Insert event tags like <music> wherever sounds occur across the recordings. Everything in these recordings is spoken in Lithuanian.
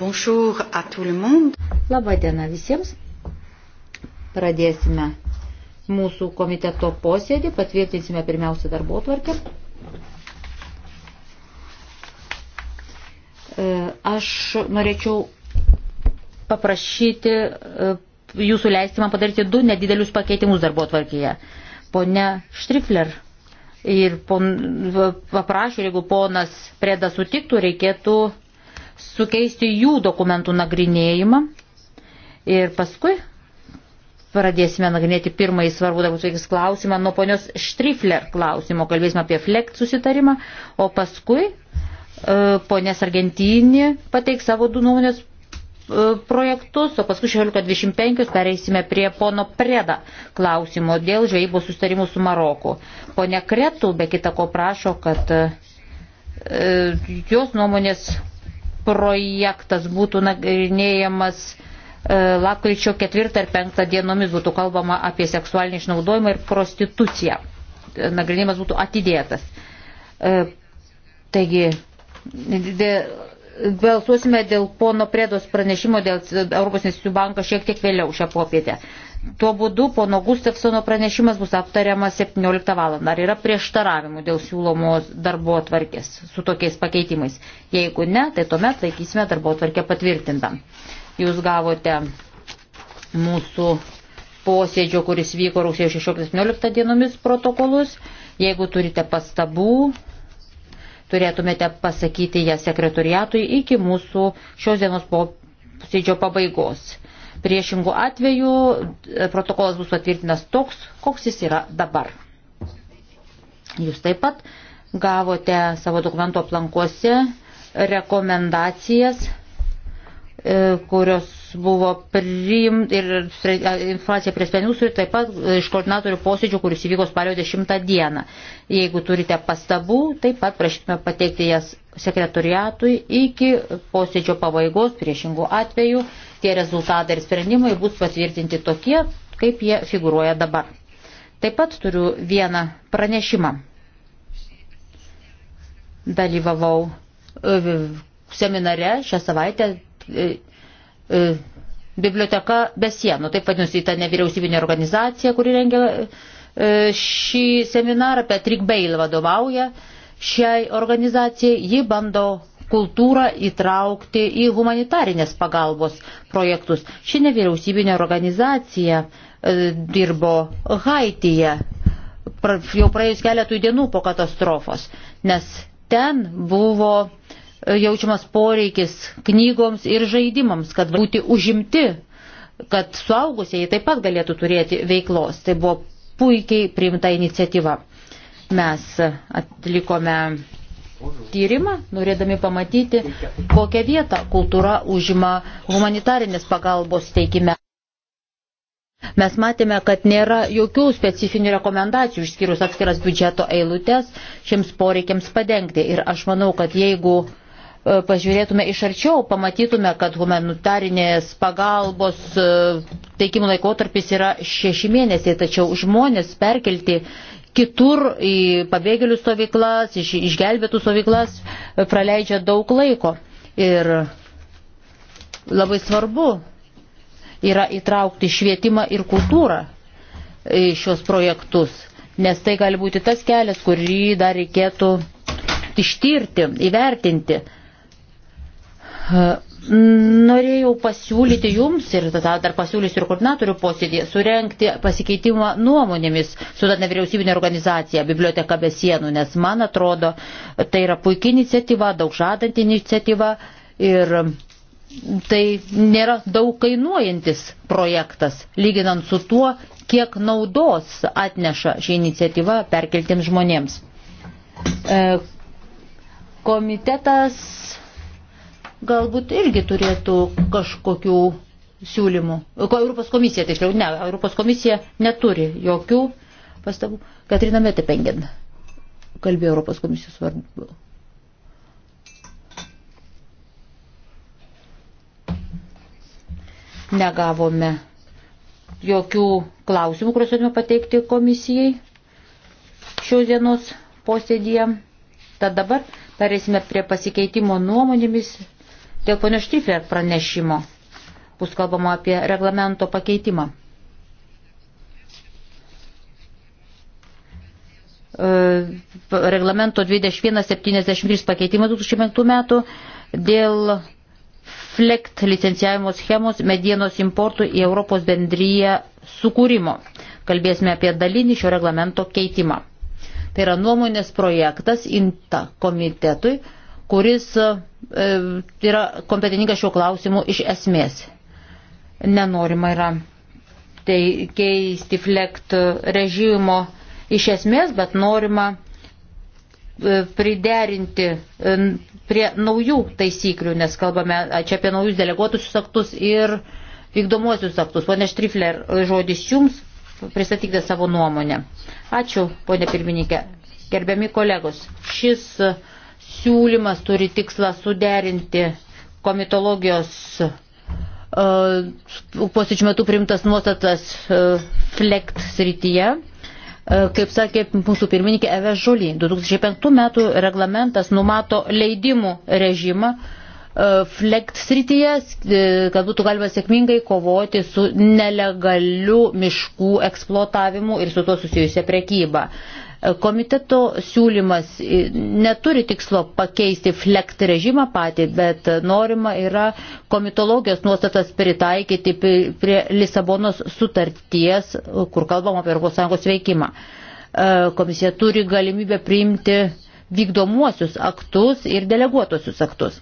Bonjour à tout le monde. Labą dieną visiems. Pradėsime mūsų komiteto posėdį, patvirtinsime pirmiausia darbo tvarkę. E, aš norėčiau paprašyti e, jūsų leisti man padaryti du nedidelius pakeitimus darbo tvarkėje. Pone Štrifler ir pon, paprašau, jeigu ponas Preda sutiktų, reikėtų sukeisti jų dokumentų nagrinėjimą ir paskui pradėsime nagrinėti pirmąjį svarbų darbus klausimą nuo ponios Štrifler klausimo, kalbėsime apie FLECT susitarimą, o paskui e, ponės Argentinį pateiks savo du nuomonės e, projektus, o paskui 16.25 pereisime prie pono Preda klausimo dėl žvejybos sustarimų su Maroku. Pone Kretų be kita ko prašo, kad e, jos nuomonės projektas būtų nagrinėjamas e, lapkričio 4 ir 5 dienomis būtų kalbama apie seksualinį išnaudojimą ir prostituciją. E, nagrinėjimas būtų atidėtas. E, taigi, balsuosime dėl pono Predos pranešimo dėl Europos investicijų banko šiek tiek vėliau šią popietę. Tuo būdu pono Gustafsono pranešimas bus aptariamas 17 val. Ar yra prieštaravimų dėl siūlomos darbo atvarkės su tokiais pakeitimais? Jeigu ne, tai tuomet laikysime darbo atvarkę patvirtintą. Jūs gavote mūsų posėdžio, kuris vyko rugsėjo 16-17 dienomis protokolus. Jeigu turite pastabų, turėtumėte pasakyti ją sekretoriatui iki mūsų šios dienos posėdžio pabaigos. Priešingų atvejų e, protokolas bus patvirtinas toks, koks jis yra dabar. Jūs taip pat gavote savo dokumento aplankose rekomendacijas, e, kurios buvo priimta ir informacija prie sprendimus ir taip pat e, iš koordinatorių posėdžio, kuris įvyko spalio 10 dieną. Jeigu turite pastabų, taip pat prašytume pateikti jas sekretoriatui iki posėdžio pabaigos, priešingų atvejų tie rezultatai ir sprendimai bus patvirtinti tokie, kaip jie figuruoja dabar. Taip pat turiu vieną pranešimą. Dalyvavau e, seminare šią savaitę e, E, biblioteka be sienų, taip vadinasi, ta nevyriausybinė organizacija, kuri rengia e, šį seminarą, Patrick Bale vadovauja šiai organizacijai, ji bando kultūrą įtraukti į humanitarinės pagalbos projektus. Ši nevyriausybinė organizacija e, dirbo Haityje jau praėjus keletui dienų po katastrofos, nes ten buvo E, jaučiamas poreikis knygoms ir žaidimams, kad būti užimti, kad suaugusieji taip pat galėtų turėti veiklos. Tai buvo puikiai priimta iniciatyva. Mes atlikome tyrimą, norėdami pamatyti, kokią vietą kultūra užima humanitarinės pagalbos teikime. Mes matėme, kad nėra jokių specifinių rekomendacijų išskyrus atskiras biudžeto eilutės šiems poreikiams padengti. Ir aš manau, kad jeigu uh, E, pažiūrėtume iš arčiau, pamatytume, kad humanitarinės pagalbos e, teikimo laikotarpis yra šeši mėnesiai, tačiau žmonės perkelti kitur į pabėgėlių stovyklas, iš, išgelbėtų stovyklas e, praleidžia daug laiko. Ir labai svarbu yra įtraukti švietimą ir kultūrą į šios projektus, nes tai gali būti tas kelias, kurį dar reikėtų ištirti, įvertinti Norėjau pasiūlyti jums ir tada dar pasiūlysiu ir koordinatorių posėdį surenkti pasikeitimą nuomonėmis su ta nevyriausybinė organizacija Biblioteka be sienų, nes man atrodo, tai yra puikia iniciatyva, daug žadanti iniciatyva ir tai nėra daug kainuojantis projektas, lyginant su tuo, kiek naudos atneša ši iniciatyva perkeltiems žmonėms. E, komitetas galbūt irgi turėtų kažkokių siūlymų. Ko Europos komisija, tai tiksliau, ne, Europos komisija neturi jokių pastabų. Katrina Metepengin kalbėjo Europos komisijos vardu. Negavome jokių klausimų, kuriuos turime pateikti komisijai šios dienos posėdėje. Tad dabar perėsime prie pasikeitimo nuomonėmis Dėl ponio Štifler pranešimo bus kalbama apie reglamento pakeitimą. E, reglamento 2173 pakeitimas 2005 metų dėl flekt licencijavimo schemos medienos importų į Europos bendryje sukūrimo. Kalbėsime apie dalinį šio reglamento keitimą. Tai yra nuomonės projektas INTA komitetui kuris e, yra kompetentingas šiuo klausimu iš esmės. Nenorima yra tai keisti flekt režimo iš esmės, bet norima e, priderinti e, prie naujų taisyklių, nes kalbame čia apie naujus deleguotusius aktus ir vykdomuosius aktus. Pone Štrifler, žodis jums, pristatykite savo nuomonę. Ačiū, ponė pirmininkė. Gerbiami kolegos, šis uh, siūlymas turi tikslą suderinti komitologijos e, posėdžių metu primtas nuostatas e, flekt srityje. E, kaip sakė mūsų pirmininkė Eve Žulį, 2005 metų reglamentas numato leidimų režimą flekt srityje, kad būtų galima sėkmingai kovoti su nelegaliu miškų eksploatavimu ir su tuo susijusia prekyba. Komiteto siūlymas neturi tikslo pakeisti flekt režimą patį, bet norima yra komitologijos nuostatas pritaikyti prie Lisabonos sutarties, kur kalbama apie ES veikimą. E, komisija turi galimybę priimti vykdomuosius aktus ir deleguotosius aktus.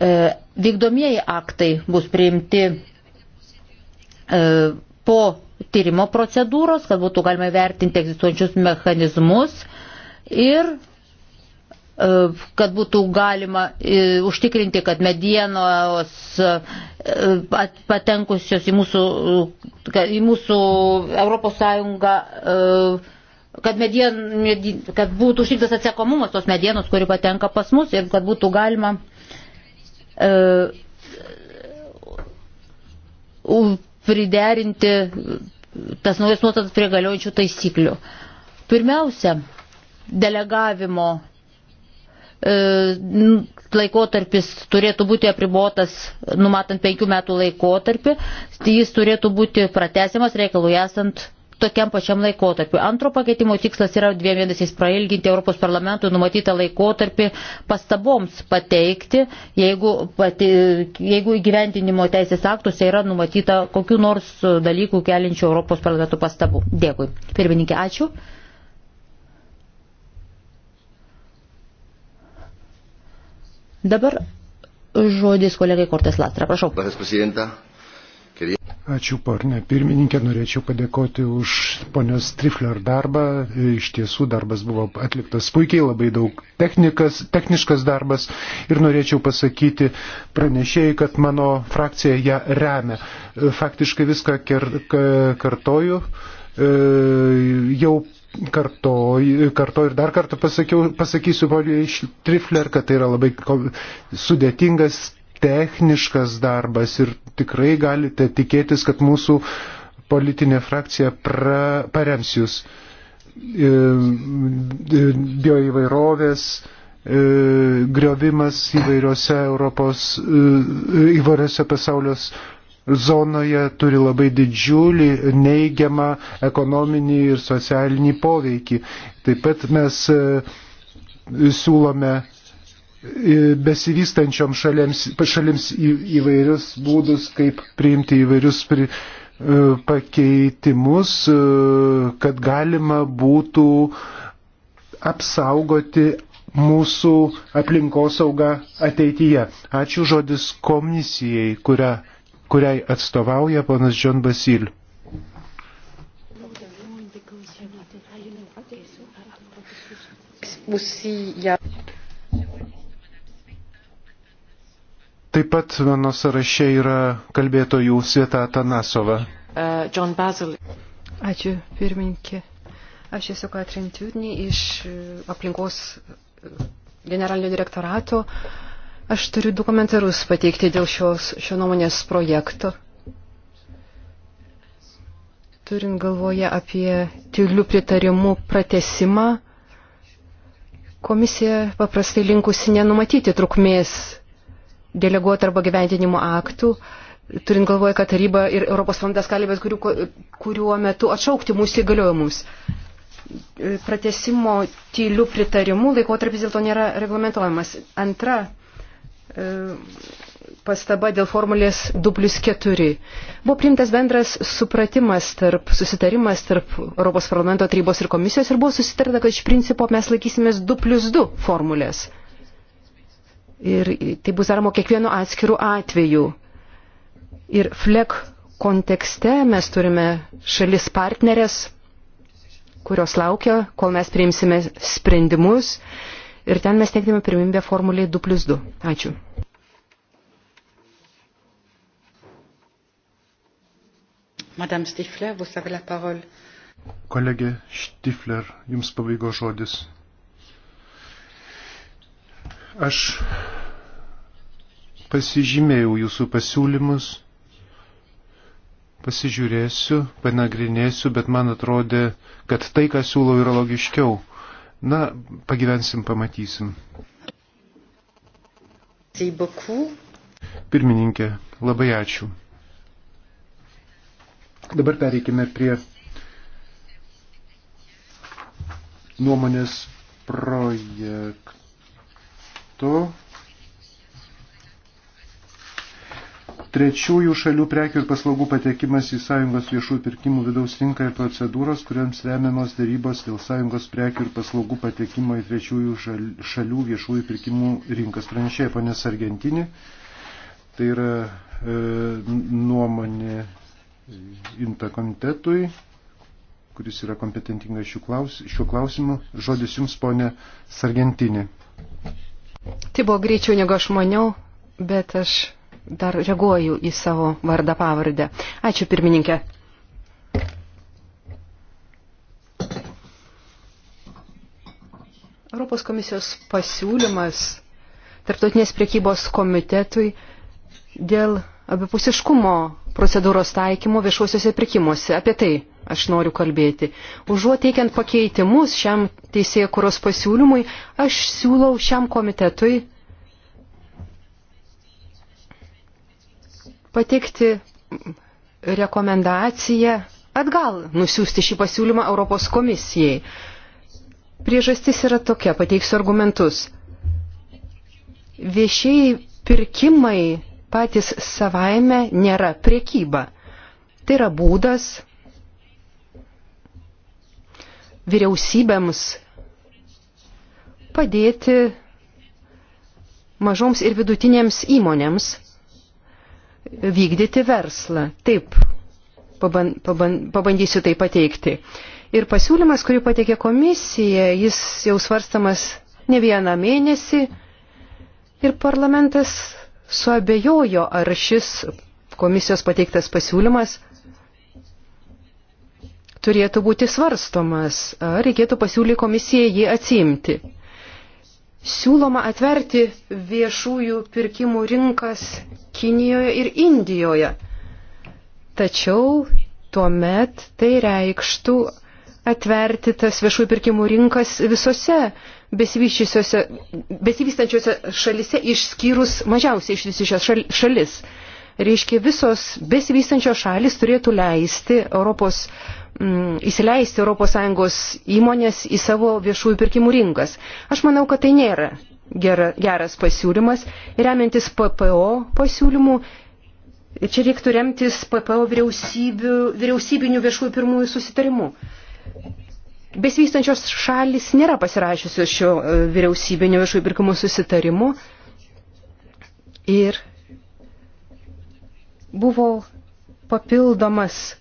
E, vykdomieji aktai bus priimti e, po tyrimo procedūros, kad būtų galima vertinti egzistuojančius mechanizmus ir e, kad būtų galima e, užtikrinti, kad medienos e, patenkusios į mūsų, į mūsų Europos Sąjungą, kad, medien, kad būtų užtikrintas atsekomumas tos medienos, kuri patenka pas mus ir kad būtų galima priderinti tas naujas nuostatas prie galiojančių taisyklių. Pirmiausia, delegavimo e, laikotarpis turėtų būti apribotas, numatant penkių metų laikotarpį, jis turėtų būti pratesiamas reikalų esant tokiam pačiam laikotarpiu. Antro pakeitimo tikslas yra dviem mėnesiais prailginti Europos parlamentui numatytą laikotarpį pastaboms pateikti, jeigu, pati, jeigu įgyventinimo teisės aktuose yra numatyta kokiu nors dalykų keliančių Europos parlamentų pastabų. Dėkui. Pirmininkė, ačiū. Dabar žodis kolegai Kortes Lastra. Prašau. Gracias, Ačiū, porne pirmininkė, norėčiau padėkoti už ponios Trifler darbą. Iš tiesų darbas buvo atliktas puikiai, labai daug technikas, techniškas darbas ir norėčiau pasakyti pranešėjai, kad mano frakcija ją remia. Faktiškai viską kartoju. E, jau kartoju karto ir dar kartą pasakiau, pasakysiu poniai Trifler, kad tai yra labai sudėtingas techniškas darbas ir tikrai galite tikėtis, kad mūsų politinė frakcija pra, parems jūs e, e, bioįvairovės e, griovimas įvairiose Europos, įvairiose pasaulios zonoje turi labai didžiulį neigiamą ekonominį ir socialinį poveikį. Taip pat mes siūlome besivystančiom šalims, šalims į, įvairius būdus, kaip priimti įvairius pri, e, pakeitimus, e, kad galima būtų apsaugoti mūsų aplinkosaugą ateityje. Ačiū žodis komisijai, kurią, kuriai atstovauja ponas John Basil. Aussi, il y a Taip pat mano sąraše yra kalbėtojų Sveta Tanasova. Uh, John Basil. Ačiū, pirmininkė. Aš esu Katrin Tvirni iš e, aplinkos e, generalinio direktorato. Aš turiu du komentarus pateikti dėl šios, šio nuomonės projekto. Turint galvoje apie tylių pritarimų pratesimą, komisija paprastai linkusi nenumatyti trukmės deleguotų arba gyventinimo aktų, turint galvoje, kad taryba ir Europos fondas gali bet kuriuo, kuriuo metu atšaukti mūsų įgaliojimus. Pratesimo tylių pritarimų laikotarpis dėl to nėra reglamentojamas. Antra e, pastaba dėl formulės dublis 4. Buvo priimtas bendras supratimas tarp, susitarimas tarp Europos parlamento tarybos ir komisijos ir buvo susitarta, kad iš principo mes laikysimės du plus du formulės ir tai bus daroma kiekvienu atskiru atveju. Ir flek kontekste mes turime šalis partnerės, kurios laukia, kol mes priimsime sprendimus ir ten mes teikdėme pirmimbę formuliai 2 plus 2. Ačiū. Madame Stifler, vous avez la parole. Kolegė Štifler, jums pabaigo žodis. Aš pasižymėjau jūsų pasiūlymus, pasižiūrėsiu, panagrinėsiu, bet man atrodė, kad tai, ką siūlau, yra logiškiau. Na, pagyvensim, pamatysim. Pirmininkė, labai ačiū. Dabar pereikime prie nuomonės projektų metu trečiųjų šalių prekių ir paslaugų patekimas į sąjungos viešųjų pirkimų vidaus rinką ir procedūros, kuriams remiamos dėrybos dėl sąjungos prekių ir paslaugų patekimo į trečiųjų šalių viešųjų pirkimų rinkas. Pranešėja ponės Argentinė. Tai yra e, nuomonė inta komitetui, kuris yra kompetentingas šiuo klausimu. Žodis jums, ponė Sargentinė. Tai buvo greičiau negu aš maniau, bet aš dar reaguoju į savo vardą pavardę. Ačiū pirmininkė. Europos komisijos pasiūlymas Tarptautinės priekybos komitetui dėl abipusiškumo procedūros taikymo viešuosiuose pirkimuose. Apie tai aš noriu kalbėti. Užuot teikiant pakeitimus šiam teisėkuros pasiūlymui, aš siūlau šiam komitetui pateikti rekomendaciją atgal nusiųsti šį pasiūlymą Europos komisijai. Priežastis yra tokia, pateiksiu argumentus. Viešiai pirkimai patys savaime nėra priekyba. Tai yra būdas vyriausybėms padėti mažoms ir vidutinėms įmonėms vykdyti verslą. Taip, paban, paban, pabandysiu tai pateikti. Ir pasiūlymas, kurį pateikė komisija, jis jau svarstamas ne vieną mėnesį ir parlamentas suabejojo, ar šis komisijos pateiktas pasiūlymas turėtų būti svarstomas, ar reikėtų pasiūlyti komisijai jį atsimti. Siūloma atverti viešųjų pirkimų rinkas Kinijoje ir Indijoje. Tačiau tuomet tai reikštų atverti tas viešųjų pirkimų rinkas visose besivystančiose šalise išskyrus mažiausiai išvystysios šalis. Reiškia, visos besivystančios šalis turėtų leisti Europos, mm, įsileisti ES įmonės į savo viešųjų pirkimų rinkas. Aš manau, kad tai nėra gera, geras pasiūlymas. Remiantis PPO pasiūlymų, čia reiktų remtis PPO vyriausybinių viešųjų pirmųjų susitarimų. Besivystančios šalis nėra pasirašiusios šio e, vyriausybinio viešųjų pirkimų susitarimų ir buvo papildomas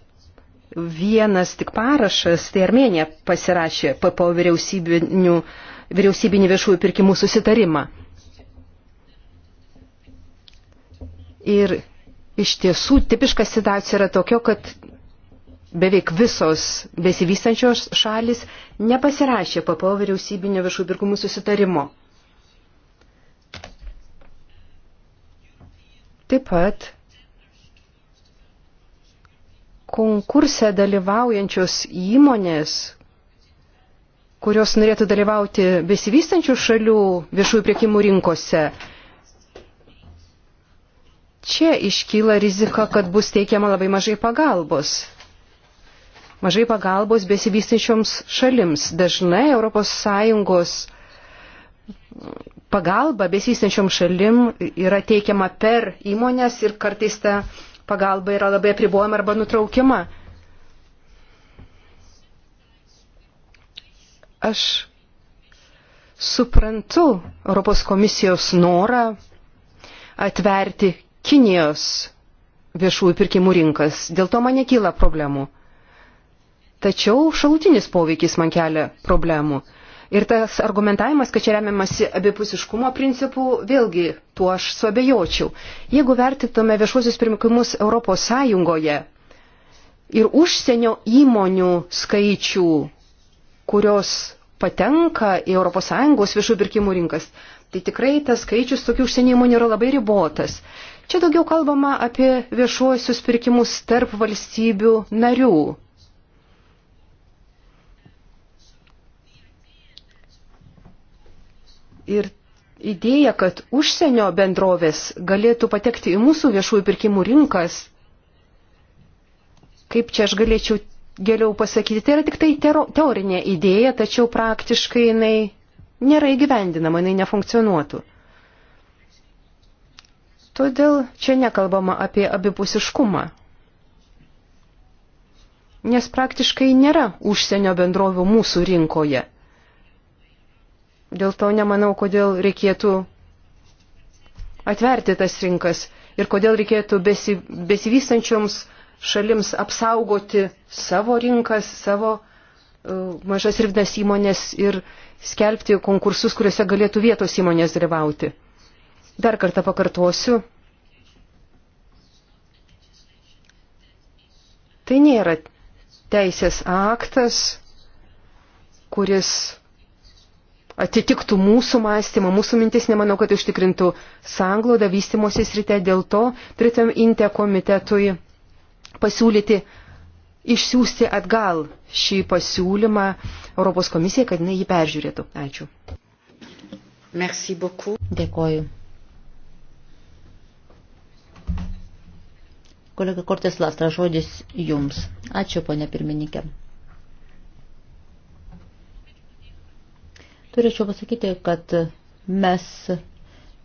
vienas tik parašas, tai Armenija pasirašė PPO vyriausybinių, vyriausybinį viešųjų pirkimų susitarimą. Ir iš tiesų tipiška situacija yra tokio, kad beveik visos besivystančios šalis nepasirašė PPO vyriausybinio viešųjų pirkimų susitarimo. Taip pat konkurse dalyvaujančios įmonės, kurios norėtų dalyvauti besivystančių šalių viešųjų priekimų rinkose. Čia iškyla rizika, kad bus teikiama labai mažai pagalbos. Mažai pagalbos besivystančioms šalims. Dažnai ES pagalba besivystančiom šalim yra teikiama per įmonės ir kartais ta pagalba yra labai apribojama arba nutraukima. Aš suprantu Europos komisijos norą atverti Kinijos viešųjų pirkimų rinkas. Dėl to man nekyla problemų. Tačiau šalutinis poveikis man kelia problemų. Ir tas argumentavimas, kad čia remiamasi abipusiškumo principų, vėlgi tuo aš suabejočiau. Jeigu vertintume viešuosius pirmikimus Europos Sąjungoje ir užsienio įmonių skaičių, kurios patenka į Europos Sąjungos viešų pirkimų rinkas, tai tikrai tas skaičius tokių užsienio įmonių yra labai ribotas. Čia daugiau kalbama apie viešuosius pirkimus tarp valstybių narių Ir idėja, kad užsienio bendrovės galėtų patekti į mūsų viešųjų pirkimų rinkas, kaip čia aš galėčiau geriau pasakyti, tai yra tik tai teorinė idėja, tačiau praktiškai jinai nėra įgyvendinama, jinai nefunkcionuotų. Todėl čia nekalbama apie abipusiškumą, nes praktiškai nėra užsienio bendrovių mūsų rinkoje. Dėl to nemanau, kodėl reikėtų atverti tas rinkas ir kodėl reikėtų besi, besivystančioms šalims apsaugoti savo rinkas, savo uh, mažas ir vidas įmonės ir skelbti konkursus, kuriuose galėtų vietos įmonės dalyvauti. Dar kartą pakartosiu. Tai nėra teisės aktas, kuris atitiktų mūsų mąstymą, mūsų mintis, nemanau, kad užtikrintų sanglodą vystimosi sritę, dėl to pritam Inte komitetui pasiūlyti išsiųsti atgal šį pasiūlymą Europos komisijai, kad jinai jį peržiūrėtų. Ačiū. Merci beaucoup. Dėkoju. Kolega Kortės Lastra, žodis jums. Ačiū, ponė pirmininkė. Turėčiau pasakyti, kad mes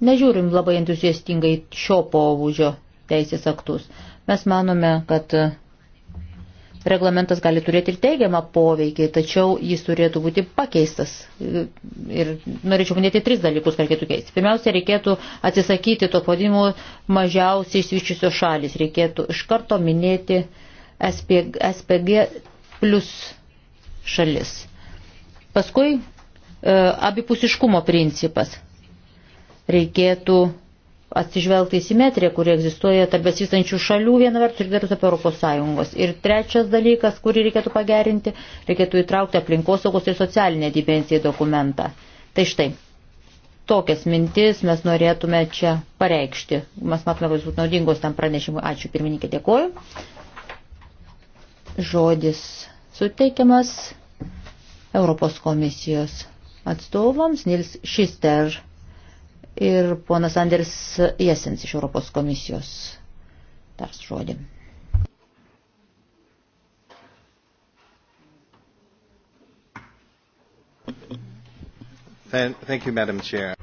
nežiūrim labai entuziastingai šio pobūdžio teisės aktus. Mes manome, kad reglamentas gali turėti ir teigiamą poveikį, tačiau jis turėtų būti pakeistas. Ir norėčiau minėti tris dalykus, ką reikėtų keisti. Pirmiausia, reikėtų atsisakyti to pavadinimo mažiausiai išvyščiusios šalis. Reikėtų iš karto minėti SPG plus šalis. Paskui E, abipusiškumo principas. Reikėtų atsižvelgti į simetriją, kuri egzistuoja tarp besistančių šalių viena vertus ir kitos apie Europos Sąjungos. Ir trečias dalykas, kurį reikėtų pagerinti, reikėtų įtraukti aplinkosaugos ir socialinę dimensiją į dokumentą. Tai štai, tokias mintis mes norėtume čia pareikšti. Mes matome, kad jūs būtų naudingos tam pranešimui. Ačiū pirmininkė, dėkoju. Žodis suteikiamas Europos komisijos atstovams Nils Šister ir ponas Anders Jesens iš Europos komisijos. Tars žodį. Thank you, Madam Chair.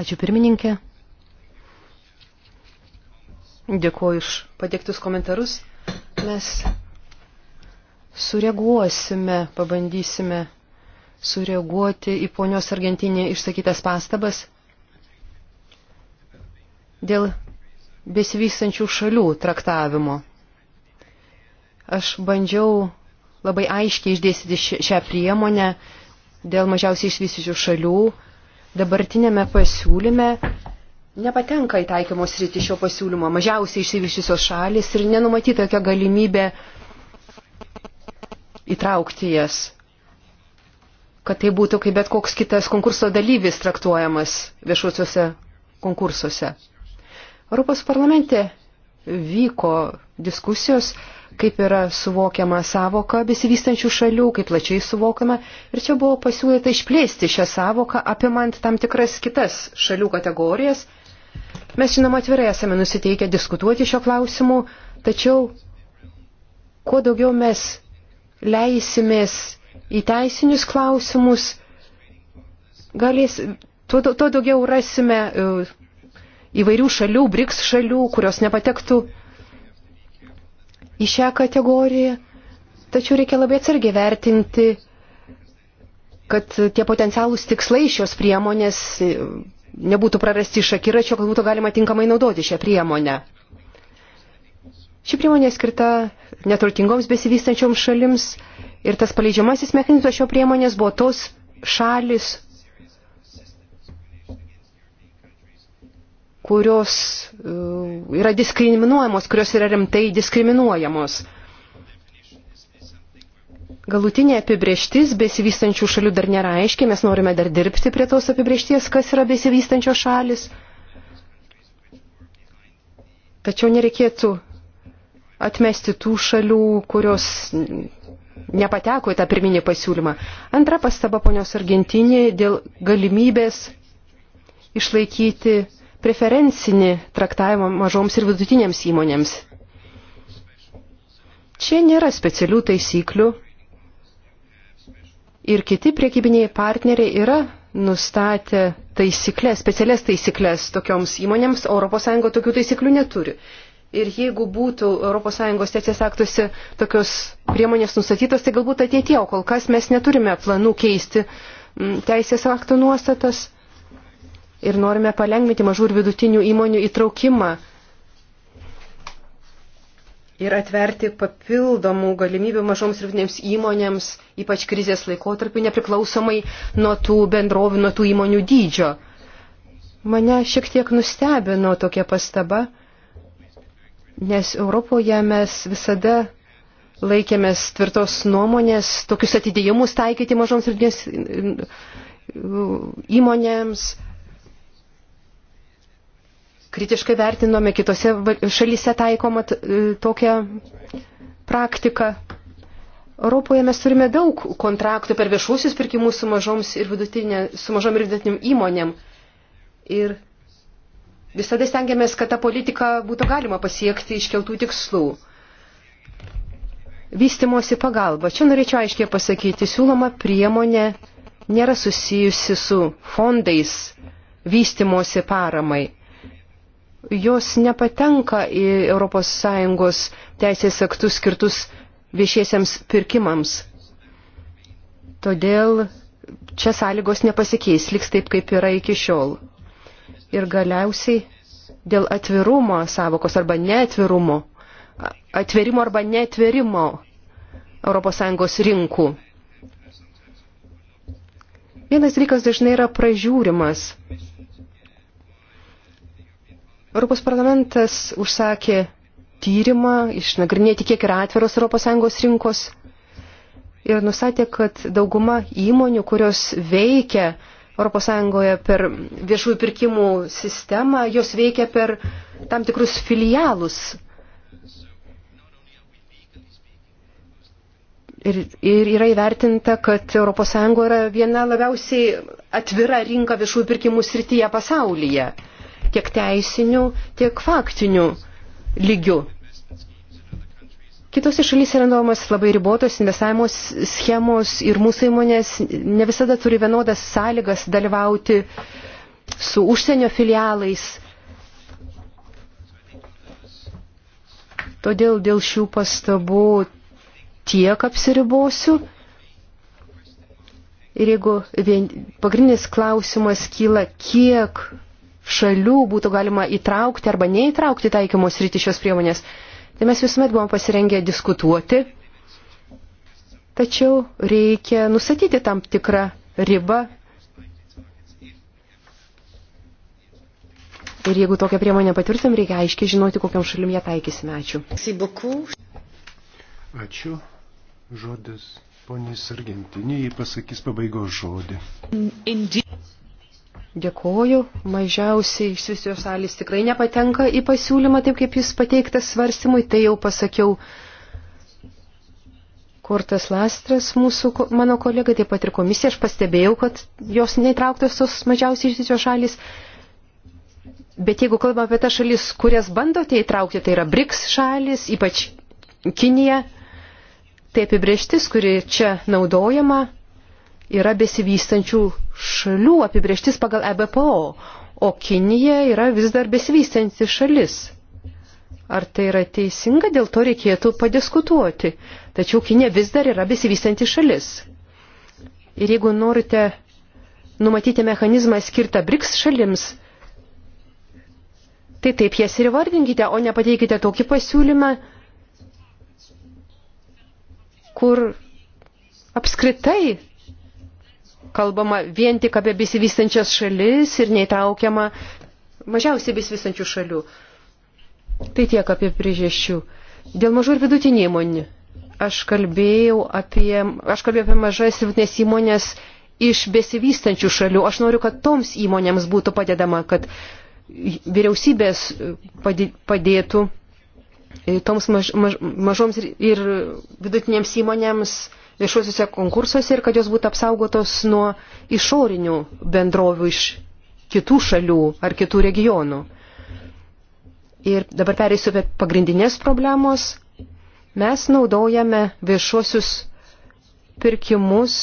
Ačiū pirmininkė. Dėkuoju iš padėktus komentarus. Mes sureaguosime, pabandysime sureaguoti į ponios Argentinė išsakytas pastabas dėl besivystančių šalių traktavimo. Aš bandžiau labai aiškiai išdėstyti šią priemonę dėl mažiausiai išvystysių šalių. Dabartinėme pasiūlyme nepatenka į taikymos rytį šio pasiūlymo mažiausiai išsivyščiusios šalis ir nenumatyta jokia galimybė įtraukti jas kad tai būtų kaip bet koks kitas konkurso dalyvis traktuojamas viešuosiuose konkursuose. Europos parlamente vyko diskusijos, kaip yra suvokiama savoka besivystančių šalių, kaip plačiai suvokiama. Ir čia buvo pasiūlyta išplėsti šią savoką, apimant tam tikras kitas šalių kategorijas. Mes, žinoma, atvirai esame nusiteikę diskutuoti šio klausimu, tačiau kuo daugiau mes leisimės į teisinius klausimus, galės, tuo, tuo daugiau rasime e, įvairių šalių, BRICS šalių, kurios nepatektų į šią kategoriją. Tačiau reikia labai atsargiai vertinti, kad tie potencialūs tikslai šios priemonės e, nebūtų prarasti iš akiračio, kad būtų galima tinkamai naudoti šią priemonę. Ši priemonė skirta neturtingoms besivystančioms šalims Ir tas paleidžiamasis mechanizmas šio priemonės buvo tos šalis, kurios e, yra diskriminuojamos, kurios yra rimtai diskriminuojamos. Galutinė apibrieštis besivystančių šalių dar nėra aiškiai, mes norime dar dirbti prie tos apibriešties, kas yra besivystančios šalis. Tačiau nereikėtų atmesti tų šalių, kurios nepateko į tą pirminį pasiūlymą. Antra pastaba ponios Argentinė dėl galimybės išlaikyti preferencinį traktavimą mažoms ir vidutinėms įmonėms. Čia nėra specialių taisyklių ir kiti priekybiniai partneriai yra nustatę taisyklės, specialias taisyklės tokioms įmonėms, ES tokių taisyklių neturi. Ir jeigu būtų ES teisės aktuose tokios priemonės nustatytos, tai galbūt ateitie, o kol kas mes neturime planų keisti mm, teisės aktų nuostatas ir norime palengvinti mažų ir vidutinių įmonių įtraukimą ir atverti papildomų galimybių mažoms ir vidutinėms įmonėms, ypač krizės laikotarpiu, nepriklausomai nuo tų bendrovių, nuo tų įmonių dydžio. Mane šiek tiek nustebino tokia pastaba Nes Europoje mes visada laikėmės tvirtos nuomonės, tokius atidėjimus taikyti mažoms ir dės mm, įmonėms. Kritiškai vertinome kitose šalyse taikoma e, tokią praktiką. Europoje mes turime daug kontraktų per viešuosius pirkimus su, mažoms ir vidutinė, su mažom ir vidutiniam įmonėm. Ir Visada stengiamės, kad tą politiką būtų galima pasiekti iškeltų tikslų. Vystimosi pagalba. Čia norėčiau aiškiai pasakyti, siūloma priemonė nėra susijusi su fondais vystimosi paramai. Jos nepatenka į ES teisės aktus skirtus viešiesiems pirkimams. Todėl čia sąlygos nepasikeis, liks taip, kaip yra iki šiol ir galiausiai dėl atvirumo savokos arba neatvirumo, atverimo arba neatverimo ES rinkų. Vienas dalykas dažnai yra pražiūrimas. Europos parlamentas užsakė tyrimą, išnagrinėti, kiek yra atviros ES rinkos ir nustatė, kad dauguma įmonių, kurios veikia ES per viešųjų pirkimų sistemą, jos veikia per tam tikrus filialus. Ir, ir yra įvertinta, kad ES yra viena labiausiai atvira rinka viešųjų pirkimų srityje pasaulyje, tiek teisinių, tiek faktinių lygių. Kitose šalyse yra naudojamas labai ribotos investavimo schemos ir mūsų įmonės ne visada turi vienodas sąlygas dalyvauti su užsienio filialais. Todėl dėl šių pastabų tiek apsiribosiu. Ir jeigu vien, pagrindinis klausimas kyla, kiek šalių būtų galima įtraukti arba neįtraukti taikymos rytį šios priemonės, Tai mes visuomet buvom pasirengę diskutuoti, tačiau reikia nusatyti tam tikrą ribą. Ir jeigu tokią priemonę patvirtim, reikia aiškiai žinoti, kokiam šalim ją taikysime. Ačiū. Ačiū. Žodis poniai Sargentinė, jį pasakys pabaigos žodį. Indeed. Dėkoju. Mažiausiai išsivisios šalis tikrai nepatenka į pasiūlymą, taip kaip jis pateiktas svarstymui, tai jau pasakiau. Kortas Lastras, mūsų, mano kolega, taip pat ir komisija, aš pastebėjau, kad jos neįtrauktos tos mažiausiai išdidžios šalis. Bet jeigu kalbame apie tą šalis, kurias bandote įtraukti, tai yra BRICS šalis, ypač Kinija, tai apibrieštis, kuri čia naudojama, yra besivystančių šalių apibrieštis pagal EBPO, o Kinija yra vis dar besivystanti šalis. Ar tai yra teisinga, dėl to reikėtų padiskutuoti. Tačiau Kinė vis dar yra besivystanti šalis. Ir jeigu norite numatyti mechanizmą skirtą BRICS šalims, tai taip jas ir vardinkite, o nepateikite tokį pasiūlymą, kur apskritai kalbama vien tik apie besivystančias šalis ir neįtraukiama mažiausiai besivystančių šalių. Tai tiek apie priežasčių. Dėl mažų ir vidutinių įmonių. Aš kalbėjau apie, aš kalbėjau apie mažas ir vidutinės įmonės iš besivystančių šalių. Aš noriu, kad toms įmonėms būtų padedama, kad vyriausybės padėtų toms maž, maž, mažoms ir vidutinėms įmonėms uh, viešuosiuose konkursuose ir kad jos būtų apsaugotos nuo išorinių bendrovių iš kitų šalių ar kitų regionų. Ir dabar pereisiu apie pagrindinės problemos. Mes naudojame viešuosius pirkimus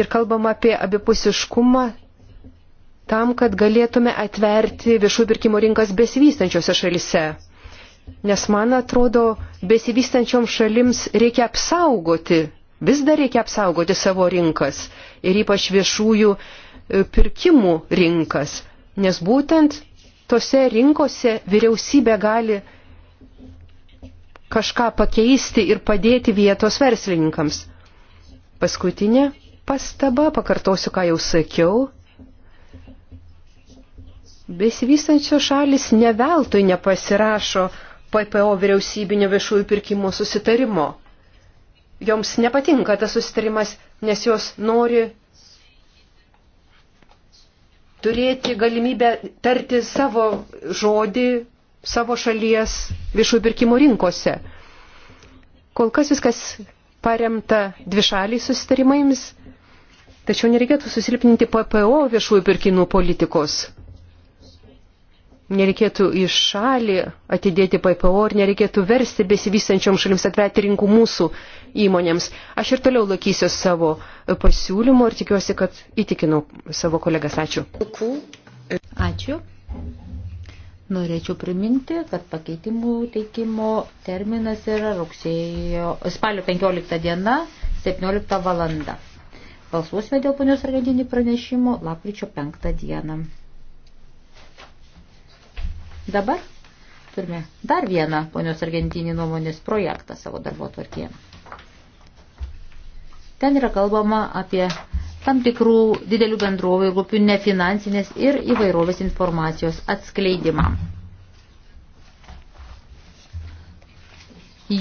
ir kalbam apie abipusiškumą tam, kad galėtume atverti viešų pirkimo rinkas besivystančiose šalise. Nes man atrodo, besivystančiom šalims reikia apsaugoti, vis dar reikia apsaugoti savo rinkas ir ypač viešųjų e, pirkimų rinkas. Nes būtent tose rinkose vyriausybė gali kažką pakeisti ir padėti vietos verslininkams. Paskutinė pastaba, pakartosiu, ką jau sakiau. Besivystančios šalis neveltui nepasirašo PPO vyriausybinio viešųjų pirkimų susitarimo. Joms nepatinka tas susitarimas, nes jos nori turėti galimybę tarti savo žodį savo šalies viešųjų pirkimų rinkose. Kol kas viskas paremta dvišaliai susitarimais, tačiau nereikėtų susilpninti PPO viešųjų pirkimų politikos nereikėtų į šalį atidėti PPO ir nereikėtų versti besivystančiom šalims atverti rinkų mūsų įmonėms. Aš ir toliau laikysiu savo pasiūlymų ir tikiuosi, kad įtikinau savo kolegas. Ačiū. Ačiū. Norėčiau priminti, kad pakeitimų teikimo terminas yra rugsėjo, spalio 15 diena, 17 valanda. Balsuosime dėl ponios Argentinį pranešimo lapkričio 5 dieną. Dabar turime dar vieną ponios Argentinį nuomonės projektą savo darbo tvarkėje. Ten yra kalbama apie tam tikrų didelių bendrovų ir grupių nefinansinės ir įvairovės informacijos atskleidimą.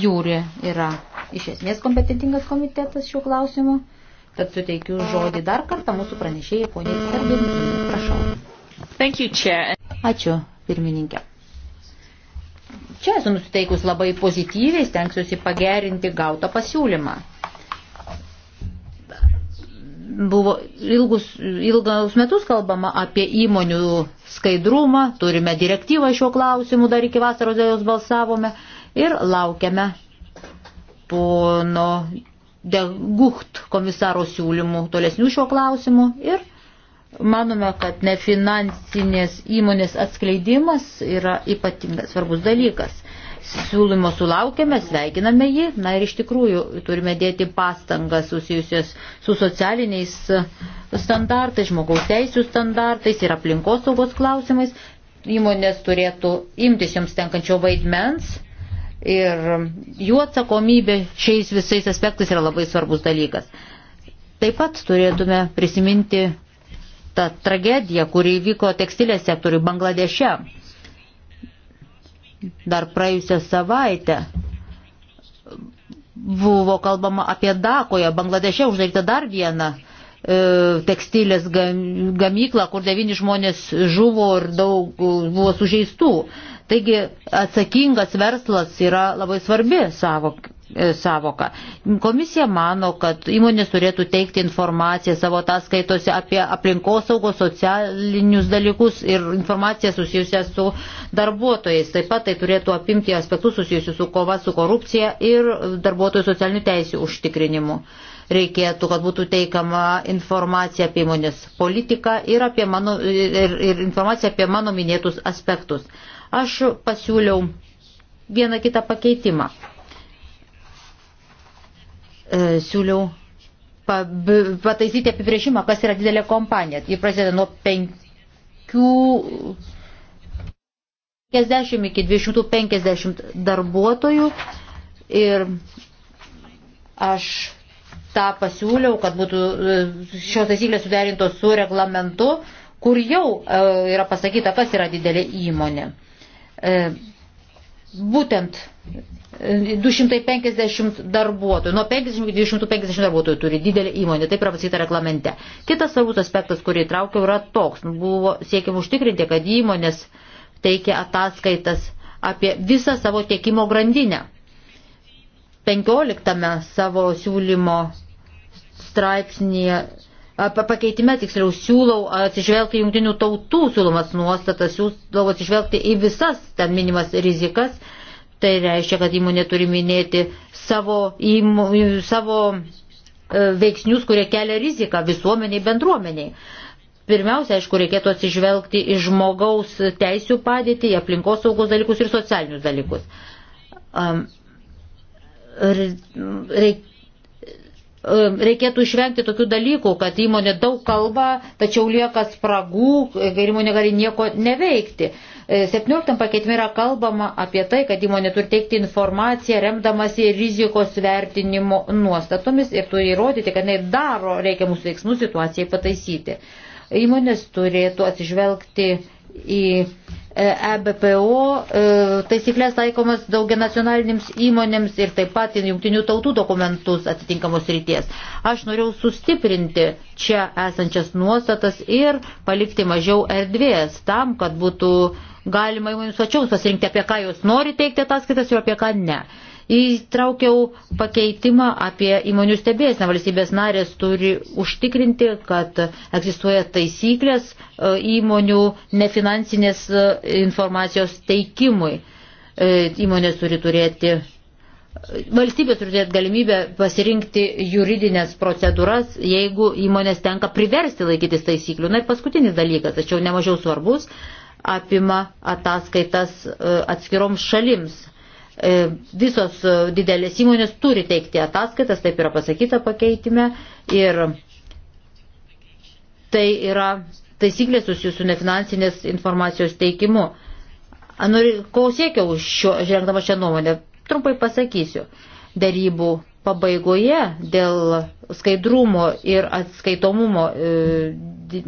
Jūri yra iš esmės kompetentingas komitetas šiuo klausimu, tad suteikiu žodį dar kartą mūsų pranešėjai poniai Argentinį. Prašau. Thank you, Chair. Ačiū, pirmininkė. Čia esu nusiteikus labai pozityviai, stengsiuosi pagerinti gautą pasiūlymą. Buvo ilgus, ilgus metus kalbama apie įmonių skaidrumą, turime direktyvą šiuo klausimu, dar iki vasaros jos balsavome ir laukiame pono Degucht komisaro siūlymų tolesnių šiuo klausimu ir Manome, kad nefinansinės įmonės atskleidimas yra ypatingas svarbus dalykas. Siūlymo sulaukėme, sveikiname jį, na ir iš tikrųjų turime dėti pastangas susijusias su socialiniais standartais, žmogaus teisų standartais ir aplinkosaugos klausimais. Įmonės turėtų imtis joms tenkančio vaidmens ir jų atsakomybė šiais visais aspektais yra labai svarbus dalykas. Taip pat turėtume prisiminti ta tragedija, kuri vyko tekstilės sektoriui Bangladeše. Dar praėjusią savaitę buvo kalbama apie Dakoje, Bangladeše uždaryta dar vieną e, tekstilės gamyklą, kur devyni žmonės žuvo ir daug e, buvo sužeistų. Taigi atsakingas verslas yra labai svarbi savok. E, savoką. Komisija mano, kad įmonės turėtų teikti informaciją savo ataskaitose apie aplinkosaugos socialinius dalykus ir informaciją susijusią su darbuotojais. Taip pat tai turėtų apimti aspektus susijusius su kova su korupcija ir darbuotojų socialinių teisių užtikrinimu. Reikėtų, kad būtų teikama informacija apie įmonės politiką ir, apie mano, ir, ir informacija apie mano minėtus aspektus. Aš pasiūliau vieną kitą pakeitimą E, siūliau pataisyti apibrėžimą, kas yra didelė kompanija. Ji prasideda nuo 50 iki 250 darbuotojų ir aš tą pasiūliau, kad būtų e, šios taisyklės suderintos su reglamentu, kur jau e, yra pasakyta, kas yra didelė įmonė. Būtent 250 darbuotojų, nuo 50 iki 250 darbuotojų turi didelį įmonę, taip yra pasakyta reglamente. Kitas svarbus aspektas, kurį traukiau, yra toks, buvo siekiama užtikrinti, kad įmonės teikia ataskaitas apie visą savo tiekimo grandinę. 15 savo siūlymo straipsnėje pakeitime tiksliau siūlau atsižvelgti jungtinių tautų siūlomas nuostatas, siūlau atsižvelgti į visas ten minimas rizikas Tai reiškia, kad įmonė turi minėti savo, įmo, savo e, veiksnius, kurie kelia riziką visuomeniai, bendruomeniai. Pirmiausia, aišku, reikėtų atsižvelgti į žmogaus teisų padėtį, aplinkos saugos dalykus ir socialinius dalykus. Reik, reikėtų išvengti tokių dalykų, kad įmonė daug kalba, tačiau lieka spragų ir įmonė gali nieko neveikti. 17 pakeitime yra kalbama apie tai, kad įmonė turi teikti informaciją remdamasi rizikos vertinimo nuostatomis ir turi įrodyti, kad jinai daro reikiamus veiksmus situacijai pataisyti. Įmonės turėtų atsižvelgti į EBPO e e, taisyklės taikomas daugia nacionalinėms įmonėms ir taip pat jungtinių tautų dokumentus atitinkamos ryties. Aš norėjau sustiprinti čia esančias nuostatas ir palikti mažiau erdvės tam, kad būtų uh, Galima įmonėms pačioms pasirinkti, apie ką jūs nori teikti ataskaitas ir apie ką ne. Įtraukiau pakeitimą apie įmonių stebėsną. Valstybės narės turi užtikrinti, kad egzistuoja taisyklės e, įmonių nefinansinės e, informacijos teikimui. E, įmonės turi turėti Valstybė turi turėti galimybę pasirinkti juridinės procedūras, jeigu įmonės tenka priversti laikytis taisyklių. Na ir paskutinis dalykas, tačiau nemažiau svarbus, apima ataskaitas e, atskiroms šalims. E, visos e, didelės įmonės turi teikti ataskaitas, taip yra pasakyta pakeitime. Ir tai yra taisyklės susijusių nefinansinės informacijos teikimu. Noriu, ko siekiau šio, žengdama šią nuomonę, trumpai pasakysiu. Darybų pabaigoje dėl skaidrumo ir atskaitomumo e,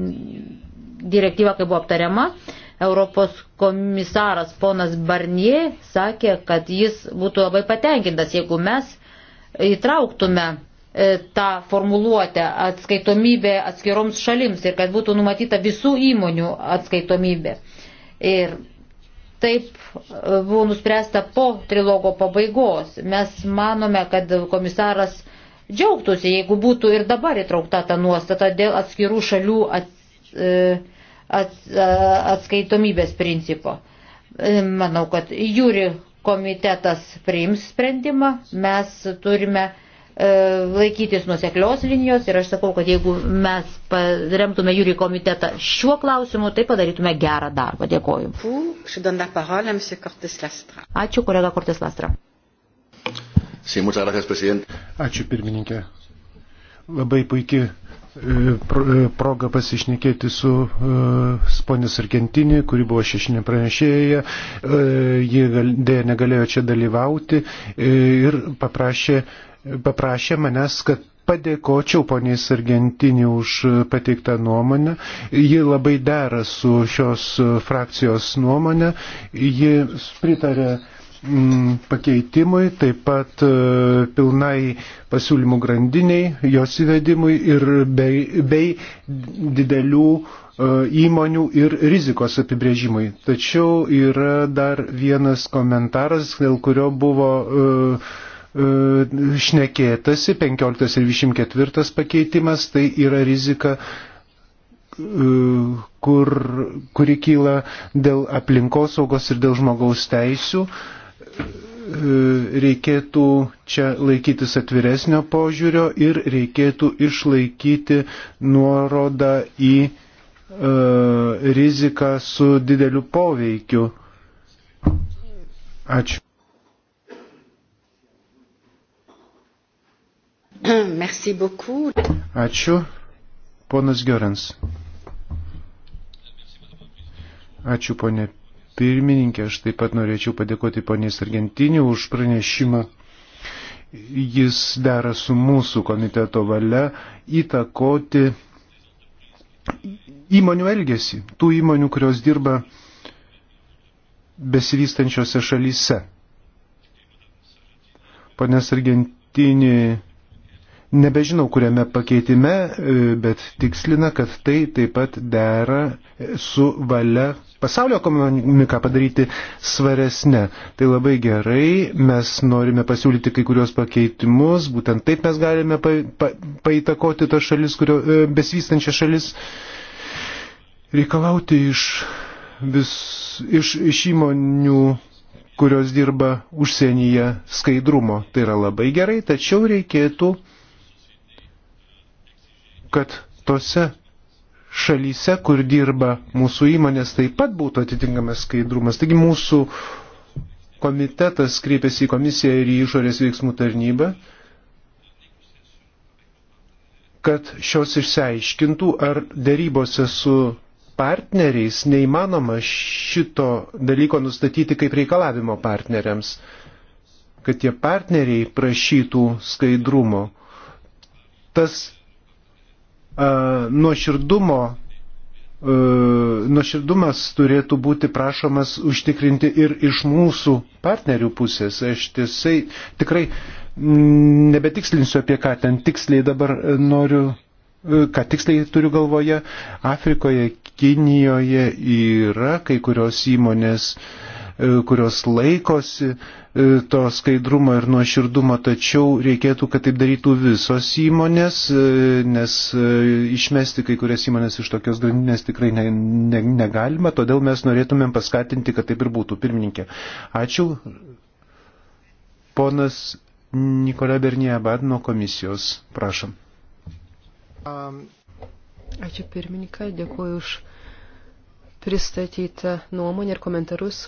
direktyva, kai buvo aptariama, e, Europos komisaras ponas Barnie sakė, kad jis būtų labai patenkintas, jeigu mes įtrauktume e, tą formuluotę atskaitomybė atskiroms šalims ir kad būtų numatyta visų įmonių atskaitomybė. Ir taip e, buvo nuspręsta po trilogo pabaigos. Mes manome, kad komisaras džiaugtųsi, jeigu būtų ir dabar įtraukta ta nuostata dėl atskirų šalių at, e, atskaitomybės principo. Manau, kad jūri komitetas priims sprendimą, mes turime e, laikytis nuseklios linijos ir aš sakau, kad jeigu mes remtume jūrį komitetą šiuo klausimu, tai padarytume gerą darbą. Dėkoju. Ačiū, kolega Kortes Lastra. Ačiū, pirmininkė. Labai puikiai E, progą pasišnekėti su e, ponės Argentinė, kuri buvo šešinė pranešėja, e, ji dėja negalėjo čia dalyvauti ir paprašė, paprašė manęs, kad padėkočiau poniais Argentinį už pateiktą nuomonę. Ji labai dera su šios frakcijos nuomonė. Ji pritarė Mm, pakeitimui, taip pat e, pilnai pasiūlymų grandiniai, jos įvedimui ir bei, bei didelių e, įmonių ir rizikos apibrėžimui. Tačiau yra dar vienas komentaras, dėl kurio buvo e, šnekėtasi 15 ir 24 pakeitimas, tai yra rizika kur, kuri kyla dėl aplinkosaugos ir dėl žmogaus teisių. Uh, reikėtų čia laikytis atviresnio požiūrio ir reikėtų išlaikyti nuorodą į e, riziką su dideliu poveikiu. Ačiū. <coughs> Merci beaucoup. Ačiū. Ponas Gerens. Ačiū, ponė pirmininkė, aš taip pat norėčiau padėkoti poniais Argentinį už pranešimą. Jis dera su mūsų komiteto valia įtakoti įmonių elgesį, tų įmonių, kurios dirba besivystančiose šalyse. Ponės Argentinį Nebežinau, kuriame pakeitime, e, bet tikslina, kad tai taip pat dera su valia, pasaulio ekonomiką padaryti svaresnę. Tai labai gerai, mes norime pasiūlyti kai kurios pakeitimus, būtent taip mes galime pa, pa, paįtakoti tas šalis, kurio, e, besvystančias šalis, reikalauti iš, vis, iš, iš įmonių kurios dirba užsienyje skaidrumo. Tai yra labai gerai, tačiau reikėtų, kad tose šalyse, kur dirba mūsų įmonės, taip pat būtų atitinkamas skaidrumas. Taigi mūsų komitetas kreipėsi į komisiją ir į išorės veiksmų tarnybą, kad šios išsiaiškintų, ar dėrybose su partneriais neįmanoma šito dalyko nustatyti kaip reikalavimo partneriams, kad tie partneriai prašytų skaidrumo. Tas E, nuoširdumo e, nuoširdumas turėtų būti prašomas užtikrinti ir iš mūsų partnerių pusės. Aš tiesai tikrai nebetikslinsiu apie ką ten tiksliai dabar noriu, e, ką tiksliai turiu galvoje. Afrikoje, Kinijoje yra kai kurios įmonės uh, E, kurios laikosi e, to skaidrumo ir nuoširdumo, tačiau reikėtų, kad taip darytų visos įmonės, e, nes išmesti kai kurias įmonės iš tokios grandinės tikrai ne, ne, negalima, todėl mes norėtumėm paskatinti, kad taip ir būtų. Pirmininkė, ačiū. Ponas Nikola Bernie Abadno komisijos, prašom. Um, ačiū pirmininkai, dėkuoju už pristatytą nuomonę ir komentarus.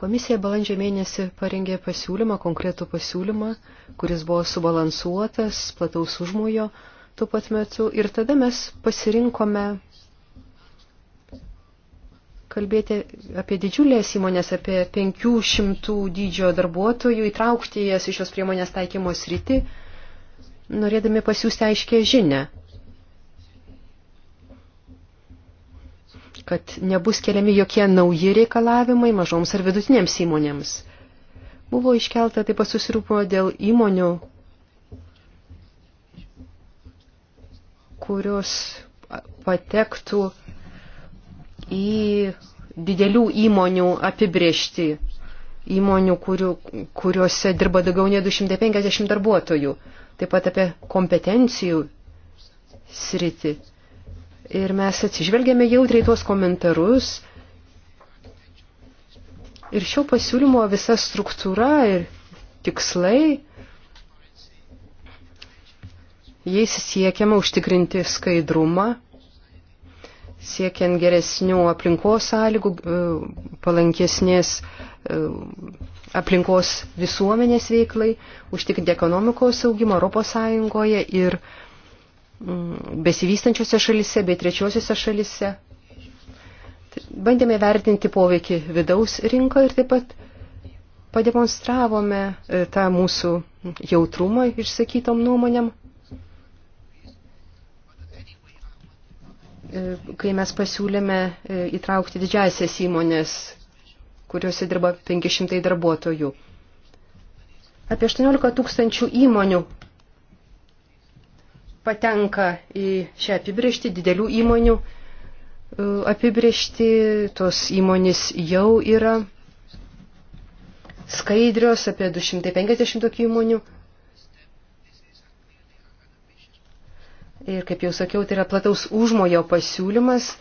Komisija balandžio mėnesį parengė pasiūlymą, konkretų pasiūlymą, kuris buvo subalansuotas, plataus užmojo tuo pat metu. Ir tada mes pasirinkome kalbėti apie didžiulės įmonės, apie 500 dydžio darbuotojų, įtraukti jas iš šios priemonės taikymos rytį, norėdami pasiūsti aiškę žinę kad nebus keliami jokie nauji reikalavimai mažoms ar vidutinėms įmonėms. Buvo iškelta taip pat susirūpimo dėl įmonių, kurios patektų į didelių įmonių apibriešti, įmonių, kurių, kuriuose dirba daugiau nei 250 darbuotojų, taip pat apie kompetencijų sritį Ir mes atsižvelgėme jautriai tuos komentarus. Ir šio pasiūlymo visa struktūra ir tikslai, jais siekiama užtikrinti skaidrumą, siekiant geresnių aplinkos sąlygų, e, palankesnės e, aplinkos visuomenės veiklai, užtikrinti ekonomikos augimą Europos Sąjungoje ir Mm, besivystančiose šalise bei trečiosiose šalise. Tai bandėme vertinti poveikį vidaus rinko ir taip pat pademonstravome e, tą mūsų jautrumą išsakytom nuomonėm. E, kai mes pasiūlėme e, įtraukti didžiasias įmonės, kuriuose dirba 500 darbuotojų. Apie 18 tūkstančių įmonių patenka į šią apibriežtį didelių įmonių e, apibriežti, tos įmonės jau yra skaidrios, apie 250 tokių įmonių. Ir kaip jau sakiau, tai yra plataus užmojo pasiūlymas.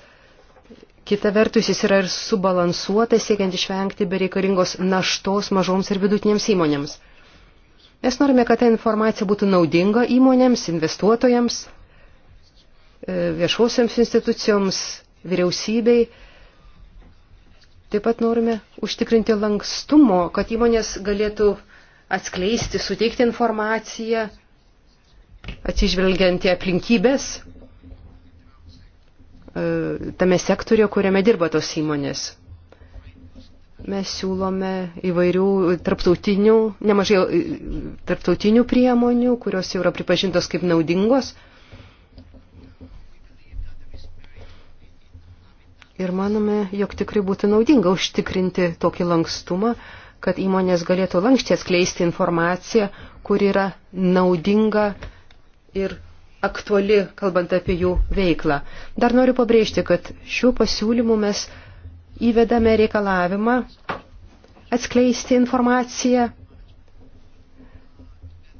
Kita vertus, jis yra ir subalansuotas, siekiant išvengti bereikalingos naštos mažoms ir vidutinėms įmonėms. Mes norime, kad ta informacija būtų naudinga įmonėms, investuotojams, e, viešuosiams institucijoms, vyriausybei. Taip pat norime užtikrinti lankstumo, kad įmonės galėtų atskleisti, suteikti informaciją, atsižvelgiant į aplinkybės e, tame sektoriu, kuriame dirba tos įmonės. Mes siūlome įvairių tarptautinių, nemažai e, tarptautinių priemonių, kurios jau yra pripažintos kaip naudingos. Ir manome, jog tikrai būtų naudinga užtikrinti tokį lankstumą, kad įmonės galėtų lankščiai skleisti informaciją, kur yra naudinga ir aktuali, kalbant apie jų veiklą. Dar noriu pabrėžti, kad šiuo pasiūlymu mes įvedame reikalavimą atskleisti informaciją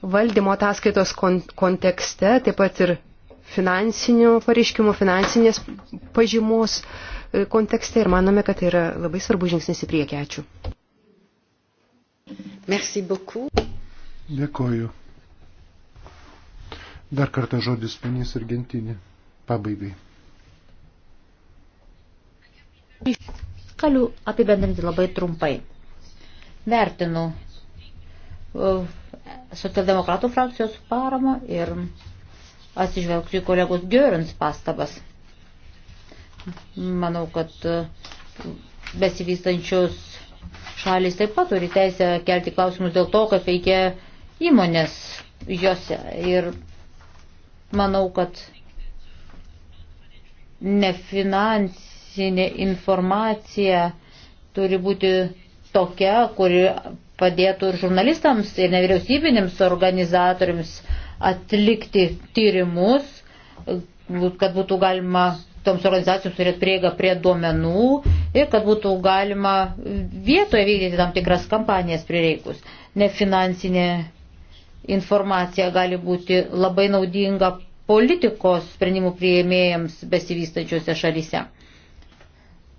valdymo ataskaitos kon kontekste, taip pat ir finansinių pareiškimų, finansinės pažymos e, kontekste ir manome, kad tai yra labai svarbu žingsnis į priekį. Ačiū. Merci beaucoup. Dėkoju. Dar kartą žodis Penys Argentinė. Pabaigai. Galiu apibendrinti labai trumpai. Vertinu e, socialdemokratų frakcijos paramą ir atsižvelgsiu į kolegos Görins pastabas. Manau, kad e, besivystančios šalis taip pat turi teisę kelti klausimus dėl to, kad veikia įmonės jose. Ir manau, kad nefinansi finansinė informacija turi būti tokia, kuri padėtų ir žurnalistams, ir nevyriausybinėms organizatoriams atlikti tyrimus, kad būtų galima toms organizacijoms turėti prieigą prie duomenų ir kad būtų galima vietoje vykdyti tam tikras kampanijas prireikus. Nefinansinė informacija gali būti labai naudinga politikos sprendimų prieimėjams besivystančiose šalyse.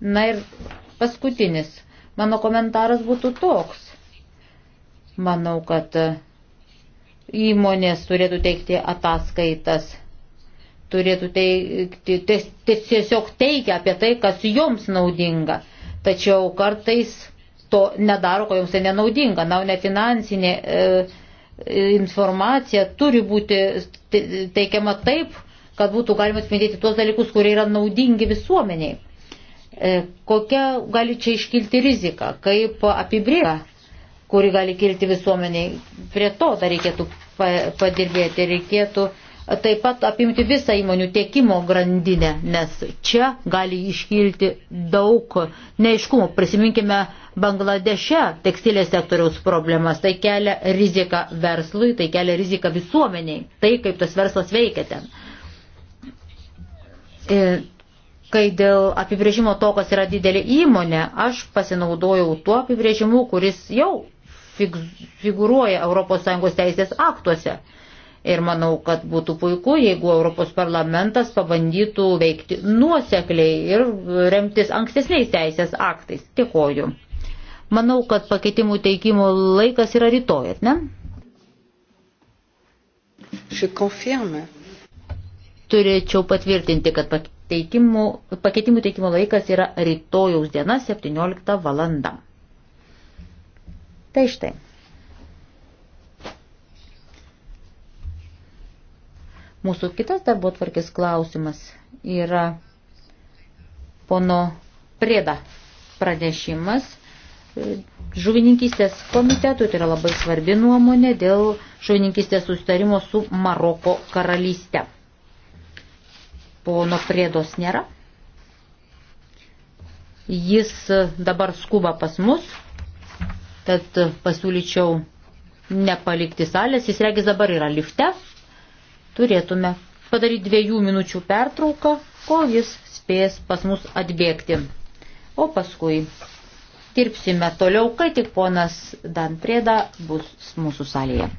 Na ir paskutinis mano komentaras būtų toks. Manau, kad e, įmonės turėtų teikti ataskaitas, turėtų teikti, tiesiog teikia apie tai, kas joms naudinga. Tačiau kartais to nedaro, ko jums tai nenaudinga. Na, ne finansinė e, e, informacija turi būti teikiama taip, kad būtų galima atspindėti tuos dalykus, kurie yra naudingi visuomeniai. E, kokia gali čia iškilti rizika, kaip apibrėžta, kuri gali kilti visuomeniai, prie to dar reikėtų padirbėti, reikėtų taip pat apimti visą įmonių tiekimo grandinę, nes čia gali iškilti daug neiškumų. Prisiminkime Bangladeše tekstilės sektoriaus problemas, tai kelia riziką verslui, tai kelia riziką visuomeniai, tai kaip tas verslas veikia ten. Ir e, Kai dėl apibrėžimo to, kas yra didelė įmonė, aš pasinaudojau tuo apibrėžimu, kuris jau figuruoja ES teisės aktuose. Ir manau, kad būtų puiku, jeigu Europos parlamentas pabandytų veikti nuosekliai ir remtis ankstesniais teisės aktais. Dėkoju. Manau, kad pakeitimų teikimo laikas yra rytoj, ne? Turėčiau patvirtinti, kad teikimų, pakeitimų teikimo laikas yra rytojaus diena 17 valanda. Tai štai. Mūsų kitas darbo tvarkės klausimas yra pono Prėda pranešimas žuvininkystės komitetui, tai yra labai svarbi nuomonė dėl žuvininkystės sustarimo su Maroko karalyste pono priedos nėra. Jis dabar skuba pas mus, tad pasiūlyčiau nepalikti salės. Jis regis dabar yra lifte. Turėtume padaryti dviejų minučių pertrauką, kol jis spės pas mus atbėgti. O paskui dirbsime toliau, kai tik ponas Dan Prėda bus mūsų salėje.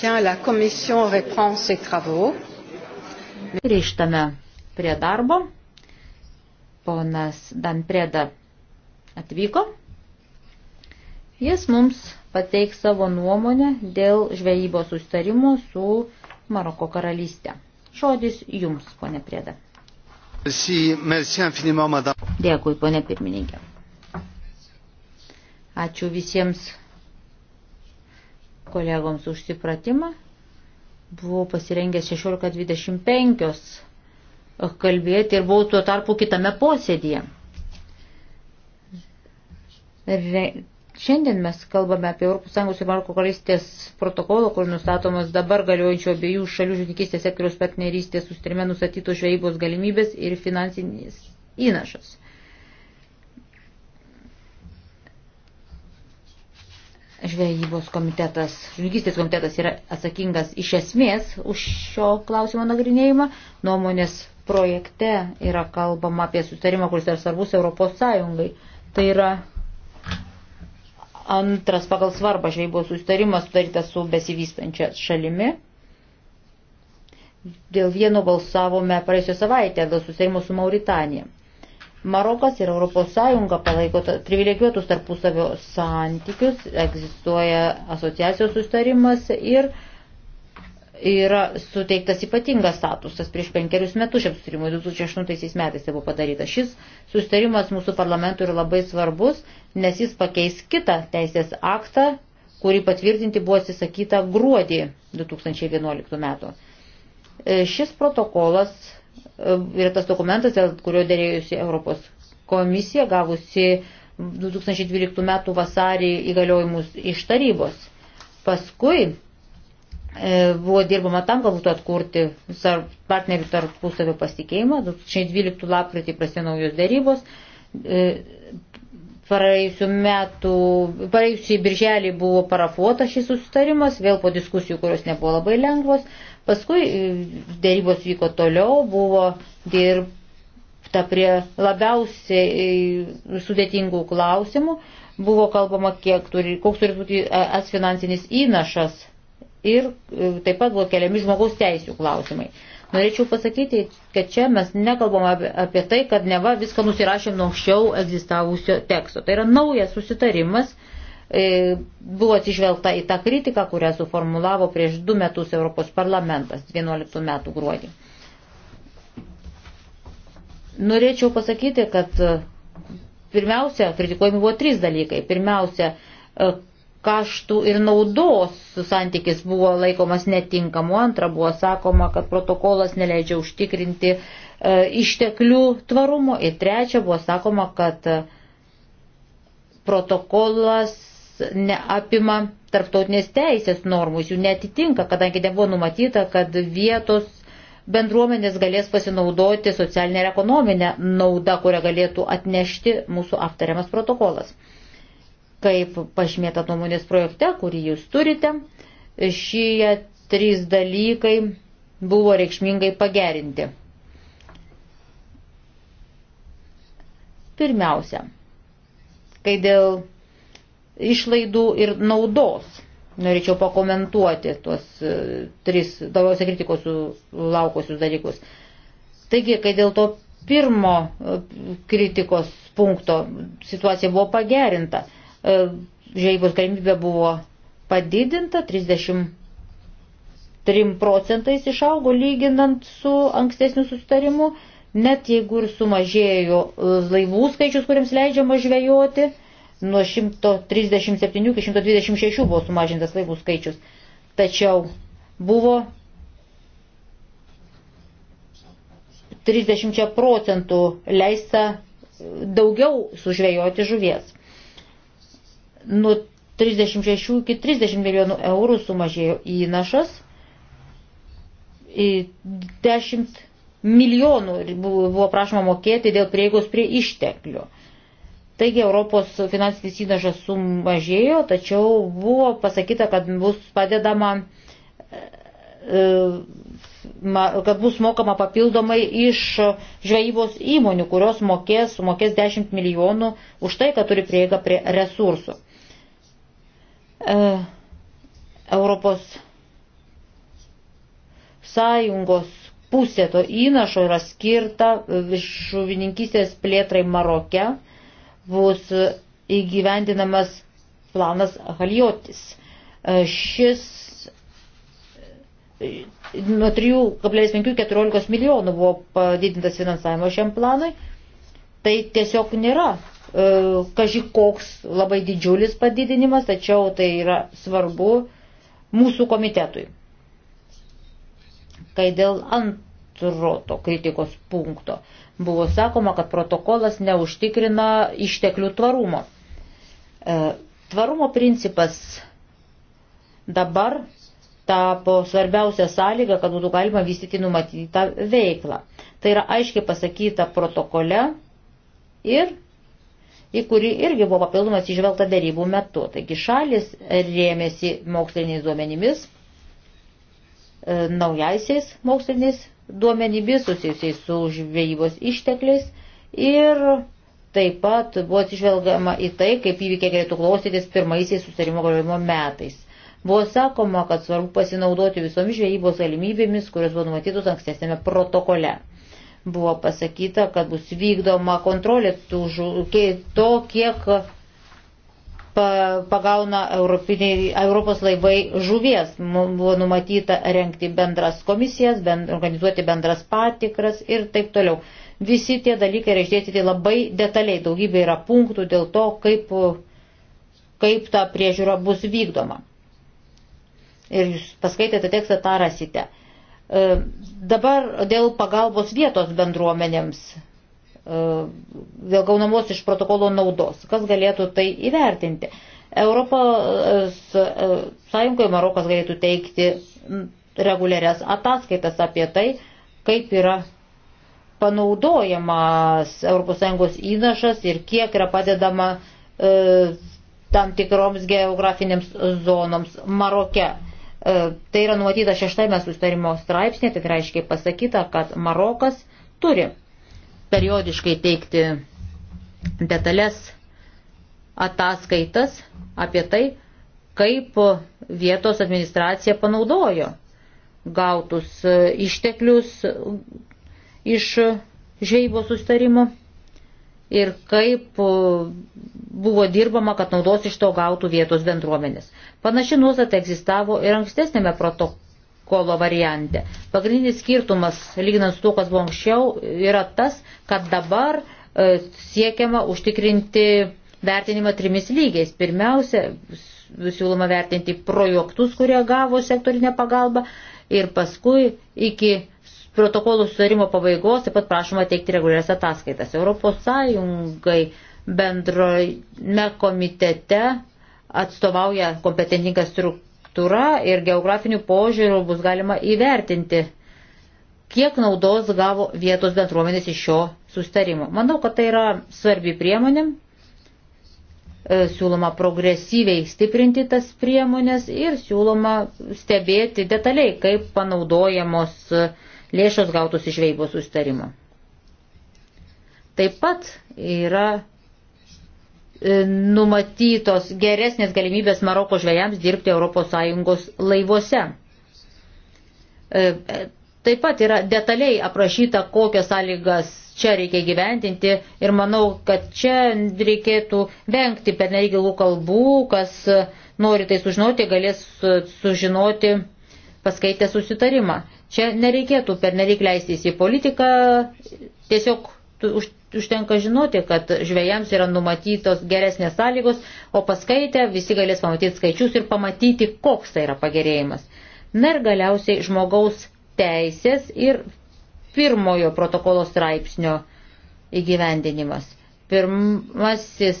Bien, la commission reprend ses travaux. Grįžtame prie darbo. Ponas Danpreda atvyko. Jis mums pateiks savo nuomonę dėl žvejybos sustarimo su Maroko karalystė. Žodis jums, ponė Prėda. Dėkui, ponė pirmininkė. Ačiū visiems kolegoms už supratimą. Buvau pasirengęs 16.25 kalbėti ir buvau tuo tarpu kitame posėdėje. Re... Šiandien mes kalbame apie ES ir Marko karalystės protokolą, kur nustatomas dabar galiojančio abiejų šalių žudikystės sektoriaus partnerystės sustarime nustatytos žvejybos galimybės ir finansinis įnašas. žvejybos komitetas, žvejybystės komitetas yra atsakingas iš esmės už šio klausimo nagrinėjimą. Nuomonės projekte yra kalbama apie sutarimą, kuris yra svarbus Europos Sąjungai. Tai yra antras pagal svarbą žvejybos sustarimas sudarytas su besivystančia šalimi. Dėl vieno balsavome praėjusią savaitę dėl sustarimo su Mauritanija. Marokas ir ES palaiko privilegijuotus tarpusavio santykius, egzistuoja asociacijos sustarimas ir yra suteiktas ypatingas statusas prieš penkerius metus šiam sustarimui 2008 metais tai buvo padaryta. Šis sustarimas mūsų parlamentui yra labai svarbus, nes jis pakeis kitą teisės aktą, kurį patvirtinti buvo atsisakyta gruodį 2011 metų. E, šis protokolas yra tas dokumentas, dėl kurio dėrėjusi Europos komisija, gavusi 2012 m. vasarį įgaliojimus iš tarybos. Paskui e, buvo dirbama tam, kad būtų atkurti partnerių tarpusavio pasitikėjimą. 2012 lapkritį prasidėjo naujos dėrybos. E, Praėjusiu metu, praėjusį birželį buvo parafuotas šis susitarimas, vėl po diskusijų, kurios nebuvo labai lengvos. Paskui e, dėrybos vyko toliau, buvo dirbta prie labiausiai e, sudėtingų klausimų, buvo kalbama, turi, koks turi būti e, es finansinis įnašas ir taip pat buvo keliami žmogaus teisų klausimai. Norėčiau pasakyti, kad čia mes nekalbam apie tai, kad neva viską nusirašėm nuo anksčiau egzistavusio teksto. Tai yra naujas susitarimas E, buvo atsižvelgta į tą kritiką, kurią suformulavo prieš du metus Europos parlamentas 11 metų gruodį. Norėčiau pasakyti, kad e, pirmiausia, kritikuojami buvo trys dalykai. Pirmiausia, e, kaštų ir naudos santykis buvo laikomas netinkamu. Antra, buvo sakoma, kad protokolas neleidžia užtikrinti išteklių tvarumo. Ir trečia, buvo sakoma, kad protokolas neapima tarptautinės teisės normų, jų netitinka, kadangi nebuvo numatyta, kad vietos bendruomenės galės pasinaudoti socialinę ir ekonominę naudą, kurią galėtų atnešti mūsų aptariamas protokolas. Kaip pažymėta nuomonės projekte, kurį jūs turite, šie trys dalykai buvo reikšmingai pagerinti. Pirmiausia, kai dėl išlaidų ir naudos. Norėčiau pakomentuoti tuos e, tris daugiausia kritikos sulaukusius dalykus. Taigi, kai dėl to pirmo e, kritikos punkto situacija buvo pagerinta, e, žvejybos galimybė buvo padidinta 33 procentais išaugo lyginant su ankstesniu sustarimu, net jeigu ir sumažėjo laivų skaičius, kuriems leidžiama žvejoti Nuo 137 iki 126 buvo sumažintas laivų skaičius. Tačiau buvo 30 procentų leista daugiau sužvejoti žuvies. Nuo 36 iki 30 milijonų eurų sumažėjo įnašas, 10 milijonų buvo prašoma mokėti dėl prieigos prie išteklių. Taigi Europos finansinis įnašas sumažėjo, tačiau buvo pasakyta, kad bus padedama e, kad bus mokama papildomai iš žvejybos įmonių, kurios mokės, mokės 10 milijonų už tai, kad turi prieigą prie resursų. E, Europos Sąjungos pusė to įnašo yra skirta žuvininkystės plėtrai Maroke bus įgyvendinamas planas Haliotis. E, šis e, nuo 3,5-14 milijonų buvo padidintas finansavimo šiam planui. Tai tiesiog nėra e, kažik koks labai didžiulis padidinimas, tačiau tai yra svarbu mūsų komitetui. Kai dėl antro to kritikos punkto Buvo sakoma, kad protokolas neužtikrina išteklių tvarumo. E, tvarumo principas dabar tapo svarbiausia sąlyga, kad būtų galima vystyti numatytą veiklą. Tai yra aiškiai pasakyta protokole ir į kurį irgi buvo papildomas išvelta darybų metu. Taigi šalis rėmėsi moksliniais duomenimis, e, naujaisiais moksliniais duomenimis susijusiais su žvejybos ištekliais ir taip pat buvo atsižvelgama į tai, kaip įvykiai galėtų klausytis pirmaisiais susitarimo galiojimo metais. Buvo sakoma, kad svarbu pasinaudoti visomis žvejybos galimybėmis, kurios buvo numatytos ankstesnėme protokole. Buvo pasakyta, kad bus vykdoma kontrolė tų žu, to, kiek pagauna Europos laivai žuvies. Buvo numatyta renkti bendras komisijas, bend, organizuoti bendras patikras ir taip toliau. Visi tie dalykai yra išdėstyti labai detaliai, daugybė yra punktų dėl to, kaip, kaip ta priežiūra bus vykdoma. Ir jūs paskaitėte tekstą, tą rasite. E, dabar dėl pagalbos vietos bendruomenėms E, dėl gaunamos iš protokolo naudos. Kas galėtų tai įvertinti? Europos e, Sąjungoje Marokas galėtų teikti reguliarias ataskaitas apie tai, kaip yra panaudojamas ES įnašas ir kiek yra padedama e, tam tikroms geografinėms zonoms Maroke. E, tai yra numatyta šeštame sustarimo straipsnė, tai, tai reiškia pasakyta, kad Marokas turi periodiškai teikti detalės ataskaitas apie tai, kaip vietos administracija panaudojo gautus e, išteklius e, iš žvejybos sustarimo ir kaip e, buvo dirbama, kad naudos iš to gautų vietos bendruomenės. Panaši nuostata egzistavo ir ankstesnėme protokole protokolo variante. Pagrindinis skirtumas, lyginant su to, kas buvo anksčiau, yra tas, kad dabar e, siekiama užtikrinti vertinimą trimis lygiais. Pirmiausia, siūloma vertinti projektus, kurie gavo sektorinę pagalbą ir paskui iki protokolų sutarimo pabaigos taip pat prašoma teikti reguliarias ataskaitas. Europos Sąjungai bendrame komitete atstovauja kompetentingas struktūras struktūra ir geografiniu požiūriu bus galima įvertinti, kiek naudos gavo vietos bendruomenės iš šio sustarimo. Manau, kad tai yra svarbi priemonė. E, siūloma progresyviai stiprinti tas priemonės ir siūloma stebėti detaliai, kaip panaudojamos lėšos gautus iš veibos sustarimo. Taip pat yra E, numatytos geresnės galimybės Maroko žvėjams dirbti ES laivuose. E, e, taip pat yra detaliai aprašyta, kokias sąlygas čia reikia gyventinti ir manau, kad čia reikėtų vengti per neįgilų kalbų, kas nori tai sužinoti, galės sužinoti paskaitę susitarimą. Čia nereikėtų per nereik leistis į politiką, tiesiog užtenka žinoti, kad žvėjams yra numatytos geresnės sąlygos, o paskaitę visi galės pamatyti skaičius ir pamatyti, koks tai yra pagerėjimas. Na ir galiausiai žmogaus teisės ir pirmojo protokolo straipsnio įgyvendinimas. Pirmasis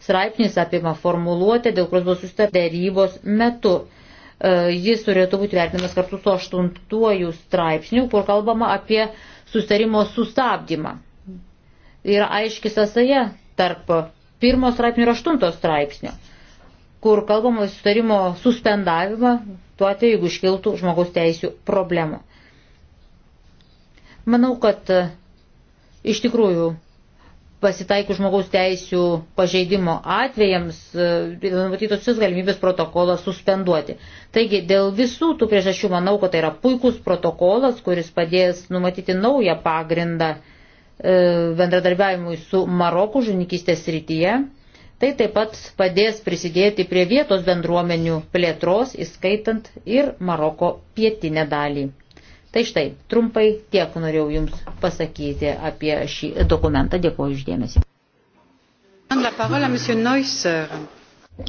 straipsnis apima formuluotę, dėl kurios buvo susitarta dėrybos metu. E, jis turėtų būti vertinamas kartu su aštuntuoju straipsniu, kur kalbama apie sustarimo sustabdymą yra aiški sąsaja tarp pirmo straipsnio ir aštunto straipsnio, kur kalbama sutarimo suspendavimą tuo atveju, jeigu iškiltų žmogaus teisų problemų. Manau, kad e, iš tikrųjų pasitaikius žmogaus teisų pažeidimo atvejams e, numatytos vis galimybės protokolą suspenduoti. Taigi dėl visų tų priežasčių manau, kad tai yra puikus protokolas, kuris padės numatyti naują pagrindą E, bendradarbiavimui su Maroku žuvininkystės rytyje. Tai taip pat padės prisidėti prie vietos bendruomenių plėtros, įskaitant ir Maroko pietinę dalį. Tai štai, trumpai tiek norėjau Jums pasakyti apie šį dokumentą. Dėkuoju išdėmesi.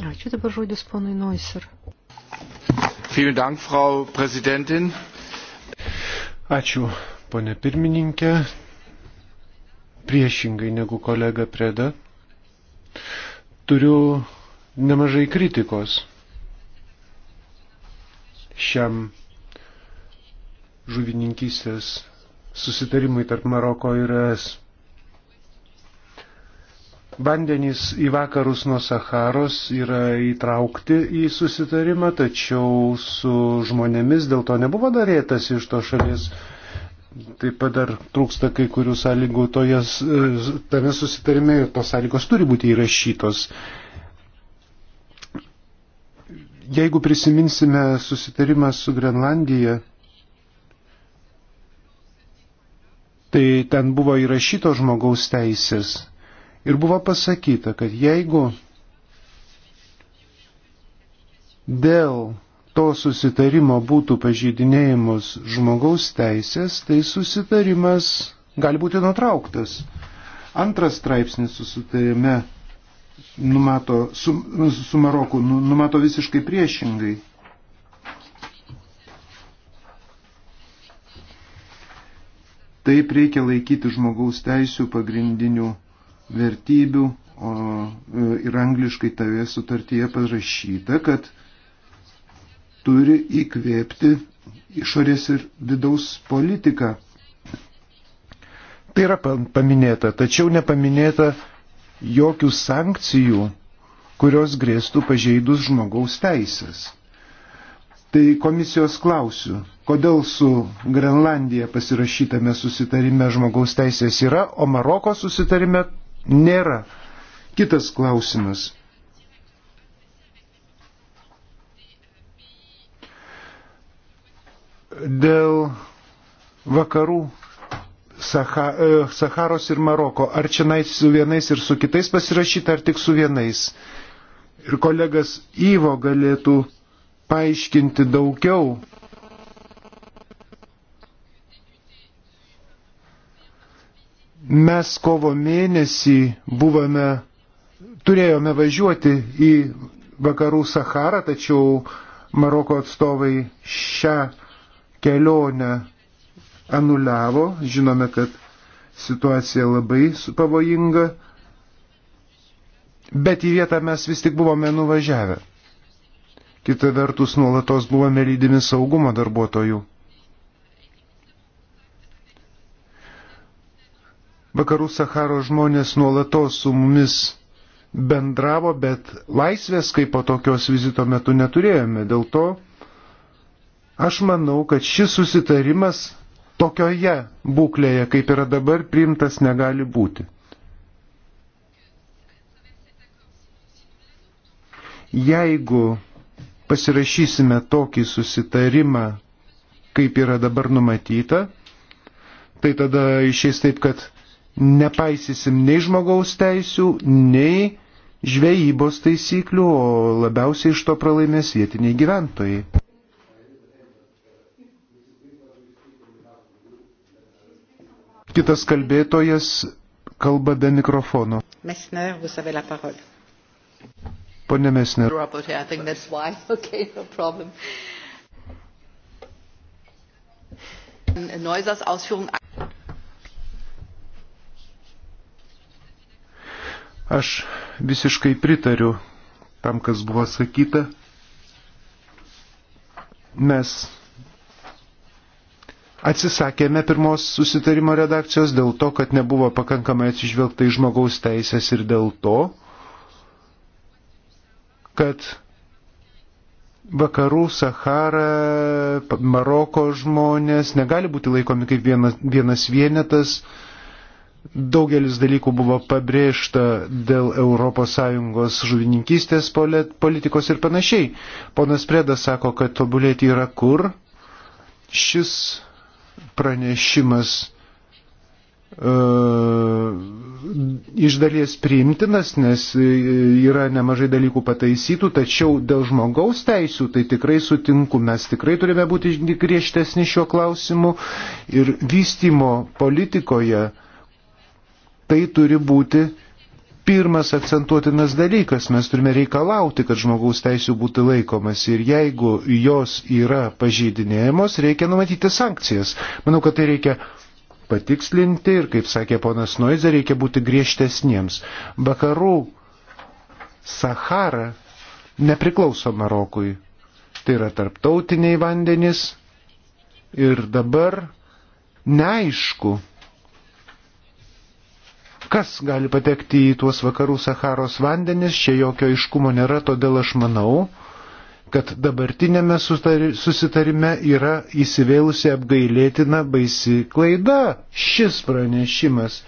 Ačiū dabar žodis ponui Neusser. Ačiū, ponė pirmininkė priešingai negu kolega Preda, turiu nemažai kritikos šiam žuvininkystės susitarimui tarp Maroko ir ES. Vandenys į vakarus nuo Saharos yra įtraukti į susitarimą, tačiau su žmonėmis dėl to nebuvo darėtas iš to šalies Taip pat dar trūksta kai kurių sąlygų toje, tame susitarime ir tos sąlygos turi būti įrašytos. Jeigu prisiminsime susitarimą su Grenlandija, tai ten buvo įrašytos žmogaus teisės ir buvo pasakyta, kad jeigu dėl to susitarimo būtų pažydinėjimus žmogaus teisės, tai susitarimas gali būti nutrauktas. Antras straipsnis susitarime numato, su, nu, su Maroku nu, numato visiškai priešingai. Taip reikia laikyti žmogaus teisų pagrindinių vertybių, o e, ir angliškai toje sutartyje parašyta, kad turi įkvėpti išorės ir vidaus politiką. Tai yra paminėta, tačiau nepaminėta jokių sankcijų, kurios grėstų pažeidus žmogaus teisės. Tai komisijos klausiu, kodėl su Grenlandija pasirašytame susitarime žmogaus teisės yra, o Maroko susitarime nėra. Kitas klausimas. Dėl vakarų Saharos e, ir Maroko. Ar čia su vienais ir su kitais pasirašyta, ar tik su vienais? Ir kolegas Ivo galėtų paaiškinti daugiau. Mes kovo mėnesį buvome, turėjome važiuoti į vakarų Saharą, tačiau Maroko atstovai šią kelionę anuliavo, žinome, kad situacija labai pavojinga, bet į vietą mes vis tik buvome nuvažiavę. Kita vertus, nuolatos buvome lydimi saugumo darbuotojų. Vakarų Saharo žmonės nuolatos su mumis bendravo, bet laisvės kaip po tokios vizito metu neturėjome. Dėl to Aš manau, kad šis susitarimas tokioje būklėje, kaip yra dabar priimtas, negali būti. Jeigu pasirašysime tokį susitarimą, kaip yra dabar numatyta, tai tada išės taip, kad nepaisysim nei žmogaus teisių, nei žvejybos taisyklių, o labiausiai iš to pralaimės vietiniai gyventojai. Kitas kalbėtojas kalba be mikrofono. Mesner, vous avez la parole. Pone Mesner. <laughs> Okay, no Neusers Ausführung. Aš visiškai pritariu tam, kas buvo sakyta. Mes Atsisakėme pirmos susitarimo redakcijos dėl to, kad nebuvo pakankamai atsižvelgta į žmogaus teisės ir dėl to, kad vakarų Sahara, Maroko žmonės negali būti laikomi kaip vienas, vienas vienetas. Daugelis dalykų buvo pabrėžta dėl ES žuvininkystės politikos ir panašiai. Ponas Predas sako, kad tobulėti yra kur. Šis pranešimas e, iš dalies priimtinas, nes e, yra nemažai dalykų pataisytų, tačiau dėl žmogaus teisų tai tikrai sutinku, mes tikrai turime būti griežtesni šiuo klausimu ir vystimo politikoje tai turi būti pirmas akcentuotinas dalykas. Mes turime reikalauti, kad žmogaus teisų būtų laikomas ir jeigu jos yra pažydinėjamos, reikia numatyti sankcijas. Manau, kad tai reikia patikslinti ir, kaip sakė ponas Noizer, reikia būti griežtesniems. Vakarų Sahara nepriklauso Marokui. Tai yra tarptautiniai vandenys ir dabar neaišku, Kas gali patekti į tuos vakarų Saharos vandenis, čia jokio iškumo nėra, todėl aš manau, kad dabartinėme susitarime yra įsivėlusi apgailėtina baisi klaida šis pranešimas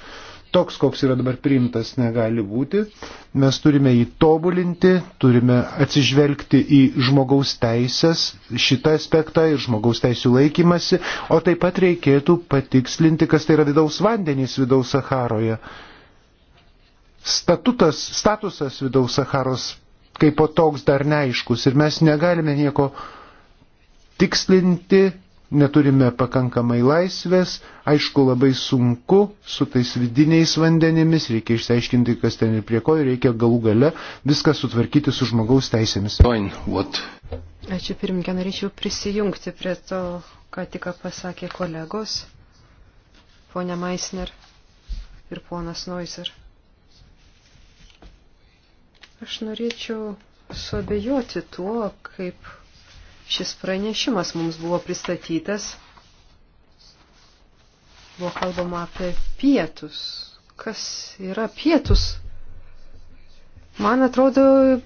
toks, koks yra dabar priimtas, negali būti. Mes turime jį tobulinti, turime atsižvelgti į žmogaus teisės, šitą aspektą ir žmogaus teisų laikymasi, o taip pat reikėtų patikslinti, kas tai yra vidaus vandenys vidaus Saharoje. Statutas, statusas vidaus Saharos kaip po toks dar neaiškus ir mes negalime nieko tikslinti neturime pakankamai laisvės, aišku labai sunku su tais vidiniais vandenimis, reikia išsiaiškinti, kas ten ir prie ko, ir reikia galų gale viską sutvarkyti su žmogaus teisėmis. Ačiū pirmininkė, norėčiau prisijungti prie to, ką tik pasakė kolegos, ponia Maisner ir ponas Noiser. Aš norėčiau suabejoti tuo, kaip Šis pranešimas mums buvo pristatytas. Buvo kalbama apie pietus. Kas yra pietus? Man atrodo,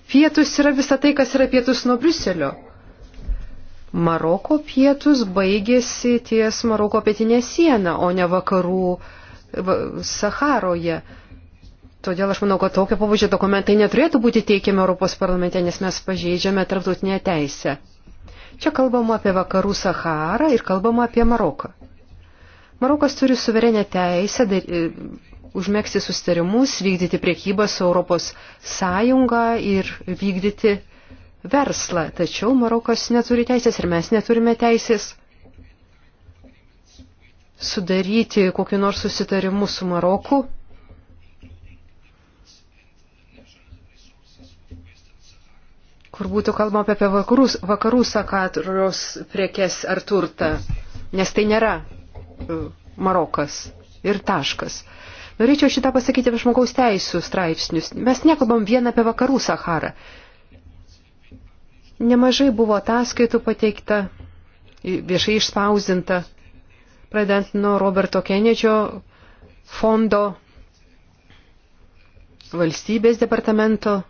pietus yra visa tai, kas yra pietus nuo Briuselio. Maroko pietus baigėsi ties Maroko pietinė siena, o ne vakarų Saharoje. Todėl aš manau, kad tokio pabudžio dokumentai neturėtų būti teikiami Europos parlamente, nes mes pažeidžiame tarptautinę teisę. Čia kalbama apie vakarų Saharą ir kalbama apie Maroką. Marokas turi suverenę teisę e, užmėgsti sustarimus, vykdyti priekybą su Europos Sąjunga ir vykdyti verslą. Tačiau Marokas neturi teisės ir mes neturime teisės sudaryti kokį nors susitarimu su Maroku kur būtų kalbama apie, apie vakarus, vakarų Sakaros prekes ar turtą, nes tai nėra e, Marokas ir taškas. Norėčiau šitą pasakyti apie žmogaus teisų straipsnius. Mes nekalbam vien apie vakarų Saharą. Nemažai buvo ataskaitų pateikta, viešai išspausinta, pradant nuo Roberto Kenedžio fondo valstybės departamento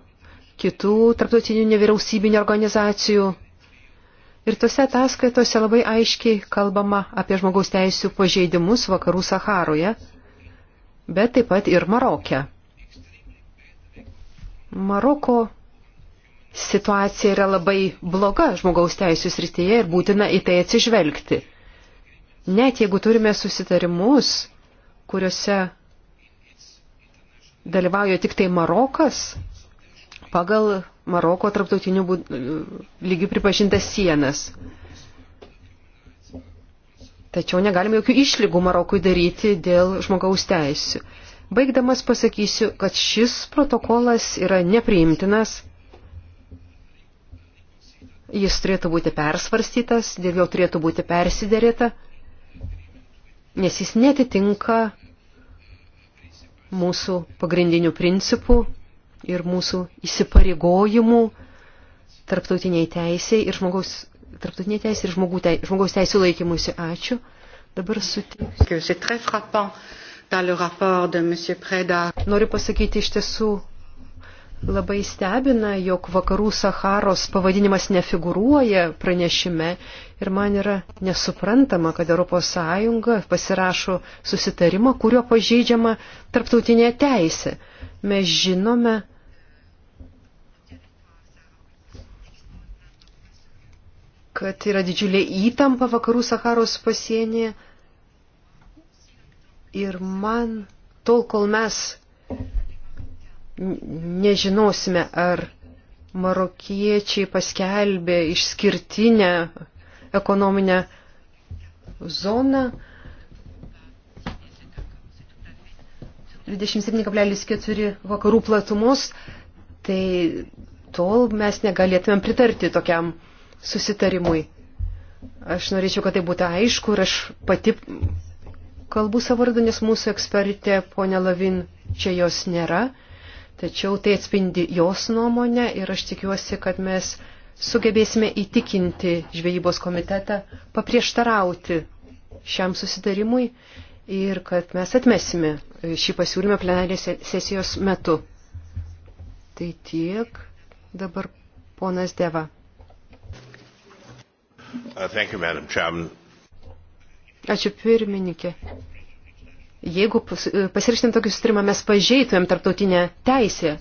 kitų tarptautinių nevyriausybinio organizacijų. Ir tose ataskaitose labai aiškiai kalbama apie žmogaus teisų pažeidimus vakarų Saharoje, bet taip pat ir Maroke. Maroko situacija yra labai bloga žmogaus teisų srityje ir būtina į tai atsižvelgti. Net jeigu turime susitarimus, kuriuose dalyvauja tik tai Marokas, pagal Maroko tarptautinių lygių pripažintas sienas. Tačiau negalime jokių išlygų Marokui daryti dėl žmogaus teisų. Baigdamas pasakysiu, kad šis protokolas yra nepriimtinas. Jis turėtų būti persvarstytas, dėl jo turėtų būti persiderėta, nes jis netitinka mūsų pagrindinių principų ir mūsų įsipareigojimų tarptautiniai teisiai ir žmogaus, tarptautinė teisė ir žmogų, teis, žmogaus teisų laikymusi. Ačiū. Dabar sutikiu. Noriu pasakyti iš tiesų labai stebina, jog vakarų Saharos pavadinimas nefigūruoja pranešime ir man yra nesuprantama, kad ES pasirašo susitarimą, kurio pažeidžiama tarptautinė teisė mes žinome, kad yra didžiulė įtampa vakarų Saharos pasienyje. Ir man, tol kol mes nežinosime, ar marokiečiai paskelbė išskirtinę ekonominę zoną, 27,4 vakarų platumos, tai tol mes negalėtumėm pritarti tokiam susitarimui. Aš norėčiau, kad tai būtų aišku ir aš pati kalbu savo vardu, nes mūsų ekspertė ponė Lavin čia jos nėra, tačiau tai atspindi jos nuomonę ir aš tikiuosi, kad mes sugebėsime įtikinti žvejybos komitetą paprieštarauti šiam susitarimui ir kad mes atmesime šį pasiūlymą plenarės sesijos metu. Tai tiek dabar ponas Deva. Uh, Ačiū pirmininkė. Jeigu e, pasirištum tokį sutrimą, mes pažeitumėm tarptautinę teisę.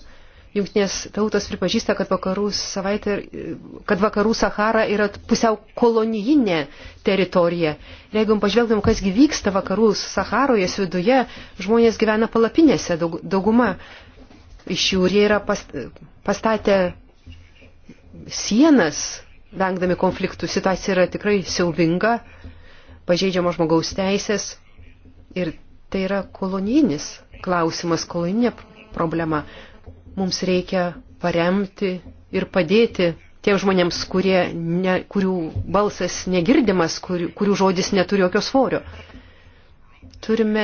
Jungtinės tautos pripažįsta, kad vakarų, savaitė, kad vakarų Sahara yra pusiau kolonijinė teritorija. Ir jeigu pažvelgtum, kas vyksta vakarų Saharoje, viduje, žmonės gyvena palapinėse, daug, dauguma iš jų yra pastatę sienas, vengdami konfliktų. Situacija yra tikrai siaubinga, pažeidžiama žmogaus teisės ir tai yra kolonijinis klausimas, kolonijinė problema. Mums reikia paremti ir padėti tiem žmonėms, kurie ne, kurių balsas negirdimas, kur, kurių žodis neturi jokio svorio. Turime,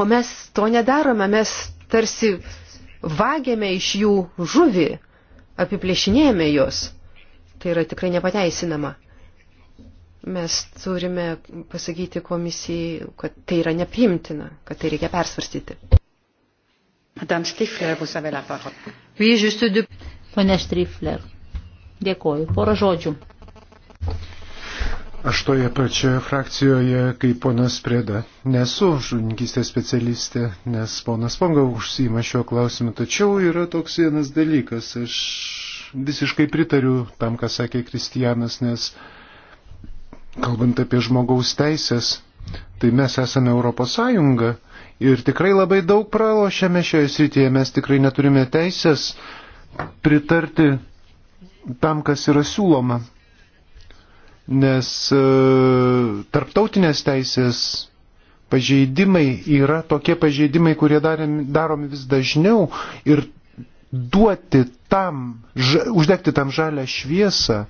o mes to nedarome, mes tarsi vagėme iš jų žuvį, apiplėšinėjame jos. Tai yra tikrai nepateisinama. Mes turime pasakyti komisijai, kad tai yra neprimtina, kad tai reikia persvarstyti. Madame Stifler, vous avez la parole. Oui, juste de... Pane Štrifler, dėkoju. Porą žodžių. Aš toje pačioje frakcijoje kaip ponas Preda. Nesu žuvininkystės specialistė, nes ponas Ponga užsima šiuo klausimu, tačiau yra toks vienas dalykas. Aš visiškai pritariu tam, ką sakė Kristijanas, nes kalbant apie žmogaus teisės, tai mes esame Europos Sąjunga Ir tikrai labai daug pralošėme šioje srityje, mes tikrai neturime teisės pritarti tam, kas yra siūloma. Nes e, tarptautinės teisės pažeidimai yra tokie pažeidimai, kurie daromi, daromi vis dažniau ir duoti tam, ž, uždegti tam žalę šviesą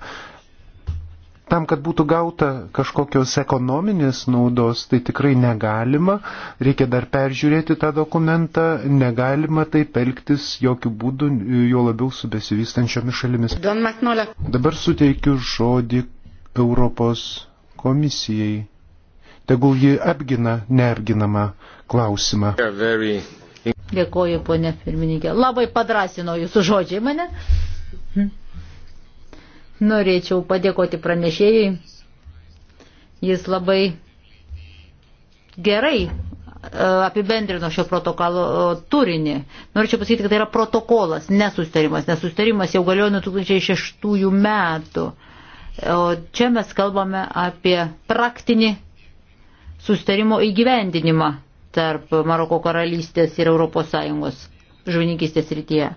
tam, kad būtų gauta kažkokios ekonominės naudos, tai tikrai negalima, reikia dar peržiūrėti tą dokumentą, negalima taip elgtis jokių būdų, jo labiau su besivystančiomis šalimis. Dabar suteikiu žodį Europos komisijai. Tegul ji apgina neapginamą klausimą. Dėkoju, ponė pirmininkė. Labai padrasino jūsų žodžiai mane. Uh, Norėčiau padėkoti pranešėjai. Jis labai gerai e, apibendrino šio protokolo turinį. Norėčiau pasakyti, kad tai yra protokolas, nesustarimas. Nesustarimas jau galiojo nuo 2006 metų. E, o čia mes kalbame apie praktinį sustarimo įgyvendinimą tarp Maroko karalystės ir ES žuvininkystės rytyje.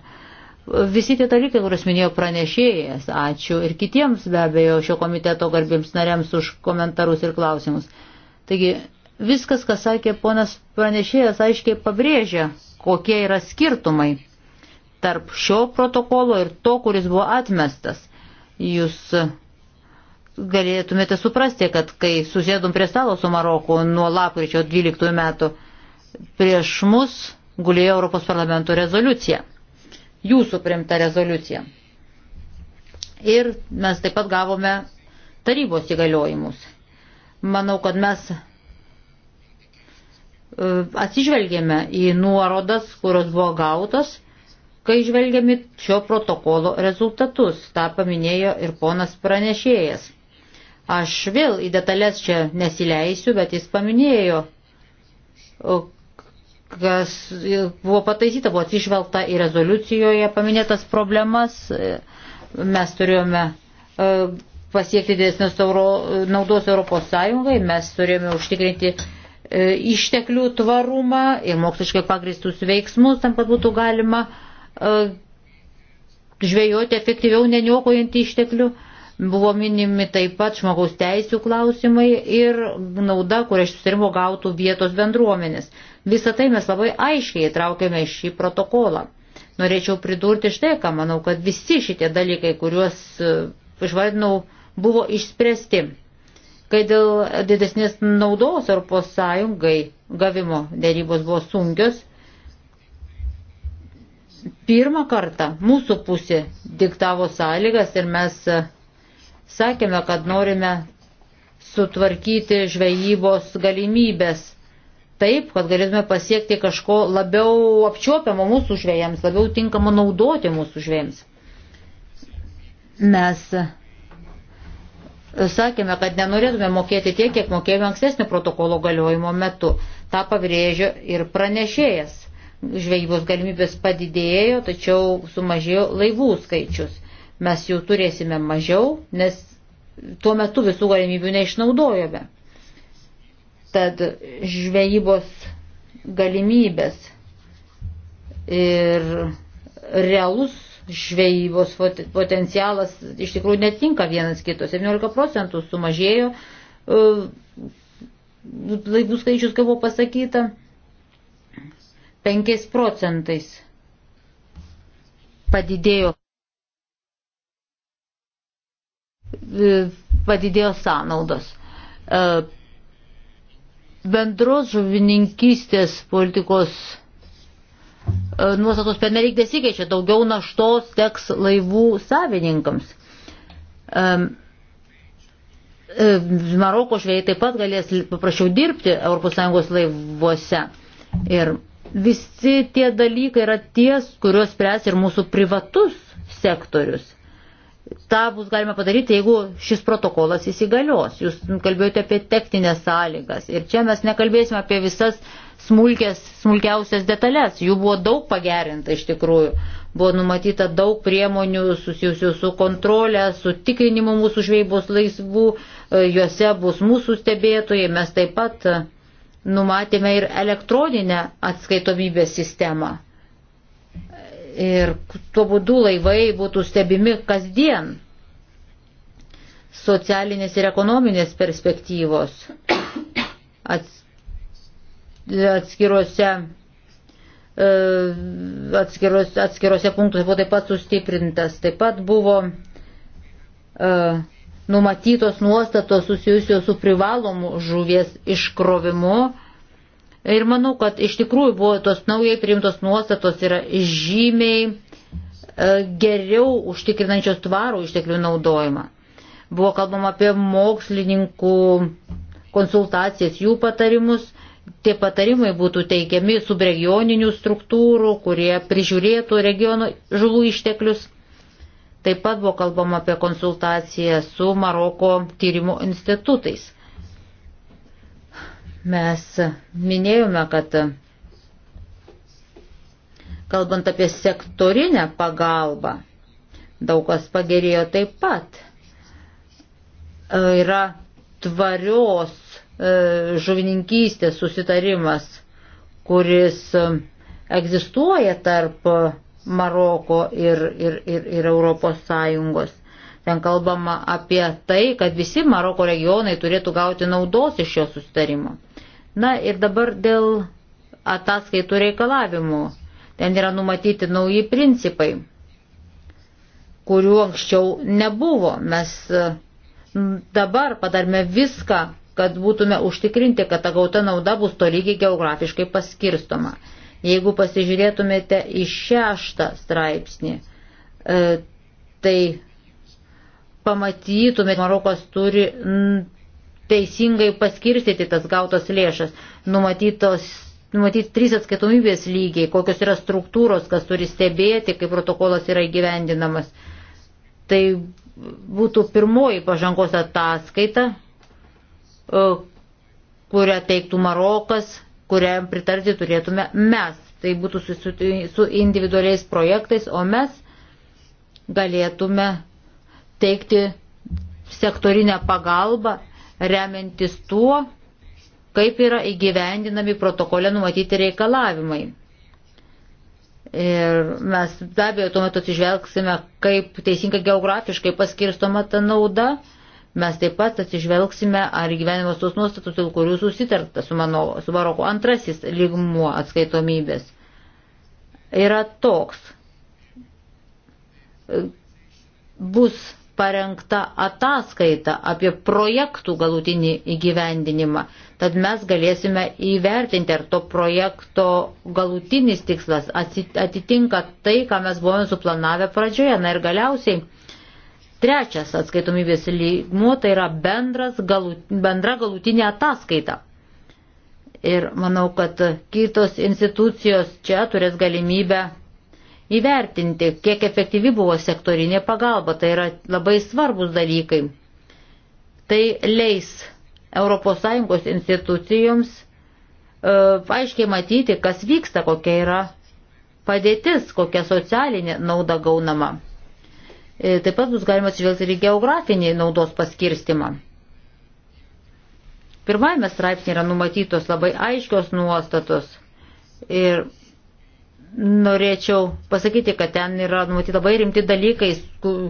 Visi tie dalykai, kuriuos minėjo pranešėjas, ačiū ir kitiems be abejo šio komiteto garbėms nariams už komentarus ir klausimus. Taigi viskas, ką sakė ponas pranešėjas, aiškiai pabrėžia, kokie yra skirtumai tarp šio protokolo ir to, kuris buvo atmestas. Jūs galėtumėte suprasti, kad kai susėdom prie stalo su Maroku nuo lapkričio 12 metų, prieš mus gulėjo Europos parlamento rezoliucija jūsų primta rezoliucija. Ir mes taip pat gavome tarybos įgaliojimus. Manau, kad mes e, atsižvelgėme į nuorodas, kurios buvo gautos, kai žvelgėme šio protokolo rezultatus. Ta paminėjo ir ponas pranešėjas. Aš vėl į detalės čia nesileisiu, bet jis paminėjo e, kas buvo pataisyta, buvo atsižvelgta į rezoliucijoje paminėtas problemas. Mes turėjome e, pasiekti didesnės euro, naudos Europos Sąjungai, mes turėjome užtikrinti e, išteklių tvarumą ir moksliškai pagristus veiksmus, tam, kad būtų galima e, žvejoti efektyviau neniokojant išteklių. Buvo minimi taip pat žmogaus teisų klausimai ir nauda, kurią iš susirimo gautų vietos bendruomenės. Visą tai mes labai aiškiai įtraukėme į šį protokolą. Norėčiau pridurti štai, ką manau, kad visi šitie dalykai, kuriuos e, išvardinau, buvo išspręsti. Kai dėl didesnės naudos Europos Sąjungai gavimo dėrybos buvo sunkios, pirmą kartą mūsų pusė diktavo sąlygas ir mes e, Sakėme, kad norime sutvarkyti žvejybos galimybės taip, kad galėtume pasiekti kažko labiau apčiuopiamo mūsų žvėjams, labiau tinkamo naudoti mūsų žvėjams. Mes sakėme, kad nenorėtume mokėti tiek, kiek mokėjome ankstesnio protokolo galiojimo metu. Ta pabrėžė ir pranešėjas. Žvejybos galimybės padidėjo, tačiau sumažėjo laivų skaičius mes jų turėsime mažiau, nes tuo metu visų galimybių neišnaudojome. Tad žvejybos galimybės ir realus žvejybos potencialas iš tikrųjų netinka vienas kito. 17 procentų sumažėjo e, laivų skaičius, kaip buvo pasakyta, 5 procentais padidėjo E, padidėjo sąnaudos. E, bendros žuvininkystės politikos e, nuostatos pernelyg nesikeičia, daugiau naštos teks laivų savininkams. Maroko žvėjai taip pat galės paprašiau dirbti ES laivuose. Ir visi tie dalykai yra ties, kuriuos spręs ir mūsų privatus sektorius tą bus galima padaryti, jeigu šis protokolas įsigalios. Jūs kalbėjote apie techninės sąlygas ir čia mes nekalbėsime apie visas smulkės, smulkiausias detalės. Jų buvo daug pagerinta iš tikrųjų. Buvo numatyta daug priemonių susijusių su kontrolė, su tikrinimu mūsų žvejybos laisvų, e, juose bus mūsų stebėtojai. Mes taip pat e, numatėme ir elektroninę atskaitomybės sistemą ir tuo būdu laivai būtų stebimi kasdien socialinės ir ekonominės perspektyvos atskiruose, e, atskiruose, atskiruose punktuose buvo taip pat sustiprintas. Taip pat buvo uh, numatytos nuostatos susijusios su privalomu žuvies iškrovimu Ir manau, kad iš tikrųjų buvo tos naujai priimtos nuostatos yra žymiai e, geriau užtikrinančios tvarų išteklių naudojimą. Buvo kalbama apie mokslininkų konsultacijas, jų patarimus. Tie patarimai būtų teikiami subregioninių struktūrų, kurie prižiūrėtų regionų žuvų išteklius. Taip pat buvo kalbama apie konsultaciją su Maroko tyrimo institutais Mes minėjome, kad kalbant apie sektorinę pagalbą, daug kas pagerėjo taip pat. E, yra tvarios e, žuvininkystės susitarimas, kuris e, egzistuoja tarp Maroko ir, ir, ir, ir Europos Sąjungos. Ten kalbama apie tai, kad visi Maroko regionai turėtų gauti naudos iš šio susitarimo. Na ir dabar dėl ataskaitų reikalavimų. Ten yra numatyti nauji principai, kurių anksčiau nebuvo. Mes e, dabar padarme viską, kad būtume užtikrinti, kad ta gauta nauda bus tolygiai geografiškai paskirstoma. Jeigu pasižiūrėtumėte į šeštą straipsnį, e, tai pamatytumėte, Marokas turi teisingai paskirstyti tas gautas lėšas. Numatytos, numatyti trys atskaitomybės lygiai, kokios yra struktūros, kas turi stebėti, kaip protokolas yra įgyvendinamas. Tai būtų pirmoji pažangos ataskaita, e, kurią teiktų Marokas, kuriam pritarti turėtume mes. Tai būtų su, su individualiais projektais, o mes galėtume teikti sektorinę pagalbą remiantis tuo, kaip yra įgyvendinami protokole numatyti reikalavimai. Ir mes be abejo tuomet atsižvelgsime, kaip teisingai geografiškai paskirstoma ta nauda. Mes taip pat atsižvelgsime, ar gyvenimas tos nuostatus, dėl kurių susitarta su, mano, su Maroko antrasis lygmuo atskaitomybės, yra toks. Bus parengta ataskaita apie projektų galutinį įgyvendinimą. Tad mes galėsime įvertinti, ar to projekto galutinis tikslas atitinka tai, ką mes buvome suplanavę pradžioje. Na ir galiausiai trečias atskaitomybės lygmuo tai yra bendras, galut, bendra galutinė ataskaita. Ir manau, kad kitos institucijos čia turės galimybę įvertinti, kiek efektyvi buvo sektorinė pagalba. Tai yra labai svarbus dalykai. Tai leis ES institucijoms e, aiškiai matyti, kas vyksta, kokia yra padėtis, kokia socialinė nauda gaunama. E, taip pat bus galima atsižvelgti ir geografinį naudos paskirstimą. Pirmajame straipsnėje yra numatytos labai aiškios nuostatos ir norėčiau pasakyti, kad ten yra numatyti labai rimti dalykai,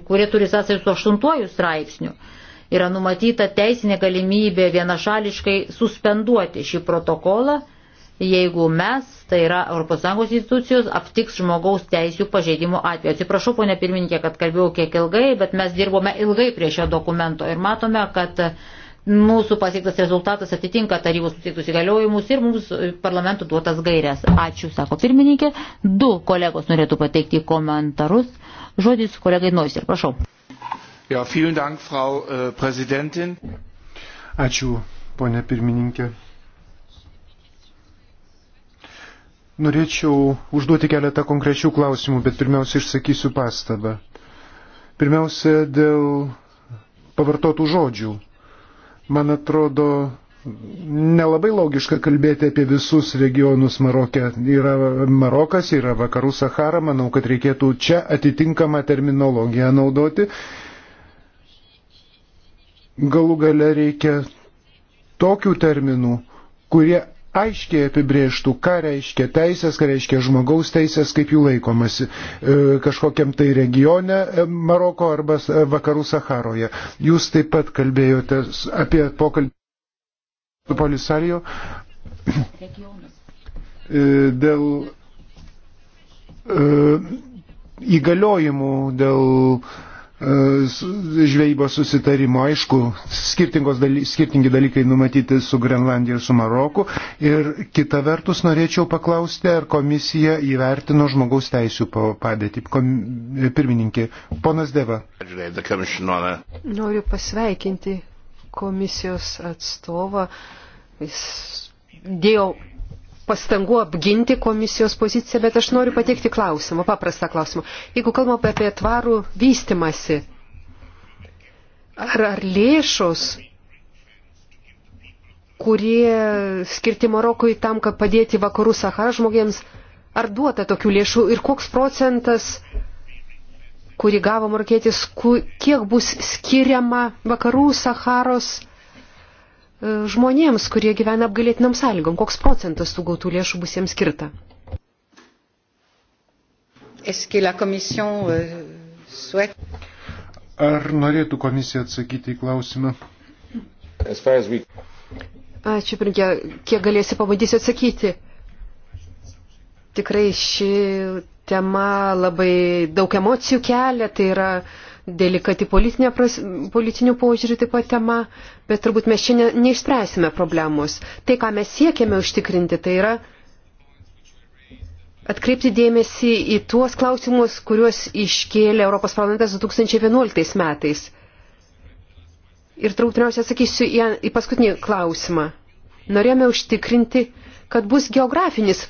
kurie turi sąsajų su aštuntuoju straipsniu. Yra numatyta teisinė galimybė vienašališkai suspenduoti šį protokolą, jeigu mes, tai yra ES institucijos, aptiks žmogaus teisų pažeidimo atveju. Atsiprašau, ponė pirmininkė, kad kalbėjau kiek ilgai, bet mes dirbome ilgai prie šio dokumento ir matome, kad uh, Mūsų pasiektas rezultatas atitinka tarybos suteiktus įgaliojimus ir mums e, parlamentų duotas gairias. Ačiū, sako pirmininkė. Du kolegos norėtų pateikti komentarus. Žodis kolegai Noiser, prašau. Ja, vielen Dank, Frau äh, Präsidentin. Ačiū, ponė pirmininkė. Norėčiau užduoti keletą konkrečių klausimų, bet pirmiausia išsakysiu pastabą. Pirmiausia, dėl pavartotų žodžių. Man atrodo, nelabai logiška kalbėti apie visus regionus Marokė. Yra Marokas, yra Vakarų Sahara, manau, kad reikėtų čia atitinkamą terminologiją naudoti. Galų gale reikia tokių terminų, kurie aiškiai apibrieštų, ką reiškia teisės, ką reiškia žmogaus teisės, kaip jų laikomasi e, kažkokiam tai regione e, Maroko arba e, vakarų Saharoje. Jūs taip pat kalbėjote apie pokalbį su Polisario dėl įgaliojimų, dėl E, žvejybos susitarimo. Aišku, daly, skirtingi dalykai numatyti su Grenlandija ir su Maroku. Ir kita vertus norėčiau paklausti, ar komisija įvertino žmogaus teisų padėtį. Kom, pirmininkė, ponas Deva. Noriu pasveikinti komisijos atstovą. Jis dėjo pastangų apginti komisijos poziciją, bet aš noriu pateikti klausimą, paprastą klausimą. Jeigu kalbame apie tvarų vystimasi, ar, ar lėšos, kurie skirti Marokui tam, kad padėti vakarų Sahara žmogėms, ar duota tokių lėšų ir koks procentas, kurį gavo marokietis, kiek bus skiriama vakarų Saharos žmonėms, kurie gyvena apgalėtinam sąlygom? Koks procentas tų gautų lėšų bus jiems skirta? Euh, Ar norėtų komisija atsakyti į klausimą? Ačiū, pirmie, kiek galėsi pabandysiu atsakyti. Tikrai ši tema labai daug emocijų kelia, tai yra uh, delikati politinė pras, politinių požiūrių taip pat tema, bet turbūt mes čia ne, neišspręsime problemus. Tai, ką mes siekiame užtikrinti, tai yra atkreipti dėmesį į tuos klausimus, kuriuos iškėlė Europos parlamentas 2011 metais. Ir trauktiniausiai atsakysiu į, į paskutinį klausimą. Norėjome užtikrinti, kad bus geografinis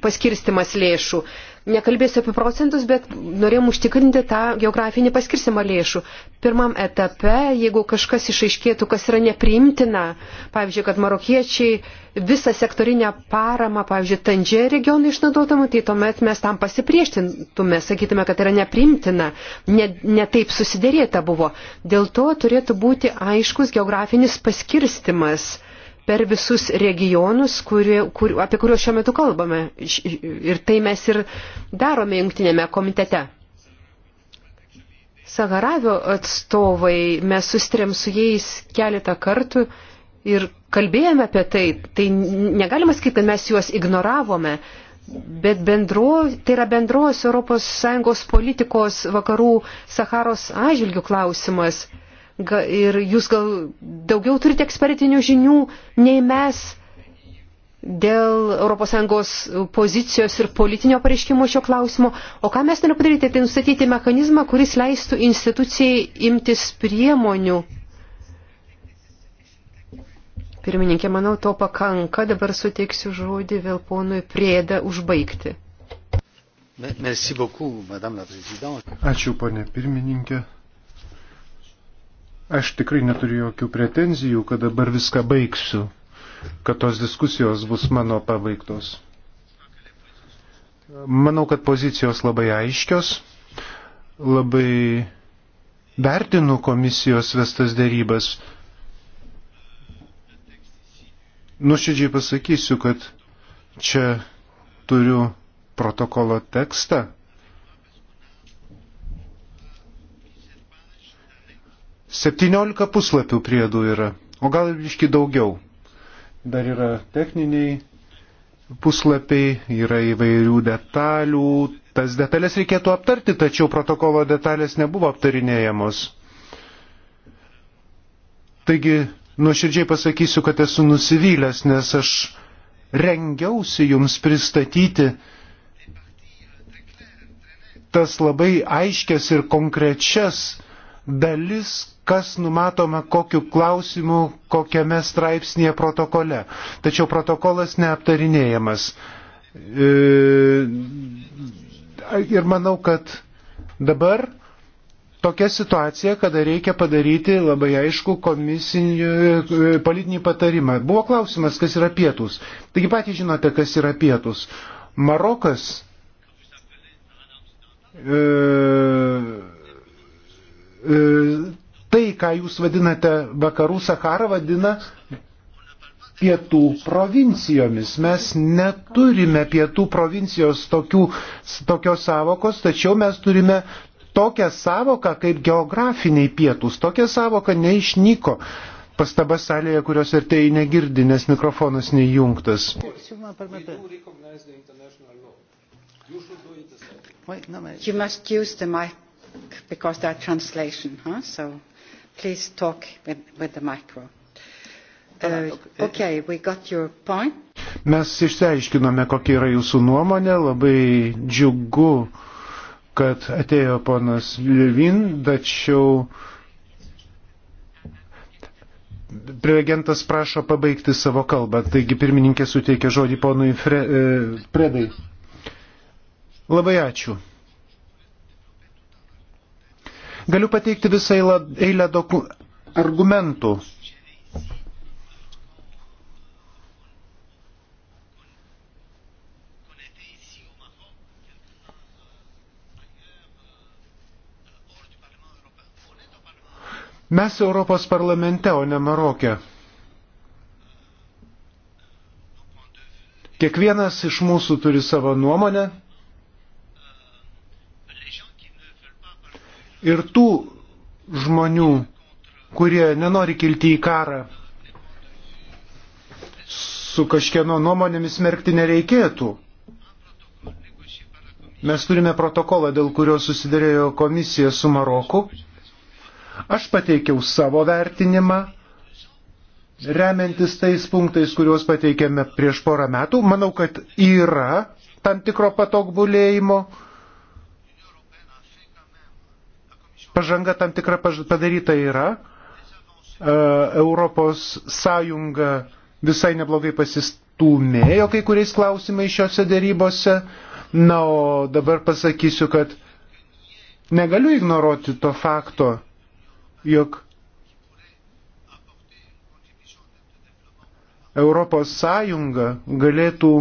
paskirstimas lėšų. Nekalbėsiu apie procentus, bet norėjom užtikrinti tą geografinį paskirsimą lėšų. Pirmam etape, jeigu kažkas išaiškėtų, kas yra nepriimtina, pavyzdžiui, kad marokiečiai visą sektorinę paramą, pavyzdžiui, Tandžė regionai išnaudotamų, tai tuomet mes tam pasipriešintume, sakytume, kad tai yra nepriimtina, netaip ne, ne susidėrėta buvo. Dėl to turėtų būti aiškus geografinis paskirstimas per visus regionus, kurie, kur, apie kuriuos šiuo metu kalbame. Ir tai mes ir darome jungtinėme komitete. Sagaravio atstovai, mes sustrėm su jais keletą kartų ir kalbėjome apie tai. Tai negalima sakyti, kad mes juos ignoravome, bet bendro, tai yra bendros ES politikos vakarų Saharos atžvilgių klausimas ir jūs gal daugiau turite ekspertinių žinių nei mes dėl ES pozicijos ir politinio pareiškimo šio klausimo. O ką mes norime padaryti, tai nustatyti mechanizmą, kuris leistų institucijai imtis priemonių. Pirmininkė, manau, to pakanka. Dabar suteiksiu žodį vėl ponui Prėdą užbaigti. Merci beaucoup, madame la présidente. Ačiū, ponė pirmininkė. Aš tikrai neturiu jokių pretenzijų, kad dabar viską baigsiu, kad tos diskusijos bus mano pabaigtos. Manau, kad pozicijos labai aiškios, labai vertinu komisijos vestas dėrybas. Nuširdžiai pasakysiu, kad čia turiu protokolo tekstą, 17 puslapių priedų yra, o gal ir iški daugiau. Dar yra techniniai puslapiai, yra įvairių detalių. Tas detalės reikėtų aptarti, tačiau protokolo detalės nebuvo aptarinėjamos. Taigi, nuoširdžiai pasakysiu, kad esu nusivylęs, nes aš rengiausi jums pristatyti tas labai aiškias ir konkrečias dalis, kas numatoma kokiu klausimu, kokiame straipsnėje protokole. Tačiau protokolas neaptarinėjamas. E, ir manau, kad dabar tokia situacija, kada reikia padaryti labai aišku e, politinį patarimą. Buvo klausimas, kas yra pietus. Taigi patys žinote, kas yra pietus. Marokas e, e, tai, ką jūs vadinate vakarų Sahara, vadina pietų provincijomis. Mes neturime pietų provincijos tokių, tokios savokos, tačiau mes turime tokią savoką kaip geografiniai pietus. Tokia savoka neišnyko. Pastaba salėje, kurios ir tai negirdi, nes mikrofonas neįjungtas. You must use the mic because that translation, huh? So please talk with, with the micro. Uh, e- okay, we got your point. Mes išsiaiškinome, kokia yra jūsų nuomonė. Labai džiugu, kad atėjo ponas Levin, tačiau prelegentas prašo pabaigti savo kalbą. Taigi pirmininkė suteikė žodį ponui Fre, e, Predai. Labai ačiū. Galiu pateikti visą eilę doku... argumentų. Mes Europos parlamente, o ne Marokė. Kiekvienas iš mūsų turi savo nuomonę, ir tų žmonių, kurie nenori kilti į karą, su kažkieno nuomonėmis merkti nereikėtų. Mes turime protokolą, dėl kurio susidarėjo komisija su Maroku. Aš pateikiau savo vertinimą, remiantis tais punktais, kuriuos pateikėme prieš porą metų. Manau, kad yra tam tikro patobulėjimo. Pažanga tam tikra padaryta yra. E, Europos Sąjunga visai neblogai pasistūmėjo kai kuriais klausimais šiuose dėrybose. Na, o dabar pasakysiu, kad negaliu ignoruoti to fakto, jog Europos Sąjunga galėtų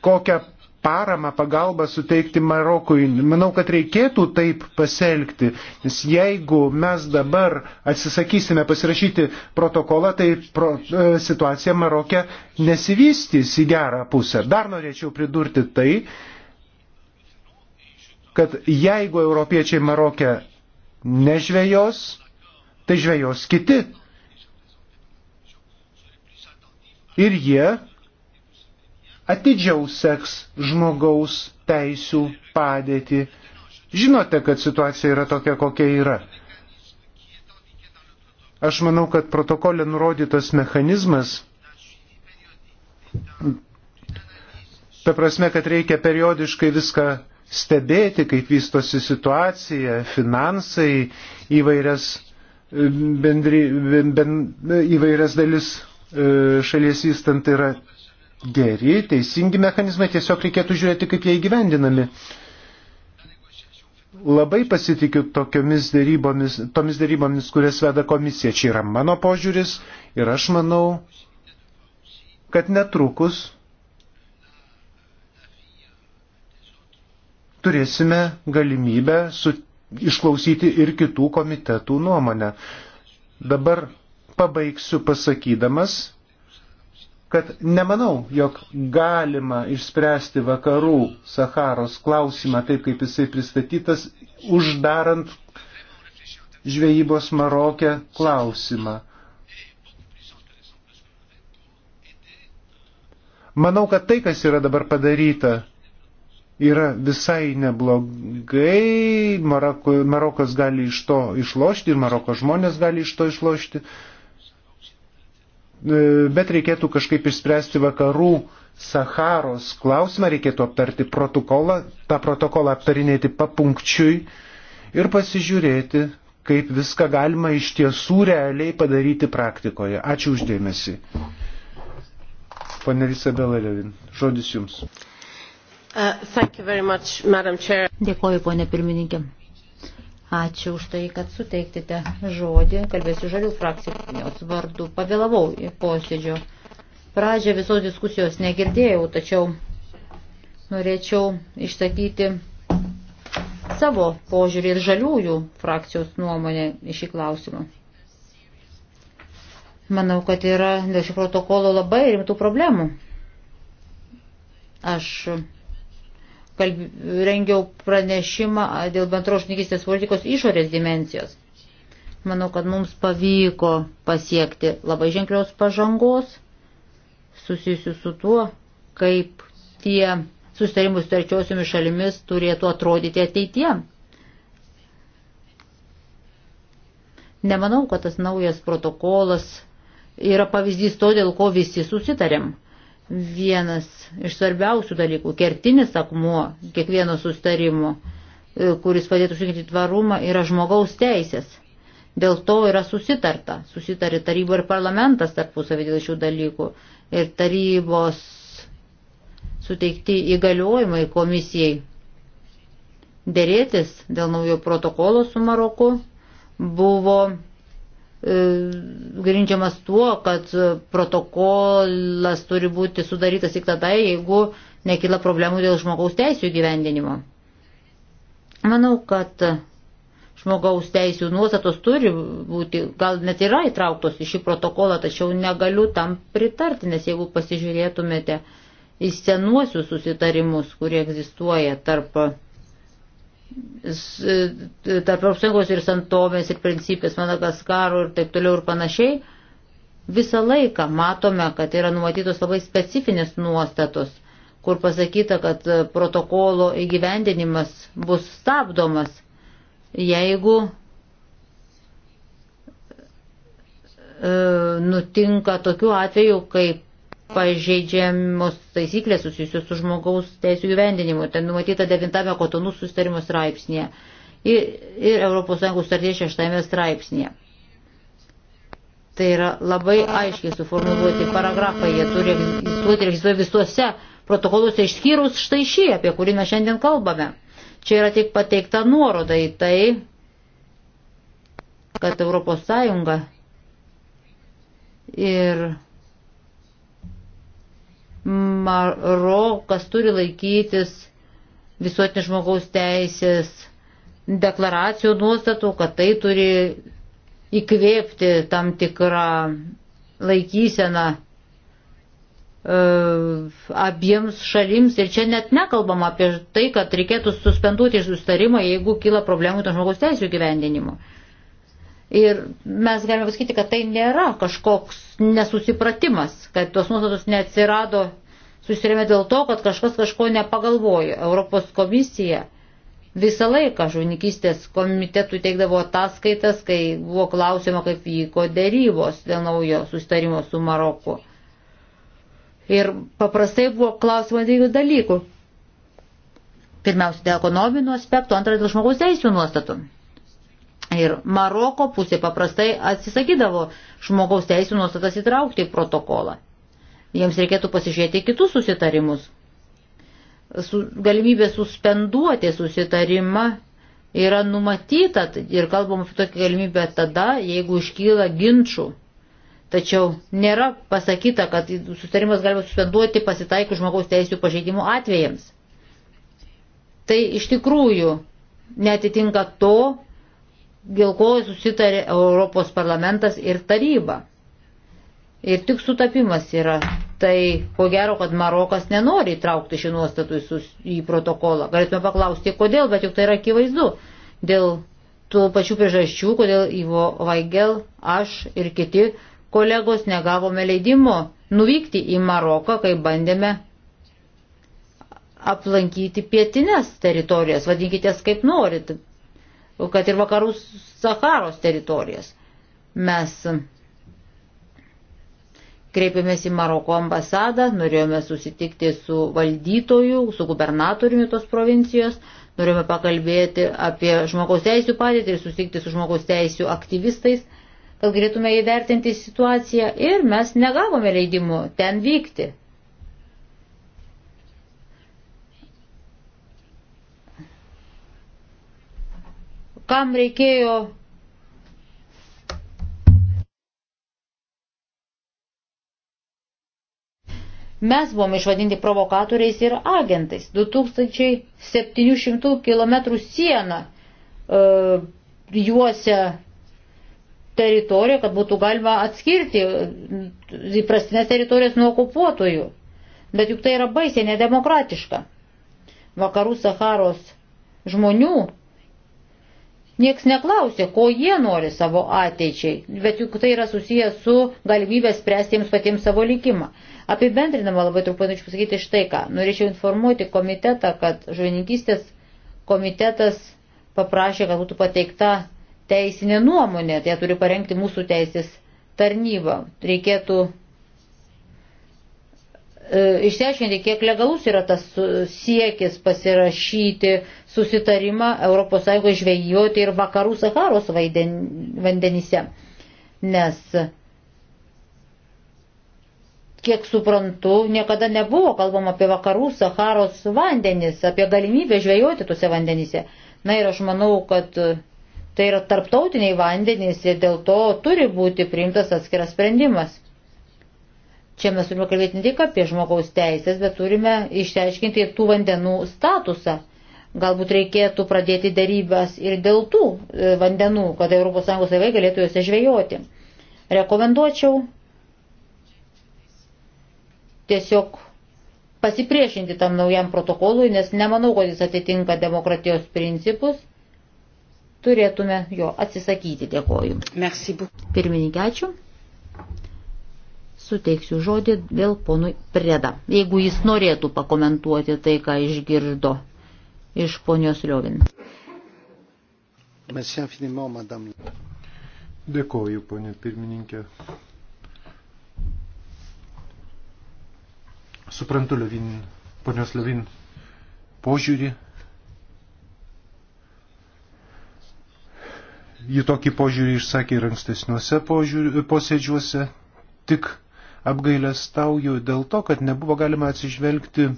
kokią paramą, pagalbą suteikti Marokui. Manau, kad reikėtų taip pasielgti, nes jeigu mes dabar atsisakysime pasirašyti protokolą, tai pro, e, situacija Marokė nesivystys į gerą pusę. Dar norėčiau pridurti tai, kad jeigu europiečiai Marokė nežvėjos, tai žvėjos kiti. Ir jie atidžiau seks žmogaus teisų padėtį. Žinote, kad situacija yra tokia, kokia yra. Aš manau, kad protokolė nurodytas mechanizmas, ta prasme, kad reikia periodiškai viską stebėti, kaip vystosi situacija, finansai, įvairias, e, bendri, ben, ben, įvairias dalis e, šalies vystant yra geri, teisingi mechanizmai, tiesiog reikėtų žiūrėti, kaip jie įgyvendinami. Labai pasitikiu tokiomis darybomis, tomis darybomis, kurias veda komisija. Čia yra mano požiūris ir aš manau, kad netrukus turėsime galimybę su, išklausyti ir kitų komitetų nuomonę. Dabar pabaigsiu pasakydamas, kad nemanau, jog galima išspręsti vakarų Saharos klausimą taip, kaip jisai pristatytas, uždarant žvejybos Marokę klausimą. Manau, kad tai, kas yra dabar padaryta, yra visai neblogai. Maroko, Marokos gali iš to išlošti ir Maroko žmonės gali iš to išlošti. Uh, E, bet reikėtų kažkaip išspręsti vakarų Saharos klausimą, reikėtų aptarti protokolą, tą protokolą aptarinėti papunkčiui ir pasižiūrėti, kaip viską galima iš tiesų realiai padaryti praktikoje. Ačiū uždėmesi. Pane Isabela Levin, žodis Jums. Uh, much, Dėkuoju, ponė pirmininkė. Ačiū už tai, kad suteiktite žodį. Kalbėsiu žalių frakcijos vardu. Pavėlavau į posėdžio pradžią visos diskusijos negirdėjau, tačiau norėčiau išsakyti savo požiūrį ir žaliųjų frakcijos nuomonę iš įklausimą. Manau, kad yra dėl šio protokolo labai rimtų problemų. Aš kalb... rengiau pranešimą dėl bendrožnikistės politikos išorės dimensijos. Manau, kad mums pavyko pasiekti labai ženklios pažangos susijusių su tuo, kaip tie sustarimus trečiosiomis šalimis turėtų atrodyti ateitie. Nemanau, kad tas naujas protokolas yra pavyzdys to, dėl ko visi susitarėm vienas iš svarbiausių dalykų, kertinis akmuo kiekvieno sustarimo, e, kuris padėtų užtikrinti tvarumą, yra žmogaus teisės. Dėl to yra susitarta. Susitarė taryba ir parlamentas tarpusavį dėl šių dalykų. Ir tarybos suteikti įgaliojimai komisijai dėrėtis dėl naujo protokolo su Maroku buvo E, grindžiamas tuo, kad protokolas turi būti sudarytas tik tada, jeigu nekyla problemų dėl žmogaus teisų gyvendinimo. Manau, kad žmogaus teisų nuostatos turi būti, gal net yra įtrauktos į šį protokolą, tačiau negaliu tam pritarti, nes jeigu pasižiūrėtumėte į senuosius susitarimus, kurie egzistuoja tarp E, tarp apsaugos ir santomės ir principės Madagaskaro ir taip toliau ir panašiai, visą laiką matome, kad yra numatytos labai specifinės nuostatos, kur pasakyta, kad protokolo įgyvendinimas bus stabdomas, jeigu e, nutinka tokiu atveju, kaip pažeidžiamos taisyklės susijusios su žmogaus teisų gyvendinimu. Ten numatyta 9 kotonų sustarimo straipsnėje ir, ir ES sutarties 6 straipsnėje. Tai yra labai aiškiai suformuluoti paragrafai, jie turi egzistuoti ir egzistuoja visuose protokoluose išskyrus štai šį, apie kurį mes šiandien kalbame. Čia yra tik pateikta nuoroda į tai, kad ES ir Marokas turi laikytis visuotinės žmogaus teisės deklaracijų nuostatų, kad tai turi įkvėpti tam tikrą laikyseną e, abiems šalims. Ir čia net nekalbam apie tai, kad reikėtų suspenduoti iš sustarimo, jeigu kyla problemų to žmogaus teisų gyvendinimo. E, Ir mes galime pasakyti, kad tai nėra kažkoks nesusipratimas, kad tos nuostatos neatsirado susirėmė dėl to, kad kažkas kažko nepagalvojo. Europos komisija visą laiką žuvininkystės komitetų teikdavo ataskaitas, kai buvo klausima, kaip vyko dėrybos dėl naujo sustarimo su Maroku. Ir paprastai buvo klausima dviejų dalykų. Pirmiausia, dėl ekonominių aspektų, antra, dėl žmogaus teisų nuostatų. Ir Maroko pusė paprastai atsisakydavo žmogaus teisų nuostatas įtraukti į protokolą. Jiems reikėtų pasižiūrėti kitus susitarimus. Su, galimybė suspenduoti susitarimą yra numatyta ir kalbam apie tokią galimybę tada, jeigu iškyla ginčių. Tačiau nėra pasakyta, kad susitarimas galima suspenduoti pasitaikius žmogaus teisų pažeidimų atvejams. Tai iš tikrųjų netitinka to, dėl ko susitarė Europos parlamentas ir taryba. Ir tik sutapimas yra. Tai ko gero, kad Marokas nenori įtraukti šį nuostatų į protokolą. Galėtume paklausti, kodėl, bet juk tai yra akivaizdu. Dėl tų pačių priežasčių, kodėl Ivo Vaigel, aš ir kiti kolegos negavome leidimo nuvykti į Maroką, kai bandėme aplankyti pietinės teritorijas, vadinkitės kaip norit, kad ir vakarų Saharos teritorijas. Mes kreipėmės į Maroko ambasadą, norėjome susitikti su valdytoju, su gubernatoriumi tos provincijos, norėjome pakalbėti apie žmogaus teisų padėtį ir susitikti su žmogaus teisų aktyvistais, kad galėtume įvertinti situaciją ir mes negavome leidimų ten vykti. kam reikėjo Mes buvom išvadinti provokatoriais ir agentais. 2700 km sieną e, juose teritoriją, kad būtų galima atskirti e, įprastinės teritorijas nuo okupuotojų. Bet juk tai yra baisiai nedemokratiška. Vakarų Saharos žmonių Niekas neklausė, ko jie nori savo ateičiai, bet juk tai yra susijęs su galimybė spręsti jiems patiems savo likimą. Apibendrinama labai trumpai norėčiau pasakyti štai ką. Norėčiau informuoti komitetą, kad žuvininkystės komitetas paprašė, kad būtų pateikta teisinė nuomonė, tai turi parengti mūsų teisės tarnybą. Reikėtų e, išsiaiškinti, kiek legalus yra tas siekis pasirašyti susitarimą ES žvejoti ir vakarų Saharos vandenyse. Nes, kiek suprantu, niekada nebuvo kalbama apie vakarų Saharos vandenis, apie galimybę žvejoti tuose vandenyse. Na ir aš manau, kad tai yra tarptautiniai vandenys ir dėl to turi būti priimtas atskiras sprendimas. Čia mes turime kalbėti ne tik apie žmogaus teisės, bet turime išsiaiškinti tų vandenų statusą. Galbūt reikėtų pradėti darybas ir dėl tų e, vandenų, kad ES laivai galėtų juose žvejoti. Rekomenduočiau tiesiog pasipriešinti tam naujam protokolui, nes nemanau, kad jis atitinka demokratijos principus. Turėtume jo atsisakyti, dėkoju. Merci beaucoup. Pirmininkė, ačiū. Suteiksiu žodį vėl ponui Preda, jeigu jis norėtų pakomentuoti tai, ką išgirdo iš ponios Liovin. Dėkoju, ponė pirmininkė. Suprantu Liovin, ponios Liovin požiūrį. Ji tokį požiūrį išsakė ir ankstesniuose posėdžiuose, tik apgailestauju dėl to, kad nebuvo galima atsižvelgti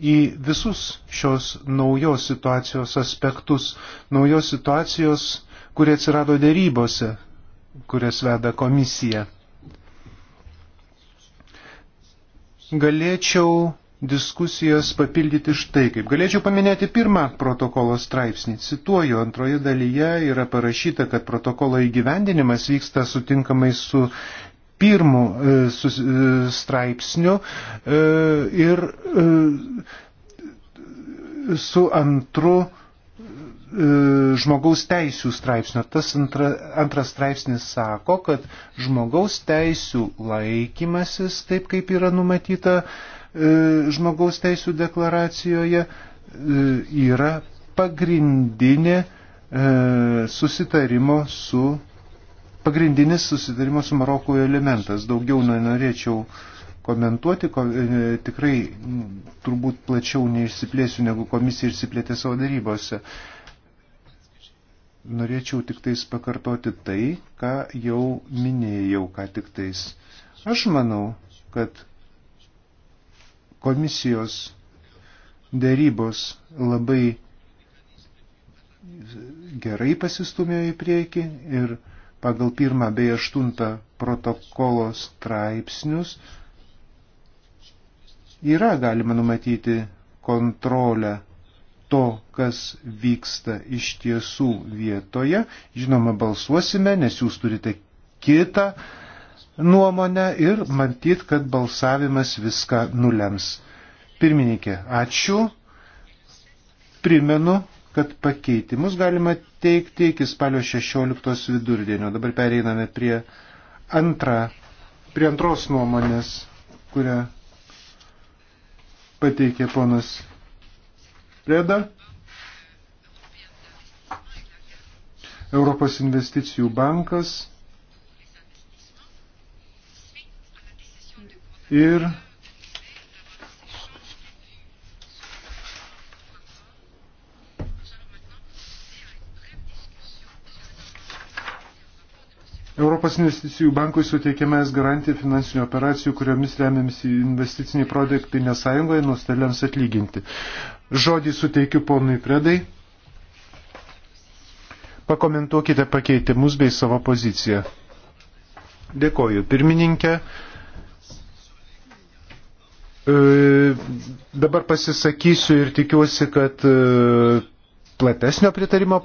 į visus šios naujos situacijos aspektus, naujos situacijos, kurie atsirado dėrybose, kurias veda komisija. Galėčiau diskusijas papildyti štai kaip. Galėčiau paminėti pirmą protokolo straipsnį. Cituoju, antroje dalyje yra parašyta, kad protokolo įgyvendinimas vyksta sutinkamai su 21 e, e, straipsniu e, ir su antru žmogaus teisų straipsnio. Tas antra, antras straipsnis sako, kad žmogaus teisų laikymasis, taip kaip yra numatyta žmogaus teisų deklaracijoje, yra pagrindinė susitarimo su pagrindinis susidarimo su Maroku elementas. Daugiau norėčiau komentuoti, ko, e, tikrai turbūt plačiau neišsiplėsiu, negu komisija išsiplėtė savo darybose. Norėčiau tik tais pakartoti tai, ką jau minėjau, ką tik tais. Aš manau, kad komisijos dėrybos labai gerai pasistumėjo į priekį ir pagal pirmą bei aštuntą protokolo straipsnius yra galima numatyti kontrolę to, kas vyksta iš tiesų vietoje. Žinoma, balsuosime, nes jūs turite kitą nuomonę ir matyt, kad balsavimas viską nulems. Pirmininkė, ačiū. Primenu, kad pakeitimus galima teikti iki spalio 16 vidurdienio. Dabar pereiname prie, antrą, prie antros nuomonės, kurią pateikė ponas Preda. Europos investicijų bankas ir Europos investicijų bankui suteikiamas garantija finansinių operacijų, kuriomis remiamis investiciniai projektai nesąjungoje nuostoliams atlyginti. Žodį suteikiu ponui Predai. Pakomentuokite pakeitimus bei savo poziciją. Dėkoju, pirmininkė. E, dabar pasisakysiu ir tikiuosi, kad e, platesnio pritarimo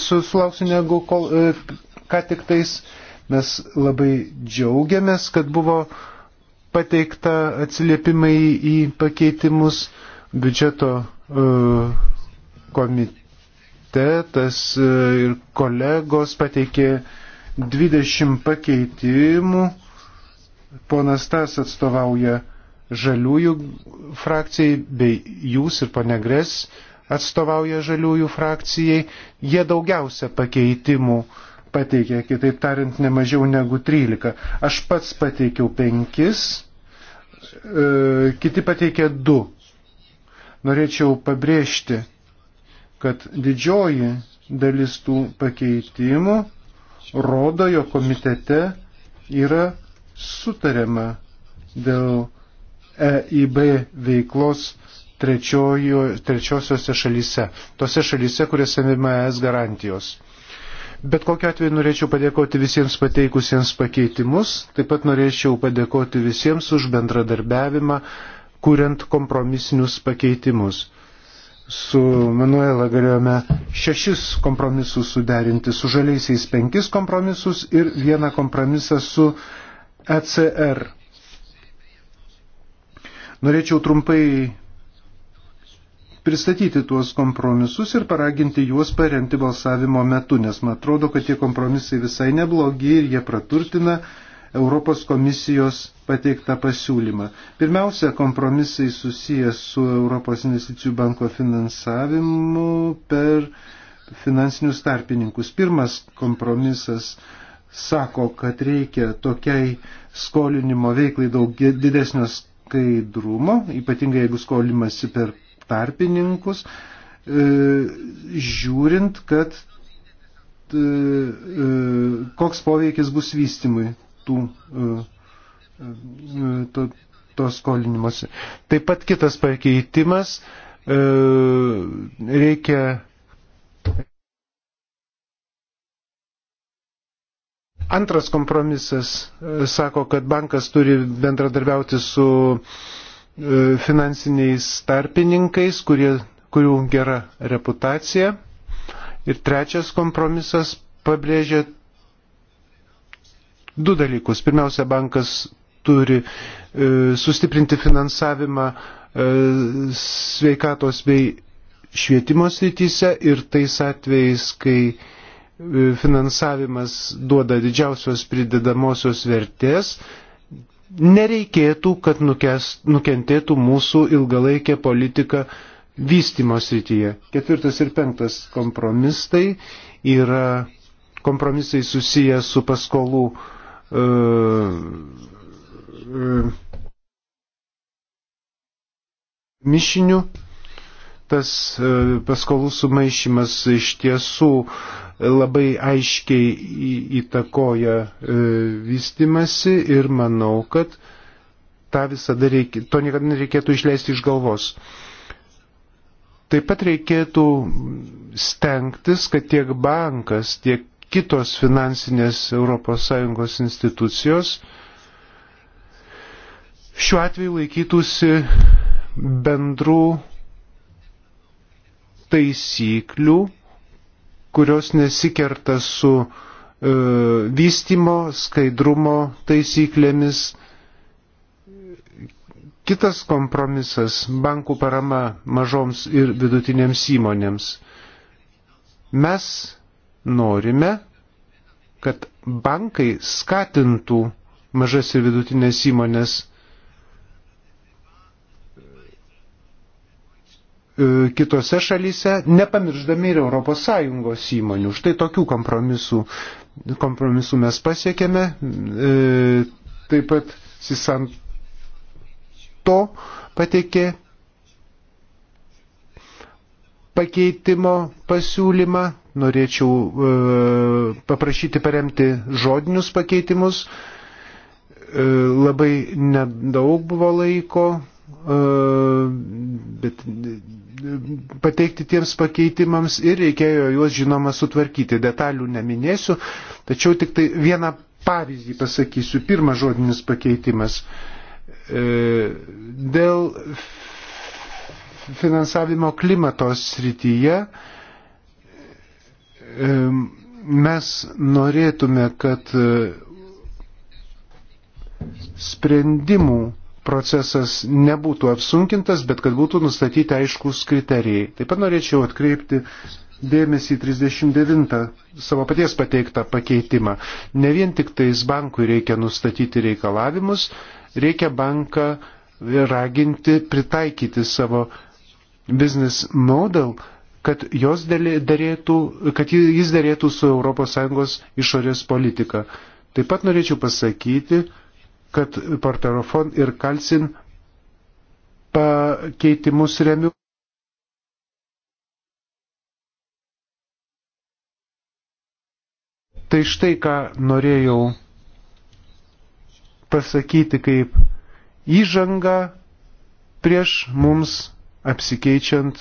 susilauksiu negu kol, e, ką tik tais. Mes labai džiaugiamės, kad buvo pateikta atsiliepimai į pakeitimus biudžeto e, komitetas e, ir kolegos pateikė 20 pakeitimų. Ponas Tas atstovauja žaliųjų frakcijai, bei jūs ir ponegres atstovauja žaliųjų frakcijai. Jie daugiausia pakeitimų uh, pateikė, kitaip tariant, ne mažiau negu 13. Aš pats pateikiau 5, e, kiti pateikė 2. Norėčiau pabrėžti, kad didžioji dalis tų pakeitimų rodo, jo komitete yra sutariama dėl EIB veiklos trečiojo, trečiosiose šalyse, tose šalyse, kuriuose mima ES garantijos. Bet kokiu atveju norėčiau padėkoti visiems pateikusiems pakeitimus, taip pat norėčiau padėkoti visiems už bendradarbiavimą, kuriant kompromisinius pakeitimus. Su Manuela galėjome šešis kompromisus suderinti, su žaliaisiais penkis kompromisus ir vieną kompromisą su ECR. Norėčiau trumpai pristatyti tuos kompromisus ir paraginti juos paremti balsavimo metu, nes man atrodo, kad tie kompromisai visai neblogi ir jie praturtina Europos komisijos pateiktą pasiūlymą. Pirmiausia, kompromisai susijęs su Europos investicijų banko finansavimu per finansinius tarpininkus. Pirmas kompromisas sako, kad reikia tokiai skolinimo veiklai daug didesnio skaidrumo, ypatingai jeigu skolimasi per tarpininkus, e, žiūrint, kad e, e, koks poveikis bus vystimui tų to, to skolinimuose. Taip pat kitas pakeitimas reikia Antras kompromisas sako, kad bankas turi bendradarbiauti su E, finansiniais tarpininkais, kurie, kurių gera reputacija. Ir trečias kompromisas pabrėžia du dalykus. Pirmiausia, bankas turi e, sustiprinti finansavimą e, sveikatos bei švietimo srityse ir tais atvejais, kai e, finansavimas duoda didžiausios pridedamosios vertės, nereikėtų, kad nukest, nukentėtų mūsų ilgalaikė politika vystimo srityje. Ketvirtas ir penktas kompromisai yra kompromisai susiję su paskolų e, e, mišiniu. Tas e, paskolų sumaišymas iš tiesų e, labai aiškiai įtakoja e, vystimasi ir manau, kad visada reikia, to niekada nereikėtų išleisti iš galvos. Taip pat reikėtų stengtis, kad tiek bankas, tiek kitos finansinės ES institucijos šiuo atveju laikytųsi bendrų taisyklių kurios nesikerta su e, vystimo, skaidrumo taisyklėmis. Kitas kompromisas - bankų parama mažoms ir vidutinėms įmonėms. Mes norime, kad bankai skatintų mažas ir vidutinės įmonės E, kitose šalyse, nepamirždami ir ES įmonių. Štai tokių kompromisų, kompromisų mes pasiekėme. E, taip pat Sisanto pateikė pakeitimo pasiūlymą. Norėčiau e, paprašyti paremti žodinius pakeitimus. Labai nedaug buvo laiko, E, bet pateikti tiems pakeitimams ir reikėjo juos žinoma sutvarkyti. Detalių neminėsiu, tačiau tik tai vieną pavyzdį pasakysiu. Pirmas žodinis pakeitimas. E, dėl finansavimo klimatos srityje e, mes norėtume, kad sprendimų procesas nebūtų apsunkintas, bet kad būtų nustatyti aiškus kriterijai. Taip pat norėčiau atkreipti dėmesį 39 savo paties pateiktą pakeitimą. Ne vien tik tais bankui reikia nustatyti reikalavimus, reikia banką raginti pritaikyti savo business model, kad, dėlėtų, kad jis dėrėtų su ES išorės politika. Taip pat norėčiau pasakyti, kad Porterofon ir Kalsin pakeitimus remiu. Tai štai ką norėjau pasakyti kaip įžanga prieš mums apsikeičiant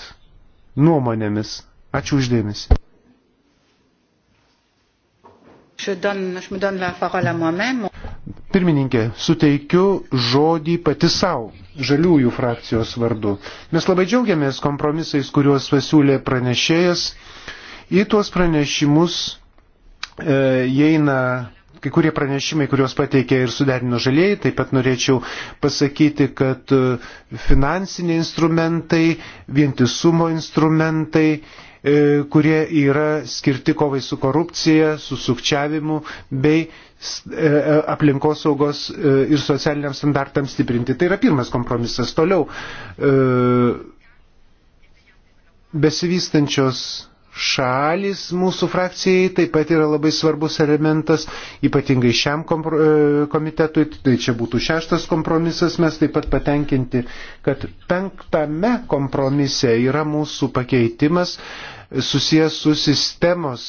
nuomonėmis. Ačiū uždėmesi. Je donne, je me donne la parole à moi-même. Pirmininkė, suteikiu žodį pati savo, žaliųjų frakcijos vardu. Mes labai džiaugiamės kompromisais, kuriuos pasiūlė pranešėjas. Į tuos pranešimus e, įeina kai kurie pranešimai, kuriuos pateikė ir suderino žalieji, taip pat norėčiau pasakyti, kad e, finansiniai instrumentai, vientisumo instrumentai, e, kurie yra skirti kovai su korupcija, su sukčiavimu bei E, e, aplinkosaugos e, ir socialiniams standartams stiprinti. Tai yra pirmas kompromisas. Toliau besivystančios šalis mūsų frakcijai taip pat yra labai svarbus elementas, ypatingai šiam komitetui, tai čia būtų šeštas kompromisas, mes taip pat patenkinti, kad penktame kompromise yra mūsų pakeitimas susijęs su sistemos,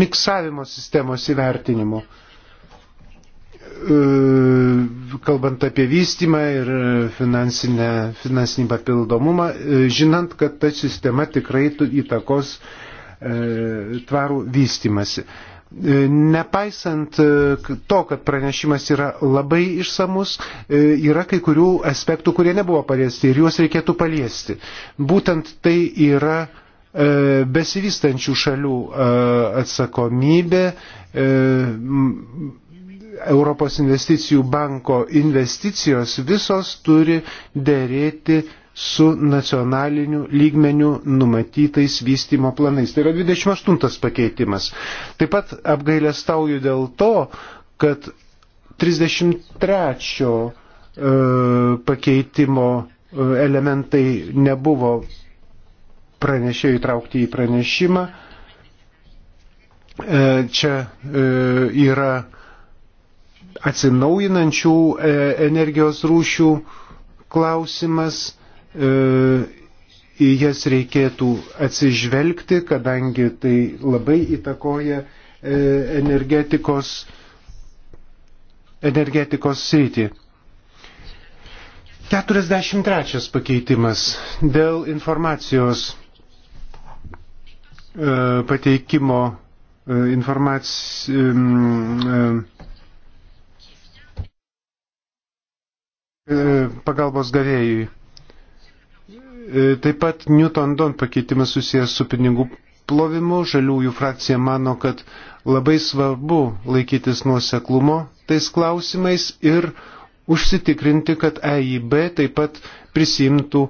miksavimo sistemos įvertinimu. E, E, kalbant apie vystymą ir finansinį papildomumą, e, žinant, kad ta sistema tikrai įtakos e, tvarų vystimasi. Nepaisant to, kad pranešimas yra labai išsamus, yra kai kurių aspektų, kurie nebuvo paliesti ir juos reikėtų paliesti. Būtent tai yra besivystančių šalių atsakomybė Europos investicijų banko investicijos visos turi dėrėti su nacionaliniu lygmeniu numatytais vystimo planais. Tai yra 28 pakeitimas. Taip pat apgailestauju dėl to, kad 33 e, pakeitimo e, elementai nebuvo pranešėjų įtraukti į pranešimą. E, čia yra atsinaujinančių e, energijos rūšių klausimas, e, į jas reikėtų atsižvelgti, kadangi tai labai įtakoja e, energetikos, energetikos sritį. 43 pakeitimas dėl informacijos pateikimo informacijos E, pagalbos gavėjui. E, taip pat Newton Don pakeitimas susijęs su pinigų plovimu. Žaliųjų frakcija mano, kad labai svarbu laikytis nuoseklumo tais klausimais ir užsitikrinti, kad EIB taip pat prisimtų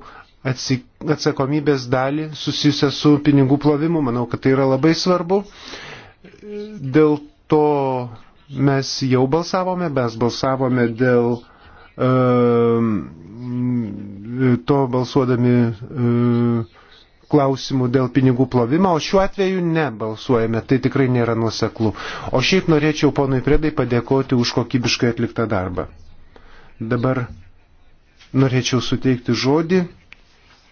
atsakomybės dalį susijusią su pinigų plovimu. Manau, kad tai yra labai svarbu. Dėl to mes jau balsavome, mes balsavome dėl Ehm, to balsuodami e, klausimų dėl pinigų plovimo, o šiuo atveju nebalsuojame, tai tikrai nėra nuoseklu. O šiaip norėčiau ponui Priedai padėkoti už kokybiškai atliktą darbą. Dabar norėčiau suteikti žodį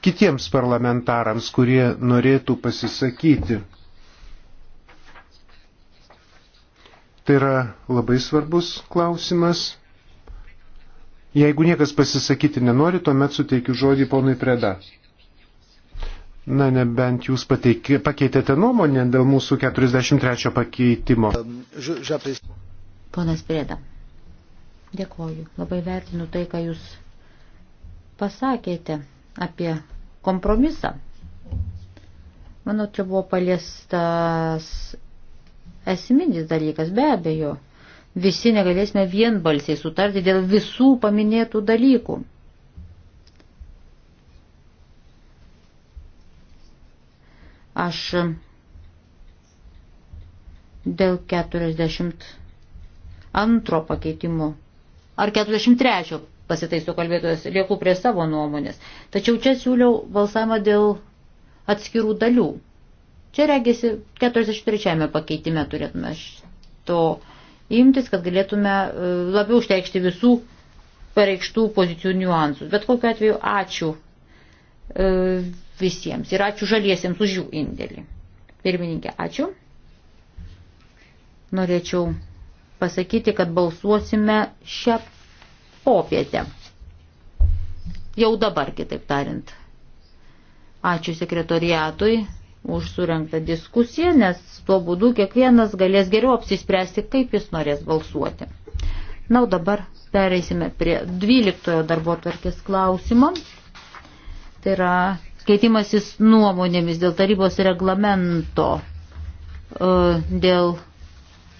kitiems parlamentarams, kurie norėtų pasisakyti. Tai yra labai svarbus klausimas. Jeigu niekas pasisakyti nenori, tuomet suteikiu žodį ponui Preda. Na, nebent jūs pateikė, pakeitėte nuomonę dėl mūsų 43 pakeitimo. Um, Ponas Preda, dėkoju. Labai vertinu tai, ką jūs pasakėte apie kompromisą. Manau, čia buvo paliestas esminis dalykas, be abejo visi negalėsime vienbalsiai sutarti dėl visų paminėtų dalykų. Aš dėl 42 pakeitimo ar 43 pasitaiso kalbėtojas, lieku prie savo nuomonės. Tačiau čia siūliau balsavimą dėl atskirų dalių. Čia regisi 43 pakeitime turėtume to imtis, kad galėtume e, labiau išteikšti visų pareikštų pozicijų niuansus. Bet kokiu atveju ačiū e, visiems ir ačiū žaliesiems už jų indėlį. Pirmininkė, ačiū. Norėčiau pasakyti, kad balsuosime šią popietę. Jau dabar, kitaip tariant. Ačiū sekretoriatui už surinktą diskusiją, nes tuo būdu kiekvienas galės geriau apsispręsti, kaip jis norės balsuoti. Na, o dabar pereisime prie 12 darbo tvarkės klausimo. Tai yra keitimasis nuomonėmis dėl tarybos reglamento, e, dėl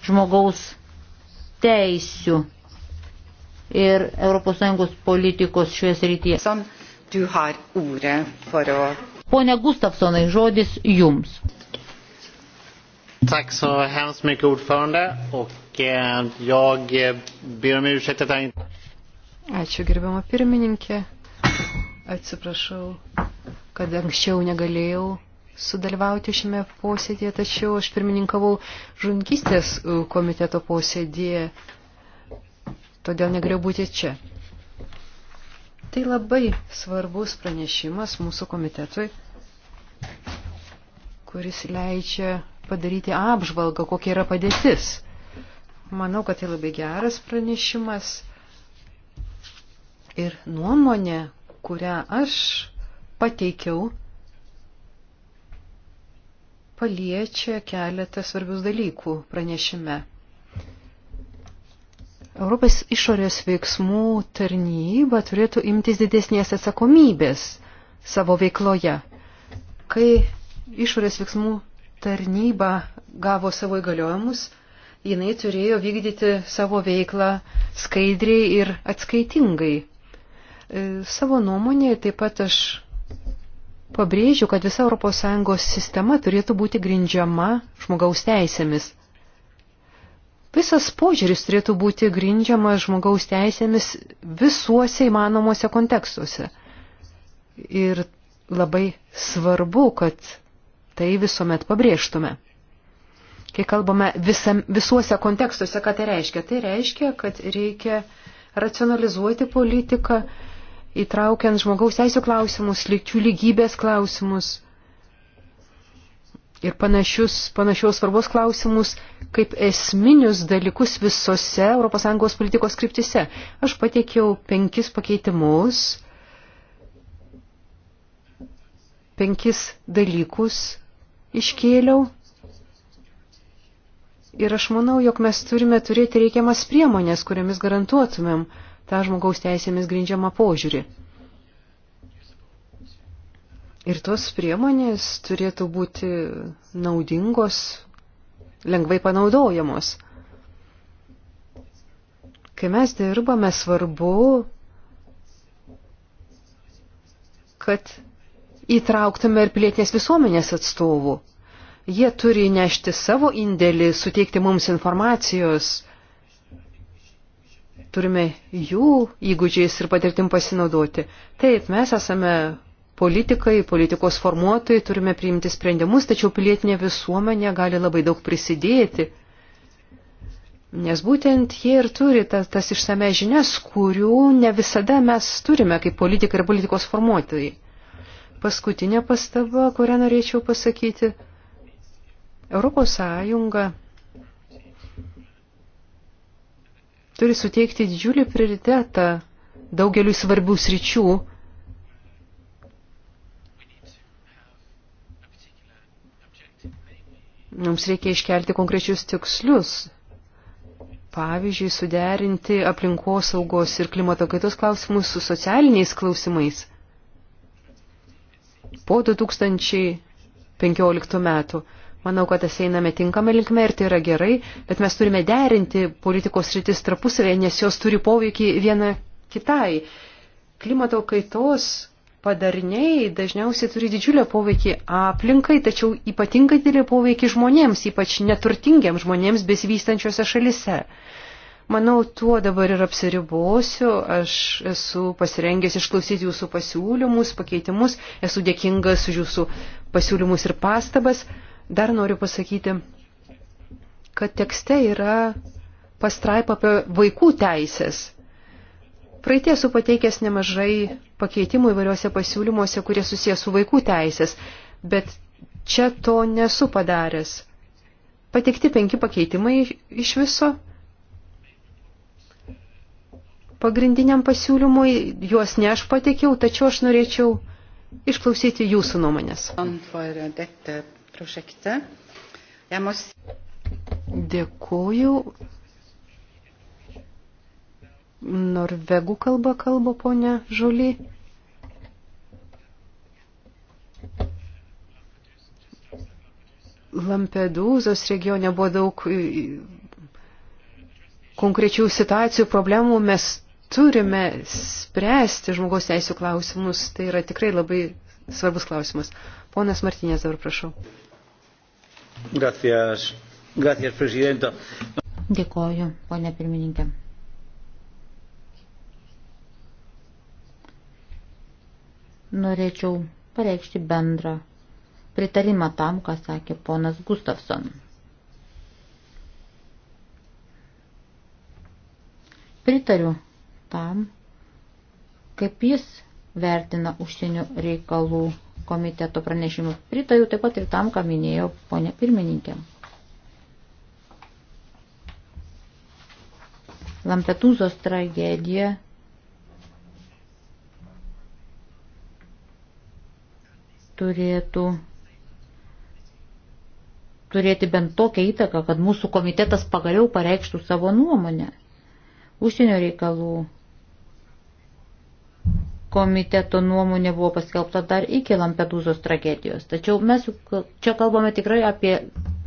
žmogaus teisių ir ES politikos šioje srityje. Som du har ordet for å Pone Gustafsonai, žodis jums. Tack så hemskt mycket ordförande och eh, jag eh, ber om ursäkt att jag inte... Ačiū gerbiama pirmininkė. Atsiprašau, kad anksčiau negalėjau sudalyvauti šiame posėdėje, tačiau aš pirmininkavau žunkistės komiteto posėdėje, todėl negalėjau būti čia. Tai labai svarbus pranešimas mūsų komitetui, kuris leidžia padaryti apžvalgą, kokia yra padėtis. Manau, kad tai labai geras pranešimas ir nuomonė, kurią aš pateikiau, paliečia keletą svarbius dalykų pranešime. Europos išorės veiksmų tarnyba turėtų imtis didesnės atsakomybės savo veikloje. Kai išorės veiksmų tarnyba gavo savo įgaliojimus, jinai turėjo vykdyti savo veiklą skaidriai ir atskaitingai. E, savo nuomonėje taip pat aš pabrėžiu, kad visa ES sistema turėtų būti grindžiama žmogaus teisėmis. Visas požiūris turėtų būti grindžiamas žmogaus teisėmis visuose įmanomuose kontekstuose. Ir labai svarbu, kad tai visuomet pabrėžtume. Kai kalbame visam, visuose kontekstuose, ką tai reiškia? Tai reiškia, kad reikia racionalizuoti politiką, įtraukiant žmogaus teisų klausimus, lyčių lygybės klausimus ir panašius, panašiaus svarbos klausimus kaip esminius dalykus visose ES politikos kryptise. Aš pateikiau penkis pakeitimus, penkis dalykus iškėliau. Ir aš manau, jog mes turime turėti reikiamas priemonės, kuriamis garantuotumėm tą žmogaus teisėmis grindžiamą požiūrį. Ir tos priemonės turėtų būti naudingos, lengvai panaudojamos. Kai mes dirbame, svarbu, kad įtrauktume ir pilietinės visuomenės atstovų. Jie turi nešti savo indėlį, suteikti mums informacijos. Turime jų įgūdžiais ir patirtim pasinaudoti. Taip, mes esame politikai, politikos formuotojai turime priimti sprendimus, tačiau pilietinė visuomenė gali labai daug prisidėti. Nes būtent jie ir turi tas, tas išsame žinias, kurių ne visada mes turime kaip politikai ir politikos formuotojai. Paskutinė pastaba, kurią norėčiau pasakyti. Europos Sąjunga turi suteikti didžiulį prioritetą daugeliu svarbių sričių Mums reikia iškelti konkrečius tikslius. Pavyzdžiui, suderinti aplinkosaugos ir klimato kaitos klausimus su socialiniais klausimais. Po 2015 metų. Manau, kad tas einame tinkamą linkmę ir tai yra gerai, bet mes turime derinti politikos rytis tarpusavėje, nes jos turi poveikį viena kitai. Klimato kaitos padariniai dažniausiai turi didžiulę poveikį aplinkai, tačiau ypatingai didelį poveikį žmonėms, ypač neturtingiams žmonėms besivystančiose šalise. Manau, tuo dabar ir apsiribosiu. Aš esu pasirengęs išklausyti jūsų pasiūlymus, pakeitimus. Esu dėkingas už jūsų pasiūlymus ir pastabas. Dar noriu pasakyti, kad tekste yra pastraipa apie vaikų teisės. Praeitie esu pateikęs nemažai pakeitimų įvairiuose pasiūlymuose, kurie susijęs su vaikų teisės, bet čia to nesu padaręs. Pateikti penki pakeitimai iš viso. Pagrindiniam pasiūlymui juos ne aš patekiau, tačiau aš norėčiau išklausyti jūsų nuomonės. Dėkuoju Norvegų kalba kalba ponia Žuli. Lampedūzos regione buvo daug konkrečių situacijų, problemų. Mes turime spręsti žmogaus teisų klausimus. Tai yra tikrai labai svarbus klausimas. Ponas Martinės dabar prašau. Gracias. Gracias, prezidenta. Dėkoju, ponia pirmininkė. norėčiau pareikšti bendrą pritarimą tam, ką sakė ponas Gustafson. Pritariu tam, kaip jis vertina užsienio reikalų komiteto pranešimų. Pritariu taip pat ir tam, ką minėjo ponė pirmininkė. Lampetūzos tragedija turėtų turėti bent tokią įtaką, kad mūsų komitetas pagaliau pareikštų savo nuomonę. Užsienio reikalų komiteto nuomonė buvo paskelbta dar iki Lampedūzos tragedijos. Tačiau mes čia kalbame tikrai apie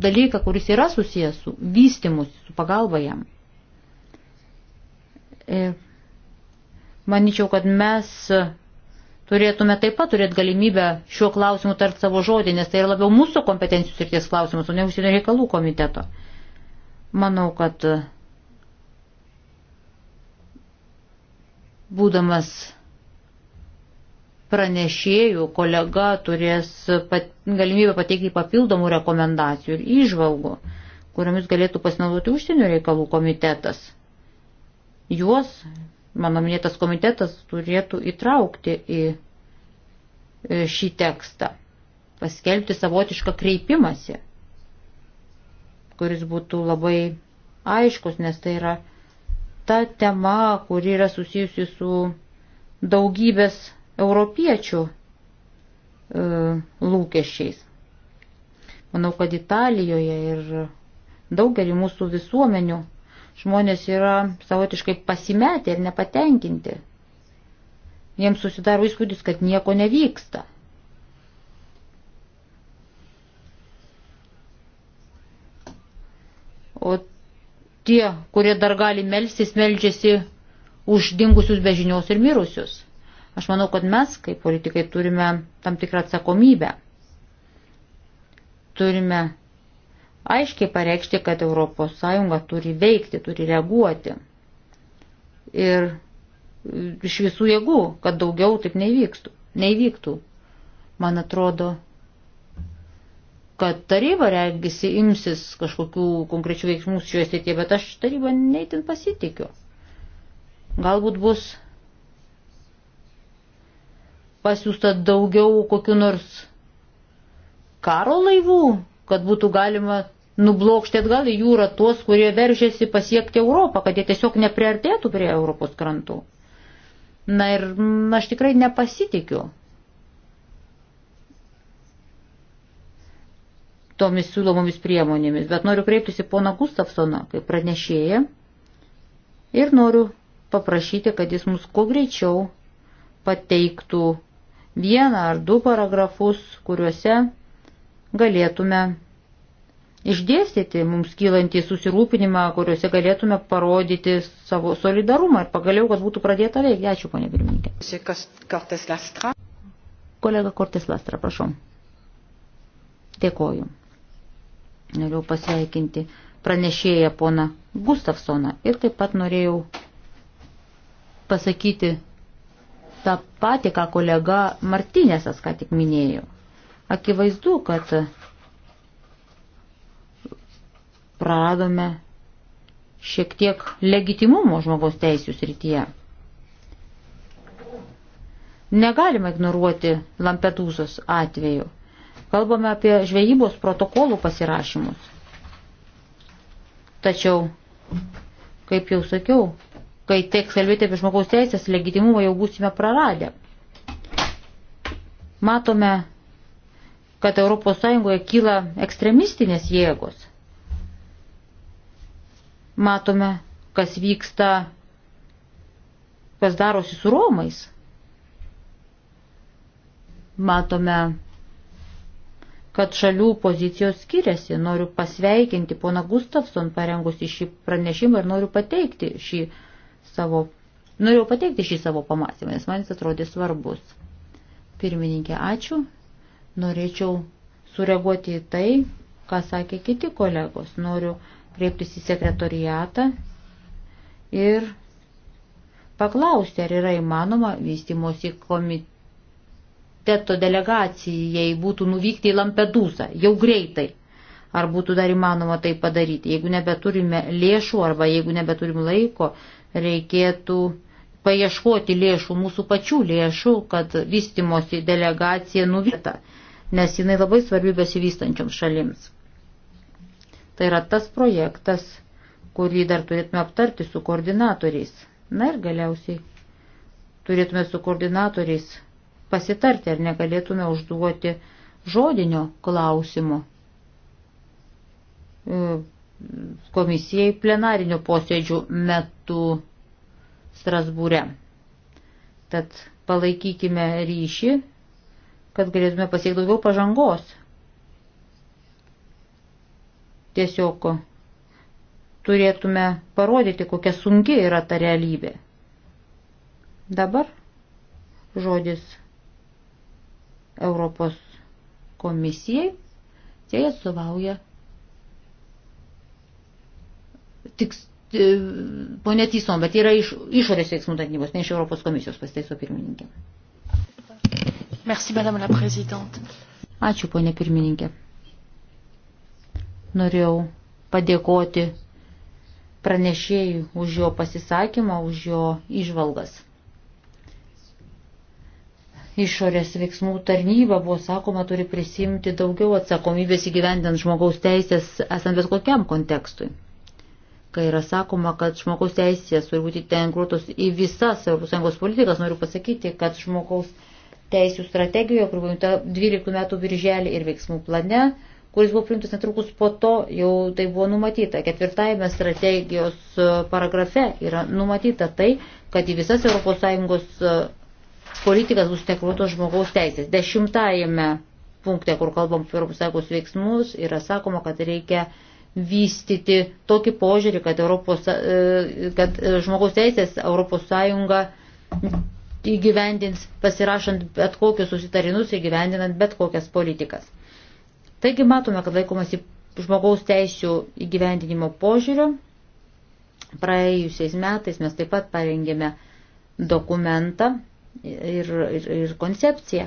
dalyką, kuris yra susijęs su vystimus, su pagalba jam. Ir e, manyčiau, kad mes turėtume taip pat turėti galimybę šiuo klausimu tarp savo žodį, nes tai yra labiau mūsų kompetencijų srities klausimas, o ne užsienio reikalų komiteto. Manau, kad būdamas pranešėjų kolega turės pat, galimybę pateikti papildomų rekomendacijų ir įžvalgų, kuriomis galėtų pasinaudoti užsienio reikalų komitetas. Juos mano minėtas komitetas turėtų įtraukti į šį tekstą, paskelbti savotišką kreipimąsi, kuris būtų labai aiškus, nes tai yra ta tema, kuri yra susijusi su daugybės europiečių e, lūkesčiais. Manau, kad Italijoje ir daugelį mūsų visuomenių žmonės yra savotiškai pasimetę ir nepatenkinti. Jiems susidaro įspūdis, kad nieko nevyksta. O tie, kurie dar gali melstis, melžiasi uždingusius bežinios ir mirusius. Aš manau, kad mes, kaip politikai, turime tam tikrą atsakomybę. Turime aiškiai pareikšti, kad ES turi veikti, turi reaguoti. Ir iš visų jėgų, kad daugiau taip nevyktų. nevyktų. Man atrodo, kad taryba regisi imsis kažkokių konkrečių veiksmų šioje srityje, bet aš tarybą neįtin pasitikiu. Galbūt bus pasiūsta daugiau kokiu nors karo laivų kad būtų galima nublokšti atgal į jūrą tuos, kurie veržėsi pasiekti Europą, kad jie tiesiog nepriartėtų prie Europos krantų. Na ir na, mm, aš tikrai nepasitikiu tomis siūlomomis priemonėmis, bet noriu kreiptis į poną Gustafsoną kaip pranešėją ir noriu paprašyti, kad jis mus kuo greičiau pateiktų vieną ar du paragrafus, kuriuose galėtume išdėstyti mums kylantį susirūpinimą, kuriuose galėtume parodyti savo solidarumą ir pagaliau, kad būtų pradėta veikti. Ačiū, ponė pirmininkė. Kolega Kortes Lastra, prašau. Dėkoju. Noriu pasveikinti pranešėją poną Gustafsoną ir taip pat norėjau pasakyti tą patį, ką kolega Martinėsas ką tik minėjo. Akivaizdu, kad praradome šiek tiek legitimumo žmogaus teisų srityje. Negalima ignoruoti Lampedūzos atveju. Kalbame apie žvejybos protokolų pasirašymus. Tačiau, kaip jau sakiau, kai teks kalbėti apie žmogaus teisės, legitimumą jau būsime praradę. Matome kad ES kyla ekstremistinės jėgos. Matome, kas vyksta, kas darosi su Romais. Matome, kad šalių pozicijos skiriasi. Noriu pasveikinti pona Gustafson parengusi šį pranešimą ir noriu pateikti šį savo, norėjau pateikti šį savo pamąstymą, nes man jis atrodė svarbus. Pirmininkė, ačiū. Norėčiau sureaguoti į tai, ką sakė kiti kolegos. Noriu kreiptis į sekretoriatą ir paklausti, ar yra įmanoma vystimosi komiteto delegacijai būtų nuvykti į Lampedūzą jau greitai. Ar būtų dar įmanoma tai padaryti. Jeigu nebeturime lėšų arba jeigu nebeturim laiko, reikėtų paieškoti lėšų, mūsų pačių lėšų, kad vystimosi delegacija nuvyta, nes jinai labai svarbi besivystančioms šalims. Tai yra tas projektas, kurį dar turėtume aptarti su koordinatoriais. Na ir galiausiai turėtume su koordinatoriais pasitarti, ar negalėtume užduoti žodinio klausimo e, komisijai plenarinio posėdžių metu Strasbūre. Tad palaikykime ryšį, kad galėtume pasiekti daugiau pažangos. Tiesiog turėtume parodyti, kokia sunki yra ta realybė. Dabar žodis Europos komisijai, jie atstovauja tiks, E, ponė Tyson, bet yra iš išorės veiksmų tarnybos, ne iš Europos komisijos, pasteiso pirmininkė. Merci, madame la présidente. Ačiū, ponė pirmininkė. Norėjau padėkoti pranešėjui už jo pasisakymą, už jo išvalgas. Išorės veiksmų tarnyba, buvo sakoma, turi prisimti daugiau atsakomybės įgyvendant žmogaus teisės, esant bet kokiam kontekstui kai yra sakoma, kad žmogaus teisės turi būti tenkruotos į visas ES politikas, noriu pasakyti, kad žmogaus teisų strategijoje, kur paimta 12 metų birželį ir veiksmų plane, kuris buvo priimtas netrukus po to, jau tai buvo numatyta. Ketvirtajame strategijos e, paragrafe yra numatyta tai, kad į visas ES e, politikas bus tenkruotos žmogaus teisės. Dešimtajame punkte, kur kalbam apie ES veiksmus, yra sakoma, kad reikia vystyti tokį požiūrį, kad, Europos, e, kad e, žmogaus teisės Europos Sąjunga įgyvendins pasirašant bet kokius susitarinus ir gyvendinant bet kokias politikas. Taigi matome, kad laikomasi žmogaus teisų įgyvendinimo požiūrio. Praėjusiais metais mes taip pat parengėme dokumentą ir, ir, ir koncepciją.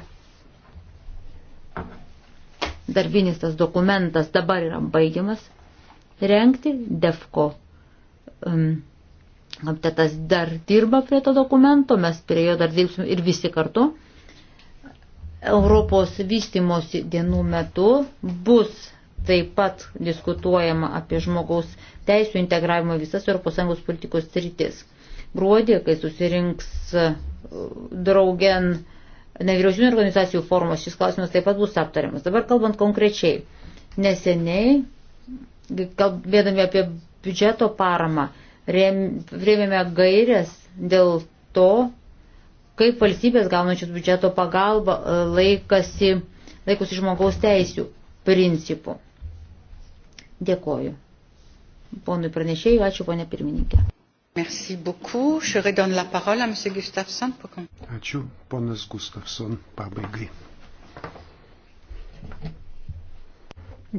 Darbinis tas dokumentas dabar yra baigiamas, renkti. DEFCO um, komitetas dar dirba prie to dokumento, mes prie jo dar dirbsime ir visi kartu. Europos vystimosi dienų metu bus taip pat diskutuojama apie žmogaus teisų integravimą visas ES politikos sritis. Gruodį, kai susirinks uh, draugen nevyriausybinio organizacijų formos, šis klausimas taip pat bus aptariamas. Dabar kalbant konkrečiai, neseniai kalbėdami apie biudžeto paramą, rėmėme gairias dėl to, kaip valstybės gaunančios biudžeto pagalbą e, laikasi, laikosi žmogaus teisių principų. Dėkoju. Ponui pranešėjui, ačiū ponė pirmininkė. Merci beaucoup. Je redonne la parole à M. Gustafsson. Pour... Ačiū, ponas Gustafsson, pabaigai.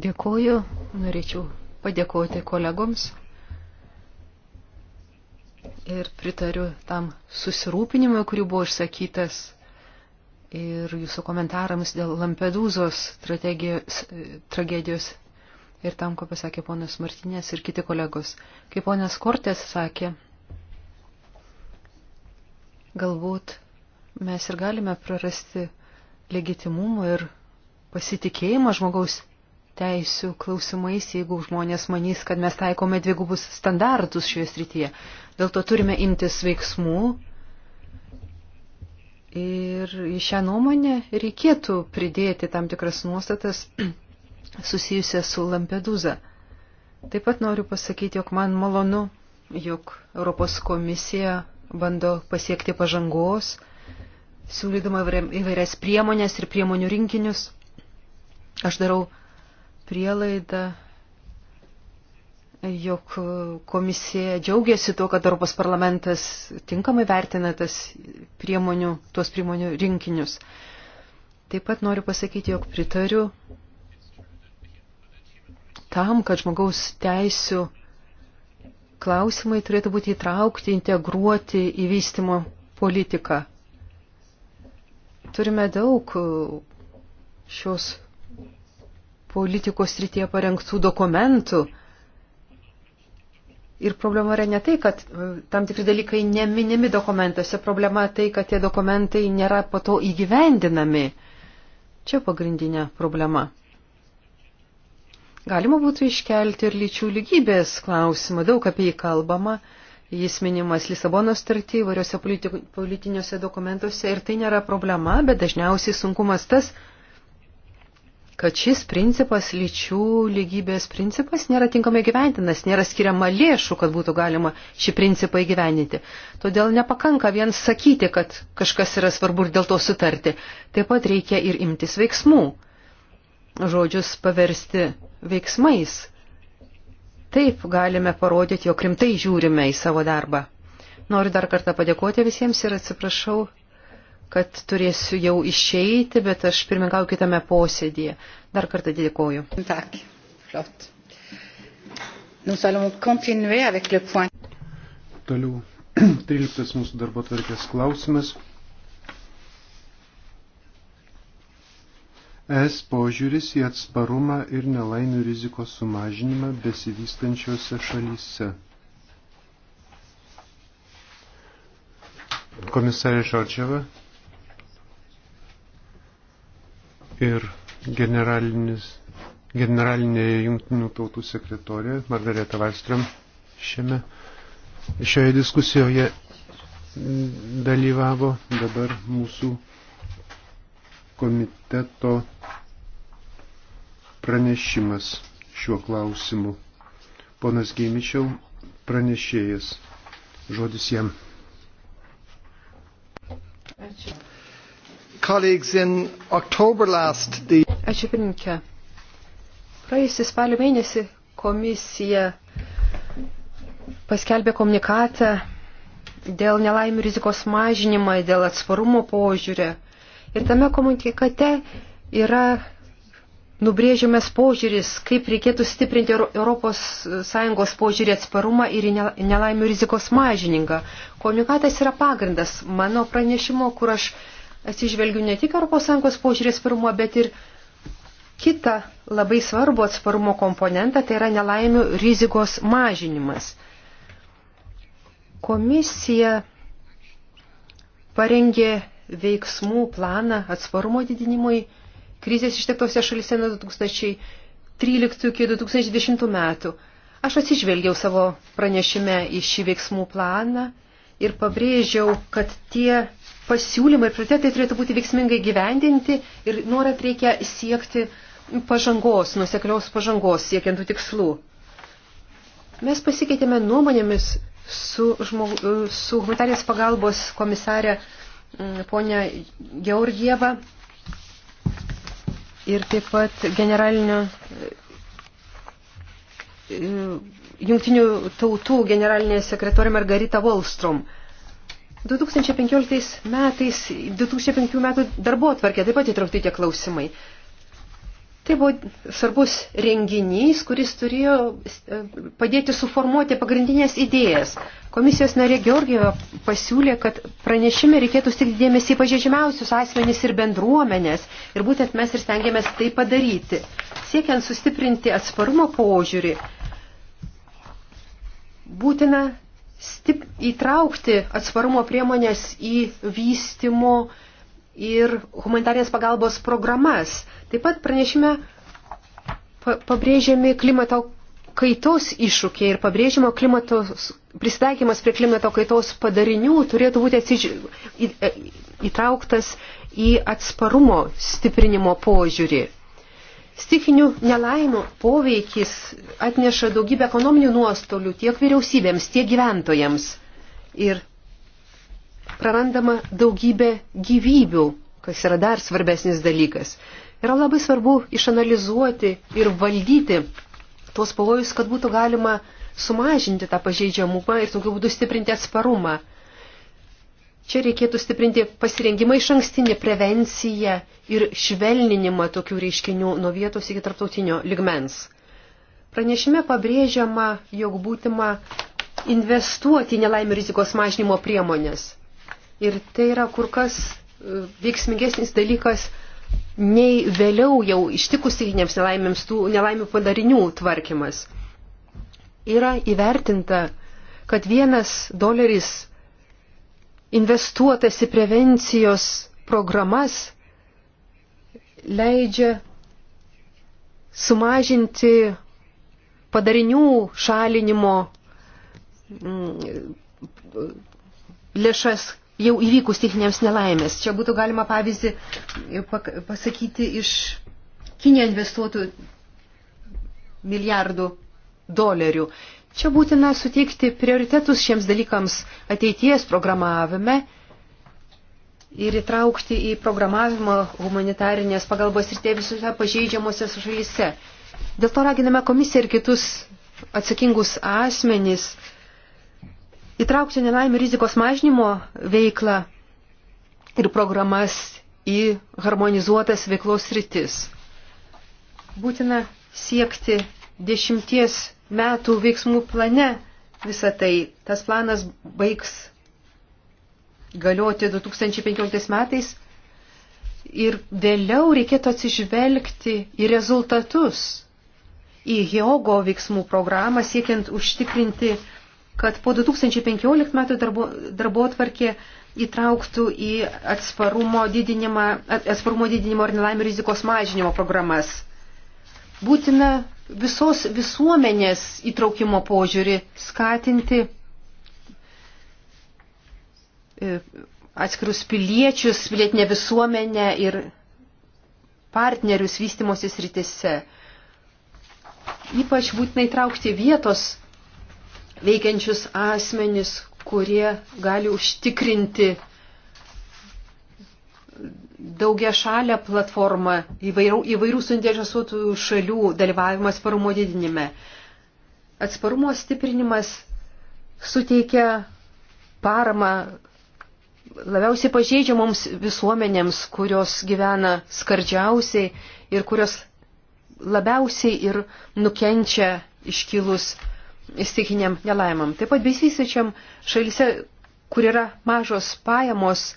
Dėkuoju, norėčiau padėkoti kolegoms ir pritariu tam susirūpinimui, kurį buvo išsakytas ir jūsų komentarams dėl Lampedūzos tragedijos ir tam, ko pasakė ponas Martinės ir kiti kolegos. Kaip ponas Kortės sakė, galbūt mes ir galime prarasti legitimumą ir pasitikėjimą žmogaus teisų klausimais, jeigu žmonės manys, kad mes taikome dvigubus standartus šioje srityje. Dėl to turime imtis veiksmų. Ir į šią nuomonę reikėtų pridėti tam tikras nuostatas <clears throat> susijusias su Lampedusa. Taip pat noriu pasakyti, jog man malonu, jog Europos komisija bando pasiekti pažangos, siūlydama įvairias priemonės ir priemonių rinkinius. Aš darau prielaidą, jog komisija džiaugiasi tuo, kad Europos parlamentas tinkamai vertina tas priemonių, tuos priemonių rinkinius. Taip pat noriu pasakyti, jog pritariu tam, kad žmogaus teisų klausimai turėtų būti įtraukti, integruoti į vystimo politiką. Turime daug šios politikos srityje parengtų dokumentų. Ir problema yra ne tai, kad e, tam tikri dalykai neminimi dokumentuose, problema tai, kad tie dokumentai nėra po to įgyvendinami. Čia pagrindinė problema. Galima būtų iškelti ir lyčių lygybės klausimą, daug apie jį kalbama, jis minimas Lisabonos starty, įvairiuose politiniuose dokumentuose ir tai nėra problema, bet dažniausiai sunkumas tas, kad šis principas, lyčių lygybės principas nėra tinkamai gyventinas, nėra skiriama lėšų, kad būtų galima šį principą įgyveninti. Todėl nepakanka vien sakyti, kad kažkas yra svarbu ir dėl to sutarti. Taip pat reikia ir imtis veiksmų. Žodžius paversti veiksmais. Taip galime parodyti, jog rimtai žiūrime į savo darbą. Noriu dar kartą padėkoti visiems ir atsiprašau kad turėsiu jau išeiti, bet aš pirmininkauju kitame posėdėje. Dar kartą dėkoju. Tak, flot. Nous allons continuer avec le point. Toliau 13 <clears throat> mūsų darbo tvarkės klausimas. Es požiūris į atsparumą ir nelaimių rizikos sumažinimą besivystančiose šalyse. Komisarė Šarčiava. ir generalinė jungtinių tautų sekretorė Margareta Valstram šiame, šioje diskusijoje dalyvavo dabar mūsų komiteto pranešimas šiuo klausimu. Ponas Gėmičiau, pranešėjas. Žodis jam. Ačiū colleagues, in October last the... Ačiū pirmininkė. Praėjusį spalio mėnesį komisija paskelbė komunikatą dėl nelaimių rizikos mažinimą, dėl atsparumo požiūrio. Ir tame komunikate yra nubrėžiamas požiūris, kaip reikėtų stiprinti ES požiūrį atsparumą ir nelaimių rizikos mažiningą. Komunikatas yra pagrindas mano pranešimo, kur aš atsižvelgiu ne tik ES požiūrės pirmo, bet ir kitą labai svarbu atsparumo komponentą, tai yra nelaimių rizikos mažinimas. Komisija parengė veiksmų planą atsparumo didinimui krizės ištektose šalise nuo 2013 iki 2010 metų. Aš atsižvelgiau savo pranešime į šį veiksmų planą ir pabrėžiau, kad tie pasiūlymai ir prioritetai turėtų būti veiksmingai gyvendinti ir norint reikia siekti pažangos, nusekliaus pažangos, siekiant tų tikslų. Mes pasikeitėme nuomonėmis su, žmog, su humanitarės pagalbos komisarė mm, ponia Georgieva ir taip pat generalinio e, e, jungtinių tautų generalinė sekretorė Margarita Volstrom. 2015 metais, 2005 metų darbo atvarkė taip pat įtraukti tie klausimai. Tai buvo svarbus renginys, kuris turėjo e, padėti suformuoti pagrindinės idėjas. Komisijos narė Georgieva pasiūlė, kad pranešime reikėtų stikti dėmesį į pažeidžiamiausius asmenys ir bendruomenės. Ir būtent mes ir stengiamės tai padaryti. Siekiant sustiprinti atsparumo požiūrį, būtina stip, įtraukti atsparumo priemonės į vystimo ir humanitarės pagalbos programas. Taip pat pranešime pabrėžiami klimato kaitos iššūkiai ir pabrėžimo klimatos, prisitaikymas prie klimato kaitos padarinių turėtų būti atsiž... įtrauktas į atsparumo stiprinimo požiūrį. Stichinių nelaimų poveikis atneša daugybę ekonominių nuostolių tiek vyriausybėms, tiek gyventojams. Ir prarandama daugybė gyvybių, kas yra dar svarbesnis dalykas. Yra labai svarbu išanalizuoti ir valdyti tuos pavojus, kad būtų galima sumažinti tą pažeidžiamumą ir tokiu būdu stiprinti atsparumą. Čia reikėtų stiprinti pasirengimą iš ankstinį prevenciją ir švelninimą tokių reiškinių nuo vietos iki tarptautinio ligmens. Pranešime pabrėžiama, jog būtima investuoti nelaimė rizikos mažinimo priemonės. Ir tai yra kur kas e, veiksmingesnis dalykas nei vėliau jau ištikusiniems nelaimėms tų nelaimių padarinių tvarkymas. Yra įvertinta, kad vienas doleris investuotas į prevencijos programas leidžia sumažinti padarinių šalinimo mm, lėšas jau įvykus techninėms nelaimės. Čia būtų galima pavyzdį pasakyti iš Kinė investuotų milijardų dolerių. Čia būtina suteikti prioritetus šiems dalykams ateities programavime ir įtraukti į programavimą humanitarinės pagalbos ir tie visose pažeidžiamose šalyse. Dėl to raginame komisiją ir kitus atsakingus asmenys įtraukti nelaimį rizikos mažnymo veiklą ir programas į harmonizuotas veiklos rytis. Būtina siekti dešimties metų veiksmų plane visą tai. Tas planas baigs galioti 2015 metais ir vėliau reikėtų atsižvelgti į rezultatus, į Hiogo veiksmų programą, siekiant užtikrinti, kad po 2015 metų darbo, darbo atvarkė įtrauktų į atsparumo didinimą, atsparumo didinimo ir nelaimio rizikos mažinimo programas. Būtina visos visuomenės įtraukimo požiūrį skatinti e, atskirus piliečius, pilietinę visuomenę ir partnerius vystimosi sritise. Ypač būtinai traukti vietos veikiančius asmenis, kurie gali užtikrinti daugia šalę platformą įvairių, įvairių suinteresuotų šalių dalyvavimas parumo didinime. Atsparumo stiprinimas suteikia paramą labiausiai pažeidžiamoms visuomenėms, kurios gyvena skardžiausiai ir kurios labiausiai ir nukenčia iškilus stikiniam nelaimam. Taip pat besisečiam šalise, kur yra mažos pajamos,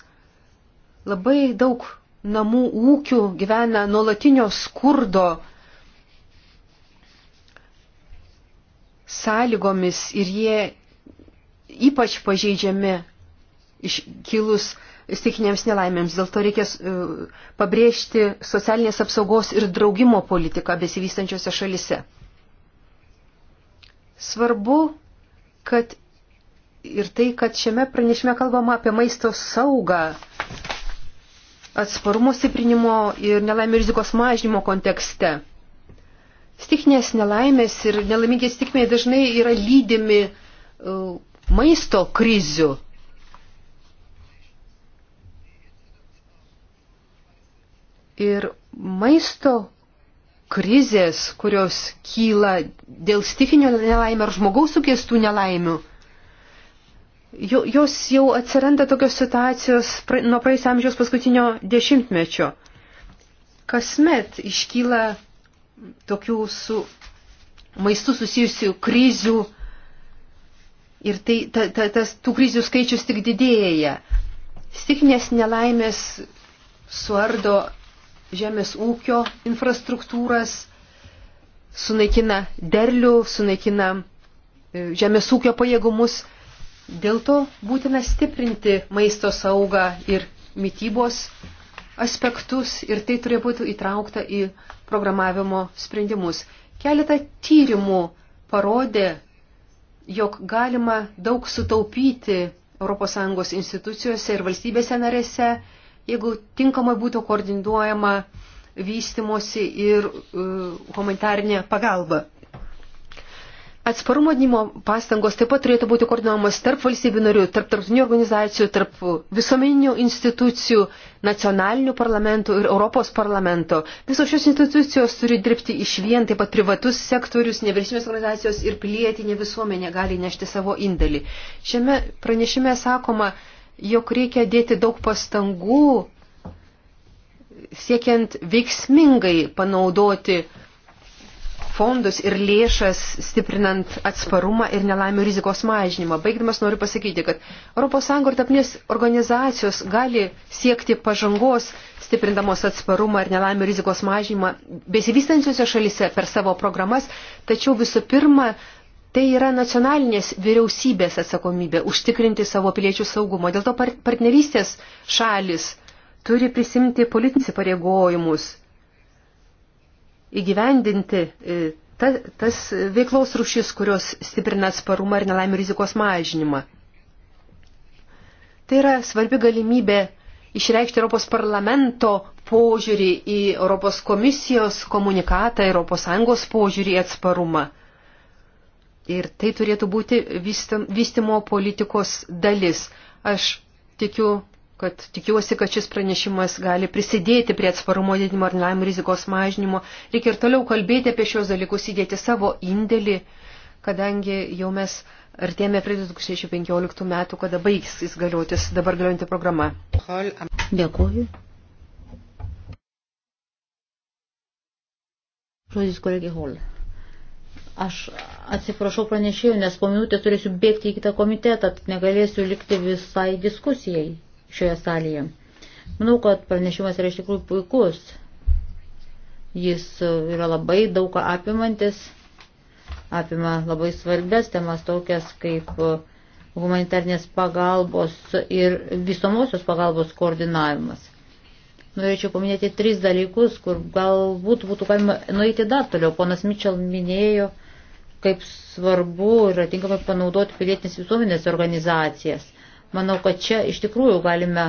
labai daug namų ūkių gyvena nuolatinio skurdo sąlygomis ir jie ypač pažeidžiami iškilus stikiniams nelaimėms. Dėl to reikės uh, e, pabrėžti socialinės apsaugos ir draugimo politiką besivystančiose šalise. Svarbu, kad ir tai, kad šiame pranešime kalbama apie maisto saugą, atsparumo stiprinimo ir nelaimė rizikos mažinimo kontekste. Stiknės nelaimės ir nelaimingės stikmė dažnai yra lydimi e, maisto krizių. Ir maisto krizės, kurios kyla dėl stikinio nelaimė ar žmogaus sukestų nelaimių, jos jau atsiranda tokios situacijos nuo praeis amžiaus paskutinio dešimtmečio. Kasmet iškyla tokių su maistu susijusių krizių ir tai, ta, ta, tas, tų krizių skaičius tik didėja. Stiknės nelaimės suardo žemės ūkio infrastruktūras, sunaikina derlių, sunaikina e, žemės ūkio pajėgumus – Dėl to būtina stiprinti maisto saugą ir mytybos aspektus ir tai turėjo būti įtraukta į programavimo sprendimus. Keletą tyrimų parodė, jog galima daug sutaupyti ES institucijose ir valstybėse narėse, jeigu tinkamai būtų koordinuojama vystimosi ir uh, humanitarinė pagalba. Atsparumo dnymo pastangos taip pat turėtų būti koordinuojamos tarp valstybių narių, tarp tarptautinių organizacijų, tarp visuomeninių institucijų, nacionalinių parlamentų ir Europos parlamento. Visos šios institucijos turi dirbti iš vien, taip pat privatus sektorius, nevyriausybės organizacijos ir pilietinė visuomenė gali nešti savo indėlį. Šiame pranešime sakoma, jog reikia dėti daug pastangų siekiant veiksmingai panaudoti uh, fondus ir lėšas stiprinant atsparumą ir nelaimių rizikos mažinimą. Baigdamas noriu pasakyti, kad ES ir tapnės organizacijos gali siekti pažangos stiprindamos atsparumą ir nelaimių rizikos mažinimą besivystančiose šalise per savo programas, tačiau visų pirma, Tai yra nacionalinės vyriausybės atsakomybė užtikrinti savo piliečių saugumą. Dėl to partnerystės šalis turi prisimti politinius pareigojimus įgyvendinti e, ta, tas veiklaus rušis, kurios stiprina sparumą ir nelaimį rizikos mažinimą. Tai yra svarbi galimybė išreikšti Europos parlamento požiūrį į Europos komisijos komunikatą, Europos Sąjungos požiūrį į atsparumą. Ir tai turėtų būti vystimo politikos dalis. Aš tikiu kad tikiuosi, kad šis pranešimas gali prisidėti prie atsparumo didinimo ar laimų rizikos mažinimo. Reikia ir toliau kalbėti apie šios dalykus, įdėti savo indėlį, kadangi jau mes artėjame prie 2015 metų, kada baigsis galiotis dabar galiojanti programa. Dėkuoju. Žodis kolegė Hol. Aš atsiprašau pranešėjų, nes po minutės turėsiu bėgti į kitą komitetą, negalėsiu likti visai diskusijai šioje salėje. Manau, kad pranešimas yra iš tikrųjų puikus. Jis uh, yra labai daug apimantis, apima labai svarbės temas tokias kaip uh, humanitarnės pagalbos ir visomosios pagalbos koordinavimas. Norėčiau paminėti tris dalykus, kur galbūt būtų galima nueiti dar toliau. Ponas Mitchell minėjo, kaip svarbu yra tinkamai panaudoti pilietinės visuomenės organizacijas Manau, kad čia iš tikrųjų galime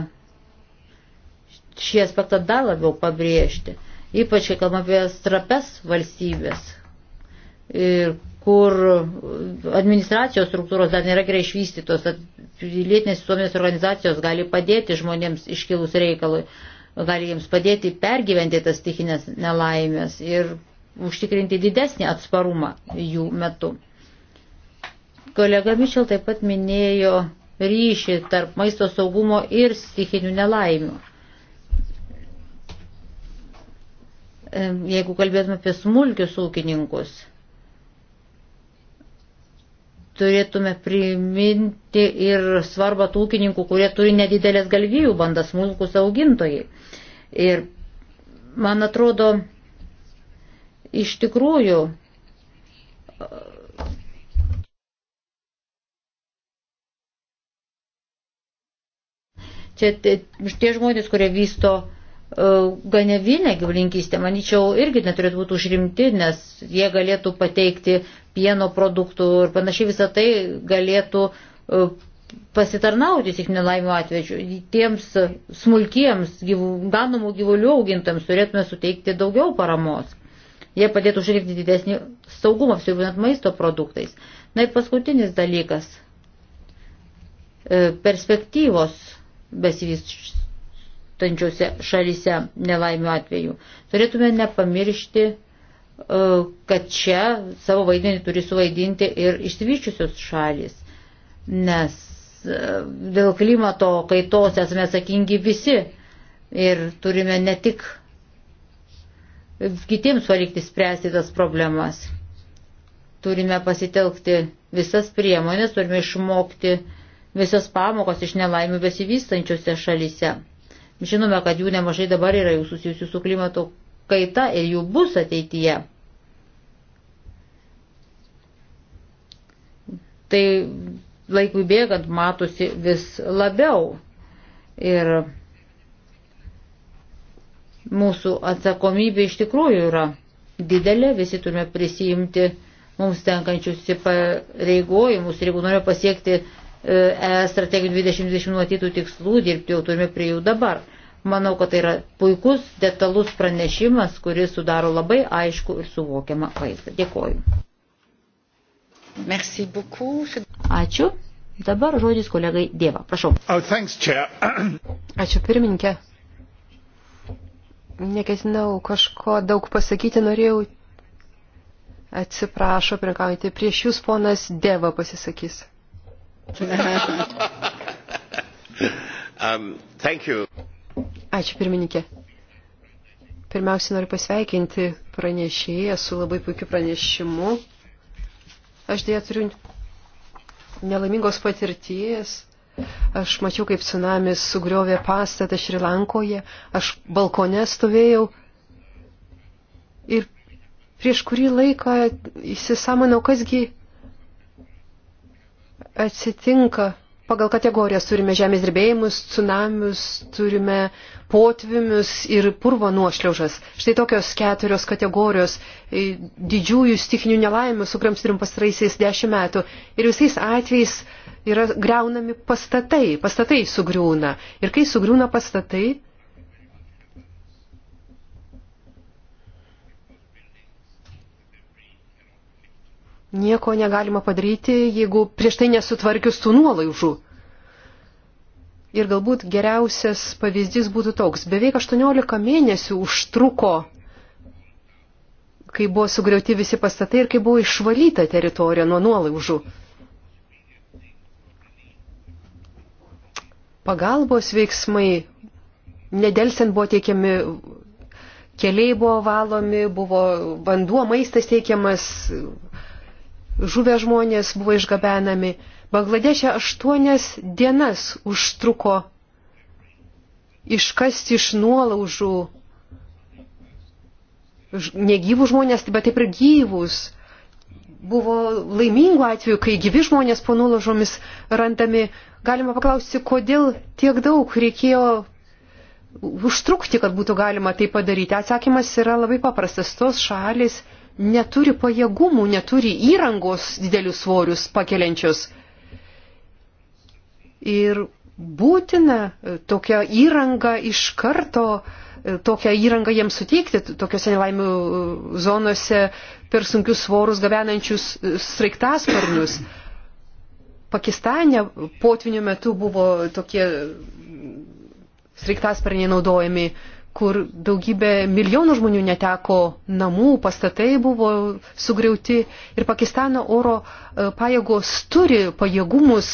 šį aspektą dar labiau pabrėžti, ypač kai kalbame apie strapes valstybės, kur administracijos struktūros dar nėra gerai išvystytos, pilietinės visuomenės organizacijos gali padėti žmonėms iškilus reikalui, gali jiems padėti pergyventi tas tikinės nelaimės ir užtikrinti didesnį atsparumą jų metu. Kolega Mišel taip pat minėjo ryšį tarp maisto saugumo ir stichinių nelaimių. Jeigu kalbėtume apie smulkius ūkininkus, turėtume priminti ir svarbą tų ūkininkų, kurie turi nedidelės galvijų bandas, smulkus augintojai. Ir man atrodo, iš tikrųjų Čia tie žmonės, kurie vysto e, ganevinę gyvulinkystę, manyčiau, irgi neturėtų būti užrimti, nes jie galėtų pateikti pieno produktų ir panašiai visą tai galėtų e, pasitarnauti tik nelaimio atveju. Tiems smulkiems gyvų, ganomų gyvulių augintams turėtume suteikti daugiau paramos. Jie padėtų užrikti didesnį saugumą, apsirūpinant maisto produktais. Na ir paskutinis dalykas e, - perspektyvos besivystančiose šalyse nelaimių atveju. Turėtume nepamiršti, e, kad čia savo vaidmenį turi suvaidinti ir išsivyščiusios šalis, nes e, dėl klimato kaitos esame atsakingi visi ir turime ne tik kitiems palikti spręsti tas problemas. Turime pasitelkti visas priemonės, turime išmokti uh, visas pamokos iš nelaimių besivystančiose šalyse. Žinome, kad jų nemažai dabar yra jau susijusių su klimato kaita ir jų bus ateityje. Tai laikui bėgant matosi vis labiau. Ir mūsų atsakomybė iš tikrųjų yra didelė, visi turime prisijimti mums tenkančius įpareigojimus ir jeigu norime pasiekti E, strategijų 2020 numatytų tikslų dirbti jau turime prie jų dabar. Manau, kad tai yra puikus, detalus pranešimas, kuris sudaro labai aišku ir suvokiamą vaizdą. Dėkoju. Merci beaucoup. Ačiū. Dabar žodis kolegai Dieva. Prašau. Oh, thanks, chair. <clears throat> Ačiū pirmininkė. Nekesinau kažko daug pasakyti, norėjau atsiprašo, prikaujantį prieš jūs ponas Deva pasisakys um, Ačiū pirmininkė. Pirmiausia, noriu pasveikinti pranešėją su labai puikiu pranešimu. Aš dėja turiu nelaimingos patirties. Aš mačiau, kaip tsunamis sugriovė pastatą Šrilankoje. Aš balkone stovėjau. Ir prieš kurį laiką įsisamonau, kasgi atsitinka pagal kategorijas turime žemės drebėjimus, tsunamius, turime potvimius ir purvo nuošliaužas. Štai tokios keturios kategorijos e, didžiųjų stikinių nelaimių, su kuriams turim pastaraisiais dešimt metų. Ir visais atvejais yra greunami pastatai, pastatai sugriūna. Ir kai sugriūna pastatai, Nieko negalima padaryti, jeigu prieš tai nesutvarkius tų nuolaužų. Ir galbūt geriausias pavyzdys būtų toks. Beveik 18 mėnesių užtruko, kai buvo sugriauti visi pastatai ir kai buvo išvalyta teritorija nuo nuolaužų. Pagalbos veiksmai nedelsiant buvo teikiami, keliai buvo valomi, buvo vanduo, maistas teikiamas, žuvę žmonės buvo išgabenami. Bangladešė aštuonias dienas užtruko iškasti iš nuolaužų negyvų žmonės, bet taip ir gyvus. Buvo laimingų atvejų, kai gyvi žmonės po nuolaužomis randami. Galima paklausti, kodėl tiek daug reikėjo užtrukti, kad būtų galima tai padaryti. Atsakymas yra labai paprastas. Tos šalis neturi pajėgumų, neturi įrangos didelius svorius pakeliančius. Ir būtina tokią įrangą iš karto, tokią įrangą jiems suteikti tokiuose nelaimių zonuose per sunkius svorus gabenančius sraigtasparnius. Pakistane potvinių metu buvo tokie sraigtasparniai naudojami uh, kur daugybė milijonų žmonių neteko namų, pastatai buvo sugriauti ir Pakistano oro e, pajėgos turi pajėgumus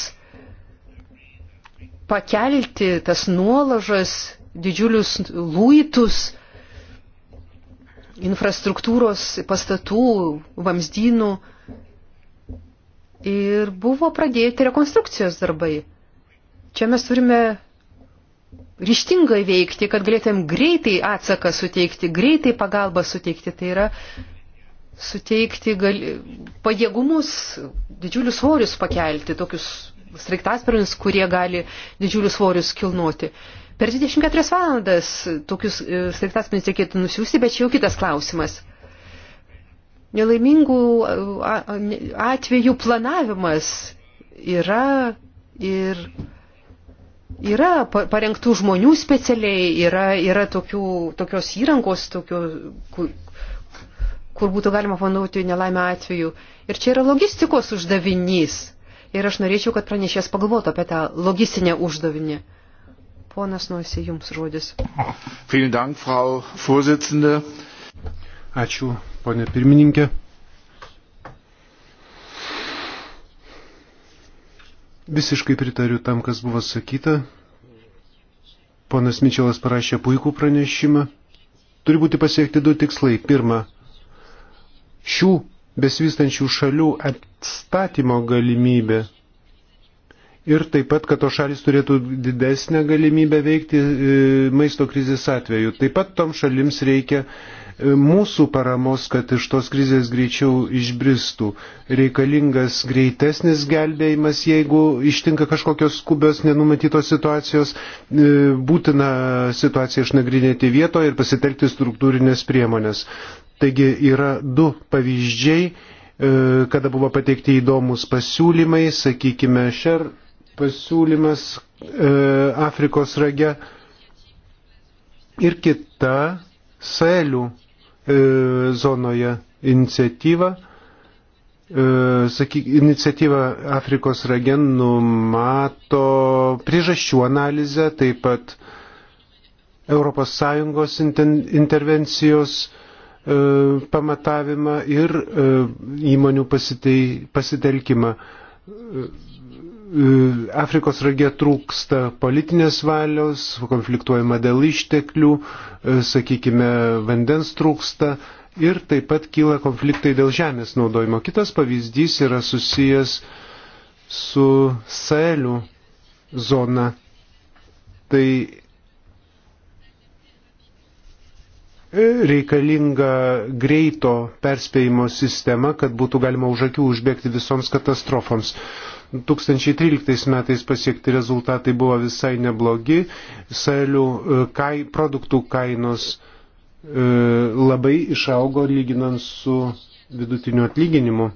pakelti tas nuolažas, didžiulius lūitus infrastruktūros pastatų, vamzdynų ir buvo pradėti rekonstrukcijos darbai. Čia mes turime ryštingai veikti, kad galėtumėm greitai atsaką suteikti, greitai pagalbą suteikti. Tai yra suteikti gali, pajėgumus, didžiulius svorius pakelti, tokius straiktasparnius, kurie gali didžiulius svorius kilnoti. Per 24 valandas tokius e, straiktasparnius reikėtų nusiųsti, bet čia jau kitas klausimas. Nelaimingų atvejų planavimas yra ir Yra parengtų žmonių specialiai, yra, yra tokių, tokios įrankos, tokių, kur, kur būtų galima panauti nelaimę atveju. Ir čia yra logistikos uždavinys. Ir aš norėčiau, kad pranešės pagalvotų apie tą logistinę uždavinį. Ponas Nuosi, jums žodis. Dank, Frau Ačiū, ponė pirmininkė. Visiškai pritariu tam, kas buvo sakyta. Ponas Mičelas parašė puikų pranešimą. Turi būti pasiekti du tikslai. Pirma, šių besvystančių šalių atstatymo galimybė ir taip pat, kad to šalis turėtų didesnę galimybę veikti e, maisto krizės atveju. Taip pat tom šalims reikia mūsų paramos, kad iš tos krizės greičiau išbristų. Reikalingas greitesnis gelbėjimas, jeigu ištinka kažkokios skubios nenumatytos situacijos, e, būtina situaciją išnagrinėti vietoje ir pasitelkti struktūrinės priemonės. Taigi yra du pavyzdžiai, e, kada buvo pateikti įdomus pasiūlymai, sakykime, šer pasiūlymas e, Afrikos rage ir kita Sahelių E, zonoje iniciatyvą. E, Sakyk, iniciatyva Afrikos ragen numato priežasčių analizę, taip pat ES intervencijos e, pamatavimą ir įmonių pasitelkimą Afrikos ragė trūksta politinės valios, konfliktuojama dėl išteklių, e, sakykime, vandens trūksta ir taip pat kyla konfliktai dėl žemės naudojimo. Kitas pavyzdys yra susijęs su Sahelių zona. Tai reikalinga greito perspėjimo sistema, kad būtų galima už akių užbėgti visoms katastrofoms. 2013 metais pasiekti rezultatai buvo visai neblogi, salių e, kai, produktų kainos e, labai išaugo lyginant su vidutiniu atlyginimu.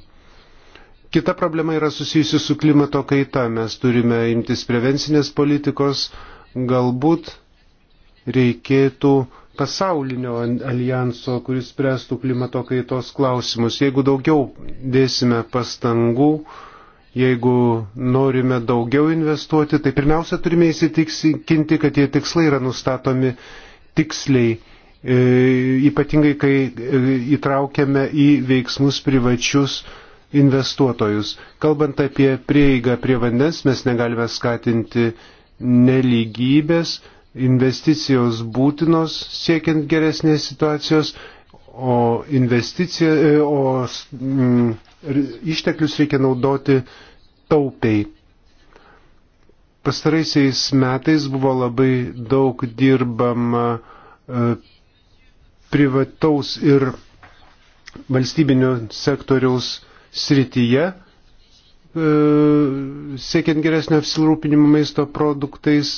Kita problema yra susijusi su klimato kaita. Mes turime imtis prevencinės politikos, galbūt reikėtų pasaulinio alijanso, kuris spręstų klimato kaitos klausimus. Jeigu daugiau dėsime pastangų, Jeigu norime daugiau investuoti, tai pirmiausia turime įsitikinti, kad tie tikslai yra nustatomi tiksliai, e, ypatingai kai e, įtraukiame į veiksmus privačius investuotojus. Kalbant apie prieigą prie vandens, mes negalime skatinti nelygybės, investicijos būtinos siekiant geresnės situacijos, o investicija, e, o mm, išteklius reikia naudoti taupiai. Pastaraisiais metais buvo labai daug dirbama e, privataus ir valstybinio sektoriaus srityje, e, siekiant geresnio apsirūpinimo maisto produktais,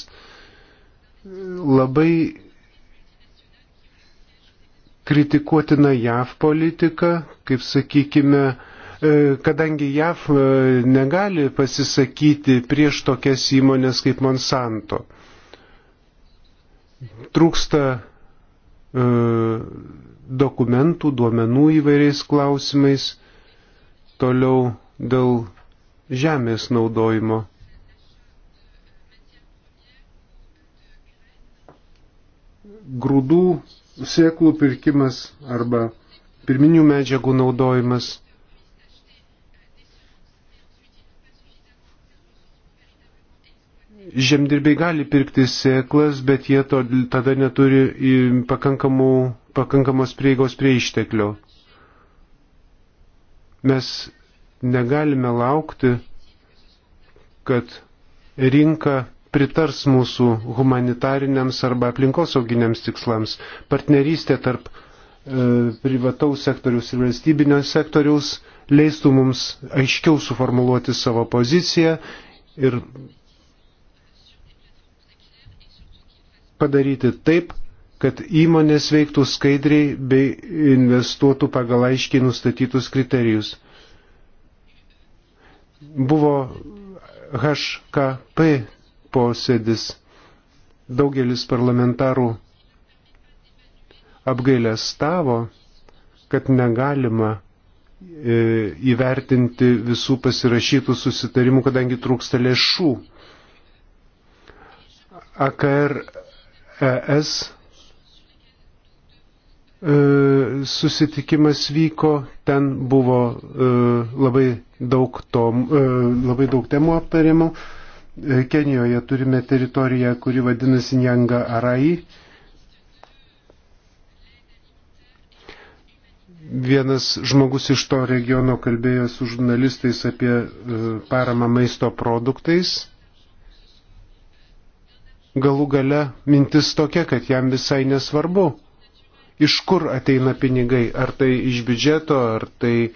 labai kritikuotina JAV politika, kaip sakykime, E, kadangi JAF e, negali pasisakyti prieš tokias įmonės kaip Monsanto. Trūksta e, dokumentų, duomenų įvairiais klausimais, toliau dėl žemės naudojimo. Grūdų sėklų pirkimas arba pirminių medžiagų naudojimas žemdirbiai gali pirkti sėklas, bet jie to, tada neturi pakankamos prieigos prie išteklių. Mes negalime laukti, kad rinka pritars mūsų humanitariniams arba aplinkosauginiams tikslams. Partnerystė tarp e, privataus sektoriaus ir valstybinio sektoriaus leistų mums aiškiau suformuluoti savo poziciją ir padaryti taip, kad įmonės veiktų skaidriai bei investuotų pagal aiškiai nustatytus kriterijus. Buvo HKP posėdis. Daugelis parlamentarų apgailę stavo, kad negalima e, įvertinti visų pasirašytų susitarimų, kadangi trūksta lėšų. AKR ES e, susitikimas vyko, ten buvo e, labai daug, to, e, labai daug temų aptariamų. Kenijoje turime teritoriją, kuri vadinasi Njanga Arai. vienas žmogus iš to regiono kalbėjo su žurnalistais apie paramą maisto produktais galų gale mintis tokia, kad jam visai nesvarbu, iš kur ateina pinigai, ar tai iš biudžeto, ar tai e,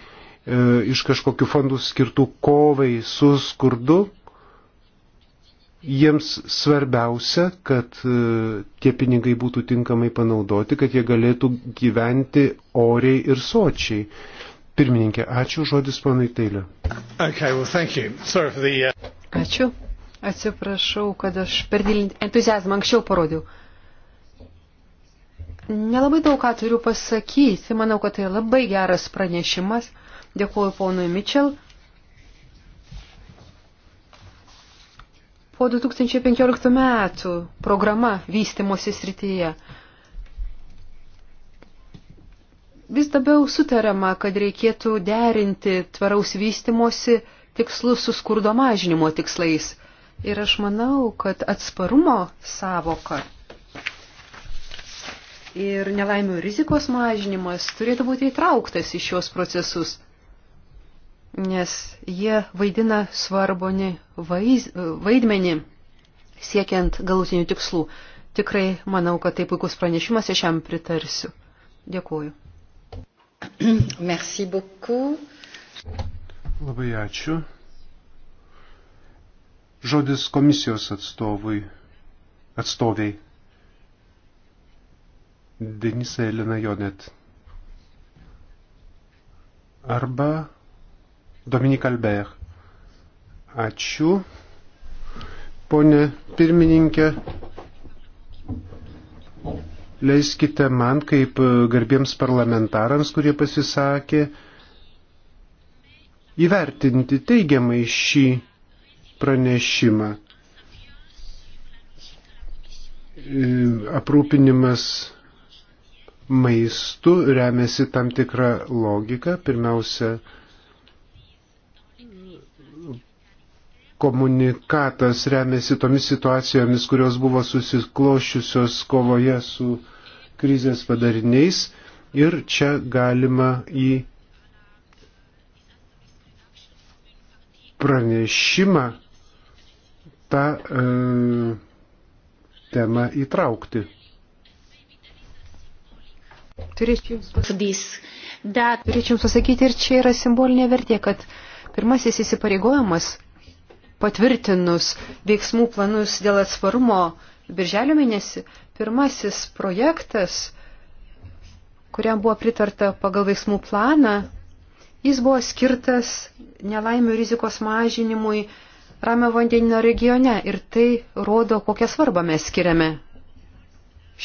iš kažkokių fondų skirtų kovai su skurdu. Jiems svarbiausia, kad e, tie pinigai būtų tinkamai panaudoti, kad jie galėtų gyventi oriai ir sočiai. Pirmininkė, ačiū žodis panai Teilė. Okay, well, the, uh... Ačiū. Atsiprašau, kad aš per didelį entuzijazmą anksčiau parodiau. Nelabai daug ką turiu pasakyti. Manau, kad tai labai geras pranešimas. Dėkuoju ponui Mitchell. Po 2015 metų programa vystimosi srityje vis labiau sutariama, kad reikėtų derinti tvaraus vystimosi tikslus su skurdo mažinimo tikslais. Ir aš manau, kad atsparumo savoka ir nelaimių rizikos mažinimas turėtų būti įtrauktas į šios procesus, nes jie vaidina svarbonį vaiz, vaidmenį siekiant galutinių tikslų. Tikrai manau, kad tai puikus pranešimas, aš jam pritarsiu. Dėkuoju. Merci beaucoup. Labai ačiū. Žodis komisijos atstovui, atstoviai. Denisa Elena Jonet. Arba Dominik Albert. Ačiū. Pone pirmininkė, leiskite man kaip garbiems parlamentarams, kurie pasisakė, įvertinti teigiamai šį pranešimą. Aprūpinimas maistu remiasi tam tikrą logiką. Pirmiausia, komunikatas remiasi tomis situacijomis, kurios buvo susiklošiusios kovoje su krizės padariniais ir čia galima į pranešimą tą e, temą įtraukti. Turėčiau jums, pasakys, da, turėčiau jums pasakyti, ir čia yra simbolinė vertė, kad pirmasis įsipareigojimas patvirtinus veiksmų planus dėl atsvarumo birželio mėnesį, pirmasis projektas, kuriam buvo pritarta pagal veiksmų planą, jis buvo skirtas nelaimių rizikos mažinimui Ramio vandenino regione ir tai rodo, kokią svarbą mes skiriame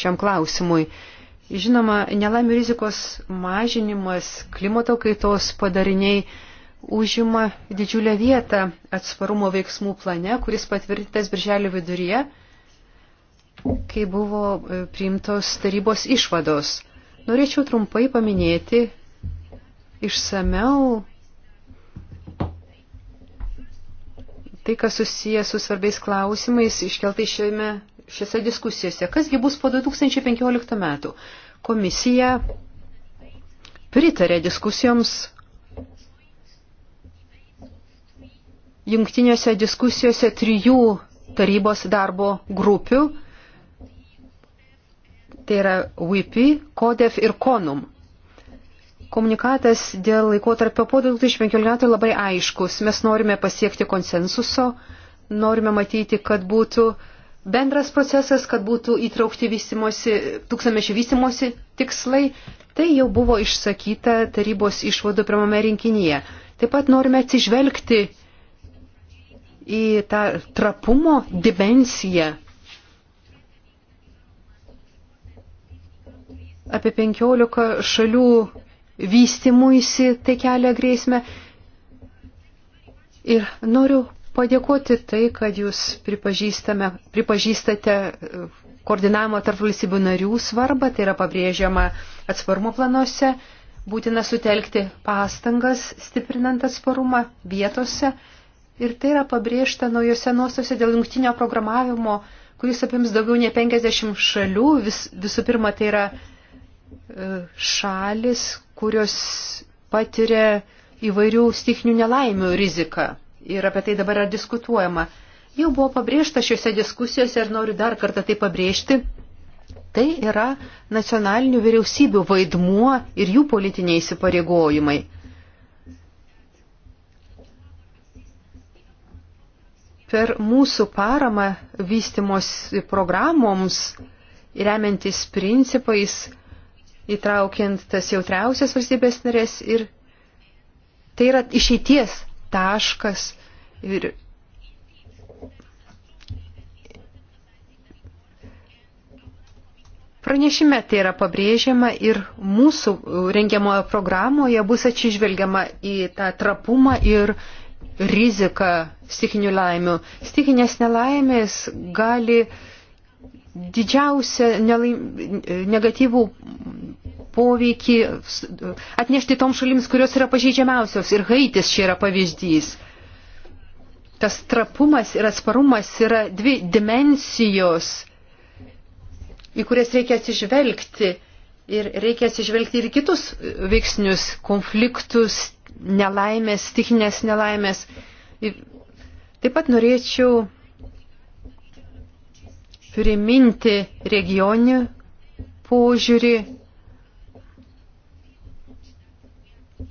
šiam klausimui. Žinoma, nelaimių rizikos mažinimas, klimato kaitos padariniai užima didžiulę vietą atsparumo veiksmų plane, kuris patvirtintas birželio viduryje, kai buvo e, priimtos tarybos išvados. Norėčiau trumpai paminėti išsameu tai, kas susijęs su svarbiais klausimais iškeltai šiame, šiose diskusijose. Kasgi bus po 2015 metų? Komisija pritarė diskusijoms jungtinėse diskusijose trijų tarybos darbo grupių. Tai yra WIP, CODEF ir CONUM. Komunikatas dėl laikotarpio po 2015 metų labai aiškus. Mes norime pasiekti konsensuso, norime matyti, kad būtų bendras procesas, kad būtų įtraukti vystimosi, tūkstamečių vystimosi tikslai. Tai jau buvo išsakyta tarybos išvadų pirmame rinkinyje. Taip pat norime atsižvelgti į tą trapumo dimensiją apie 15 šalių vystimuisi tai kelia grėsmę. Ir noriu padėkoti tai, kad jūs pripažįstate e, koordinavimo tarp valstybių narių svarbą, tai yra pabrėžiama atsparumo planuose, būtina sutelkti pastangas stiprinant atsparumą vietose ir tai yra pabrėžta naujose nuostose dėl jungtinio programavimo, kuris apims daugiau nei 50 šalių, Vis, visų pirma tai yra E, šalis, kurios patiria įvairių stichinių nelaimių riziką. Ir apie tai dabar yra diskutuojama. Jau buvo pabrėžta šiuose diskusijose ir noriu dar kartą tai pabrėžti. Tai yra nacionalinių vyriausybių vaidmuo ir jų politiniai įsipareigojimai. per mūsų paramą vystimos programoms, remiantis principais, įtraukiant tas jautriausias valstybės narės ir tai yra išeities taškas ir Pranešime tai yra pabrėžiama ir mūsų rengiamoje programoje bus atsižvelgiama į tą trapumą ir riziką stikinių laimių. Stikinės nelaimės gali uh, didžiausią nelaim, negatyvų poveikį atnešti toms šalims, kurios yra pažeidžiamiausios. Ir Haitis čia yra pavyzdys. Tas trapumas ir atsparumas yra dvi dimensijos, į kurias reikia atsižvelgti. Ir reikia atsižvelgti ir kitus veiksnius, konfliktus, nelaimės, stichinės nelaimės. Ir taip pat norėčiau priminti regionį požiūrį.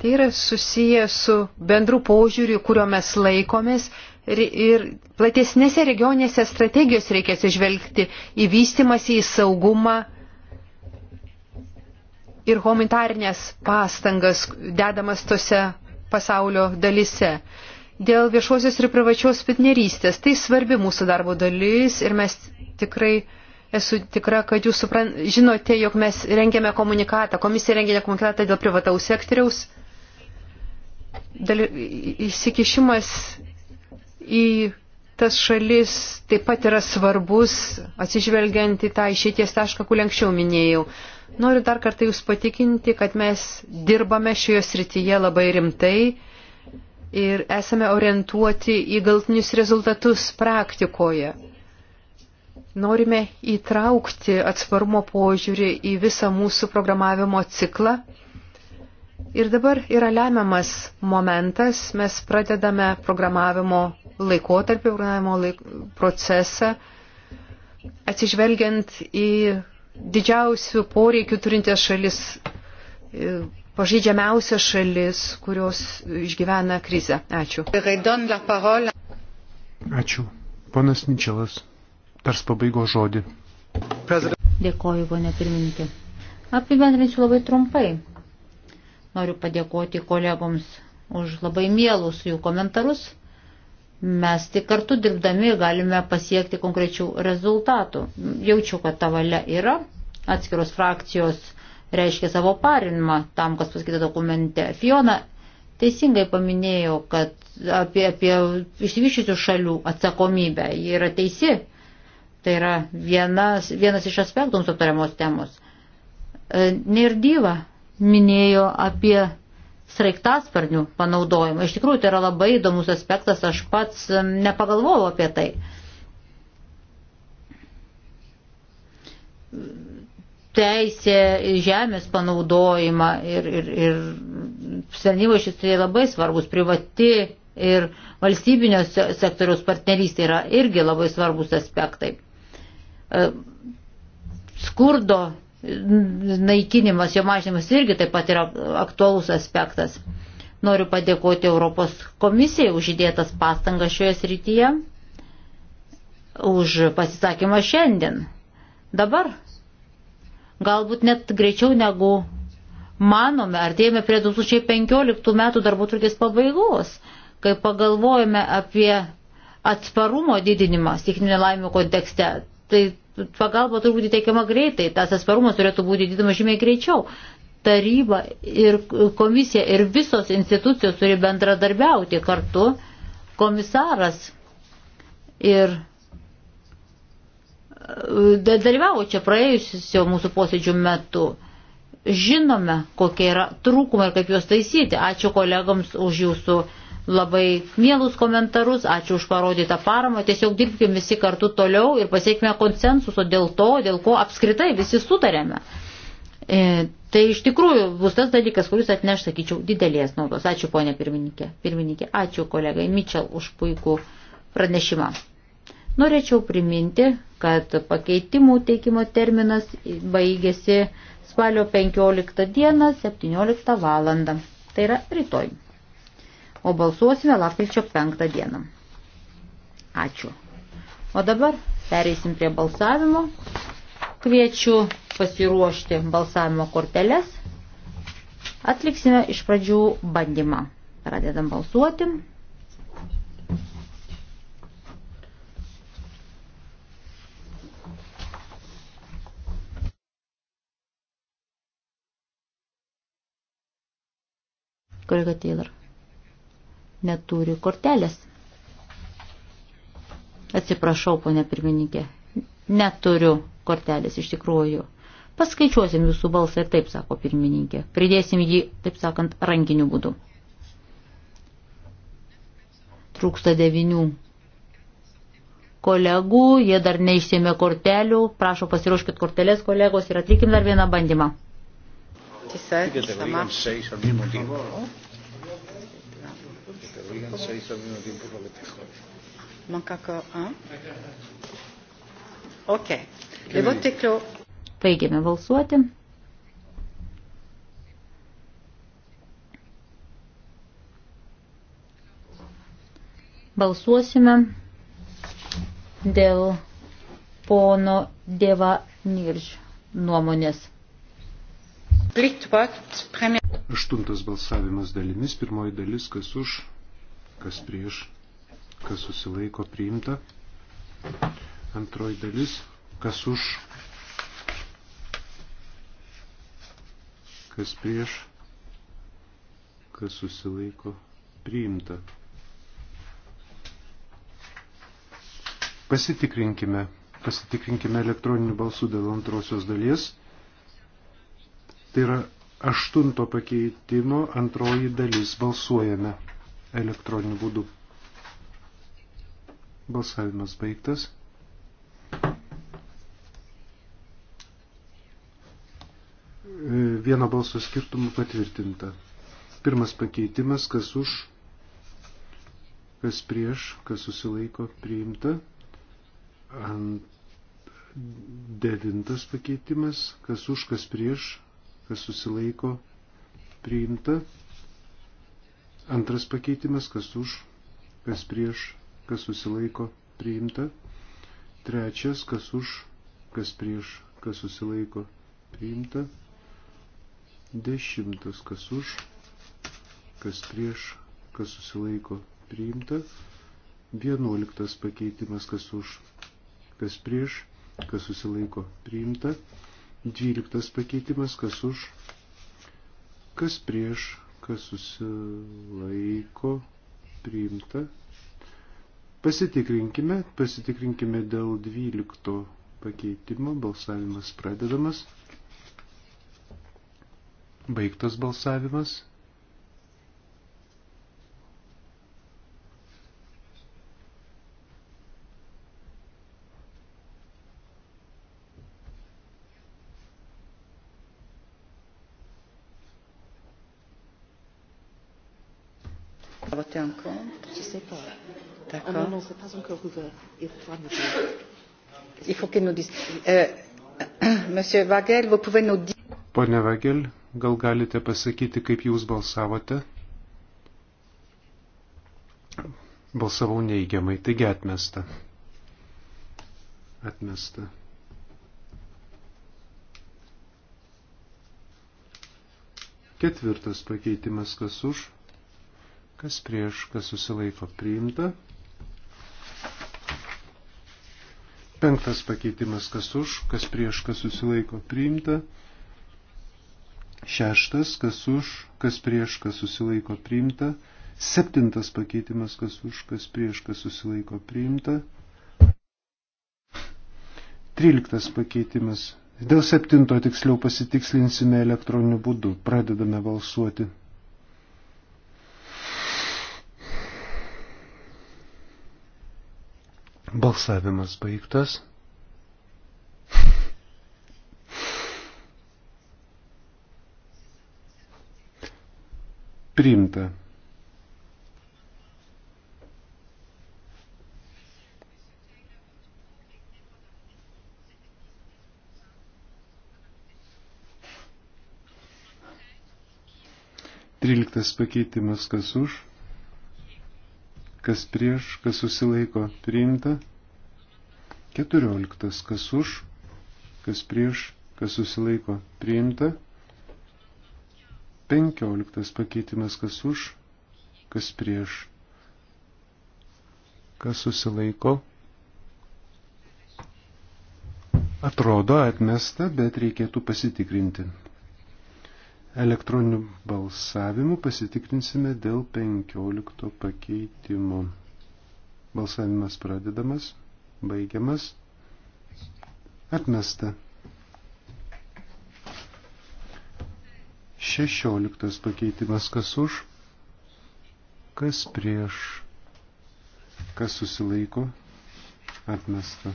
Tai yra susiję su bendru požiūriu, kurio mes laikomės ir platesnėse regionėse strategijos reikia atsižvelgti į vystimąsi, į saugumą ir humanitarnės pastangas dedamas tose pasaulio dalise dėl viešosios ir privačios pitnerystės. Tai svarbi mūsų darbo dalis ir mes tikrai, esu tikra, kad jūs supran, žinote, jog mes rengiame komunikatą, komisija rengia komunikatą dėl privataus sektoriaus. Dal, įsikišimas į tas šalis taip pat yra svarbus, atsižvelgiant į tą išeities tašką, kur anksčiau minėjau. Noriu dar kartą Jūs patikinti, kad mes dirbame šioje srityje labai rimtai ir esame orientuoti į galtinius rezultatus praktikoje. Norime įtraukti atsparumo požiūrį į visą mūsų programavimo ciklą. Ir dabar yra lemiamas momentas, mes pradedame programavimo laikotarpį, programavimo laik procesą, atsižvelgiant į didžiausių poreikių turintės šalis e, pažeidžiamiausias šalis, kurios išgyvena krizę. Ačiū. Ačiū. Ponas Ničelas, tars pabaigo žodį. Dėkoju, ponė pirmininkė. Apibendrinsiu labai trumpai. Noriu padėkoti kolegoms už labai mielus jų komentarus. Mes tik kartu dirbdami galime pasiekti konkrečių rezultatų. Jaučiu, kad ta valia yra. Atskiros frakcijos reiškia savo parinimą tam, kas pasakyta dokumente. Fiona teisingai paminėjo, kad apie, apie išsivyščiusių šalių atsakomybę. Ji yra teisi. Tai yra vienas, vienas iš aspektų mūsų aptariamos temos. E, Nerdyva minėjo apie sraigtasparnių panaudojimą. Iš tikrųjų, tai yra labai įdomus aspektas, aš pats e, nepagalvojau apie tai teisė, žemės panaudojimą ir, ir, ir tarnybų šis tai labai svarbus, privati ir valstybinio sektoriaus partnerystė yra irgi labai svarbus aspektai. E, skurdo naikinimas, jo mažinimas irgi taip pat yra aktualus aspektas. Noriu padėkoti Europos komisijai už įdėtas pastangas šioje srityje, už pasisakymą šiandien. Dabar galbūt net greičiau negu manome, artėjame prie 2015 metų darbo trukės pabaigos, kai pagalvojame apie atsparumo didinimą stiklinio laimio kontekste. Tai pagalba turi būti teikiama greitai, tas atsparumas turėtų būti didinamas žymiai greičiau. Taryba ir komisija ir visos institucijos turi bendradarbiauti kartu. Komisaras ir dalyvavo čia praėjusio mūsų posėdžių metu. Žinome, kokie yra trūkumai ir kaip juos taisyti. Ačiū kolegams už jūsų labai mielus komentarus, ačiū už parodytą paramą. Tiesiog dirbkime visi kartu toliau ir pasiekime konsensuso dėl to, dėl ko apskritai visi sutarėme. E, tai iš tikrųjų bus tas dalykas, kuris atneš, sakyčiau, didelės naudos. Ačiū, ponė pirmininkė. Pirmininkė, ačiū kolegai Mičel už puikų pranešimą. Norėčiau priminti, kad pakeitimų teikimo terminas baigėsi spalio 15 dieną 17 valandą. Tai yra rytoj. O balsuosime lapkričio 5 dieną. Ačiū. O dabar pereisim prie balsavimo. Kviečiu pasiruošti balsavimo korteles. Atliksime iš pradžių bandymą. Pradedam balsuoti. Kolega Taylor neturi kortelės. Atsiprašau, ponė pirmininkė, neturiu kortelės iš tikrųjų. Paskaičiuosim jūsų balsą ir taip, sako pirmininkė. Pridėsim jį, taip sakant, rankiniu būdu. Trūksta devinių kolegų, jie dar neišsėmė kortelių. Prašau, pasiruoškit kortelės kolegos ir atlikim dar vieną bandymą. Ti serve? Perché te lo dicono sei al mismo tiempo. Que te lo digan seis al mismo tiempo lo que te jode. Manca encore ¿eh? un. Ok. Le vote est clos. Baigėme balsuoti. Balsuosime dėl pono Deva Nirž nuomonės. Aštuntas balsavimas dalimis. Pirmoji dalis, kas už, kas prieš, kas susilaiko priimta. Antroji dalis, kas už, kas prieš, kas susilaiko priimta. Pasitikrinkime, pasitikrinkime elektroninių balsų dėl antrosios dalies. Tai yra aštunto pakeitimo antroji dalis. Balsuojame elektroniniu būdu. Balsavimas baigtas. Vieno balso skirtumų patvirtinta. Pirmas pakeitimas, kas už, kas prieš, kas susilaiko priimta. Ant devintas pakeitimas, kas už, kas prieš, kas susilaiko, priimta. Antras pakeitimas, kas už, kas prieš, kas susilaiko, priimta. Trečias, kas už, kas prieš, kas susilaiko, priimta. Dešimtas, kas už, kas prieš, kas susilaiko, priimta. Vienuoliktas pakeitimas, kas už, kas prieš, kas susilaiko, priimta. Dvyliktas pakeitimas, kas už, kas prieš, kas susilaiko, priimta. Pasitikrinkime, pasitikrinkime dėl dvylikto pakeitimo, balsavimas pradedamas. Baigtas balsavimas. apporter nos Monsieur Vagel, euh, <clears throat> vous pouvez nous dire. Pone Vagel, gal galite pasakyti, kaip jūs balsavote? Balsavau neigiamai, taigi atmesta. Atmesta. Ketvirtas pakeitimas, kas už, kas prieš, kas susilaiko priimta. Penktas pakeitimas, kas už, kas prieš, kas susilaiko priimta. Šeštas, kas už, kas prieš, kas susilaiko priimta. Septintas pakeitimas, kas už, kas prieš, kas susilaiko priimta. Tryliktas pakeitimas. Dėl septinto tiksliau pasitikslinsime elektroniniu būdu. Pradedame balsuoti. Balsavimas baigtas. Priimta. Tryliktas pakeitimas kas už kas prieš, kas susilaiko priimta. 14. Kas už, kas prieš, kas susilaiko priimta. 15. Pakeitimas kas už, kas prieš, kas susilaiko. Atrodo atmesta, bet reikėtų pasitikrinti. Elektroniniu balsavimu pasitikrinsime dėl 15 pakeitimo. Balsavimas pradedamas, baigiamas, atmesta. 16 pakeitimas kas už, kas prieš, kas susilaiko, atmesta.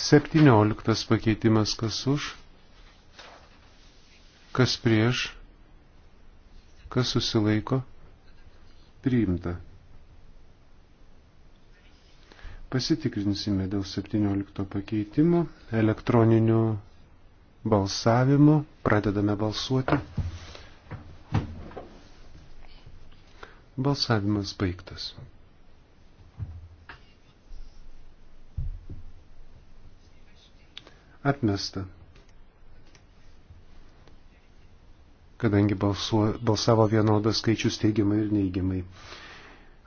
17 pakeitimas kas už, Kas prieš? Kas susilaiko? Priimta. Pasitikrinsime dėl 17 pakeitimo elektroniniu balsavimu. Pradedame balsuoti. Balsavimas baigtas. Atmesta. kadangi balsuo, balsavo vienodas skaičius teigiamai ir neigiamai.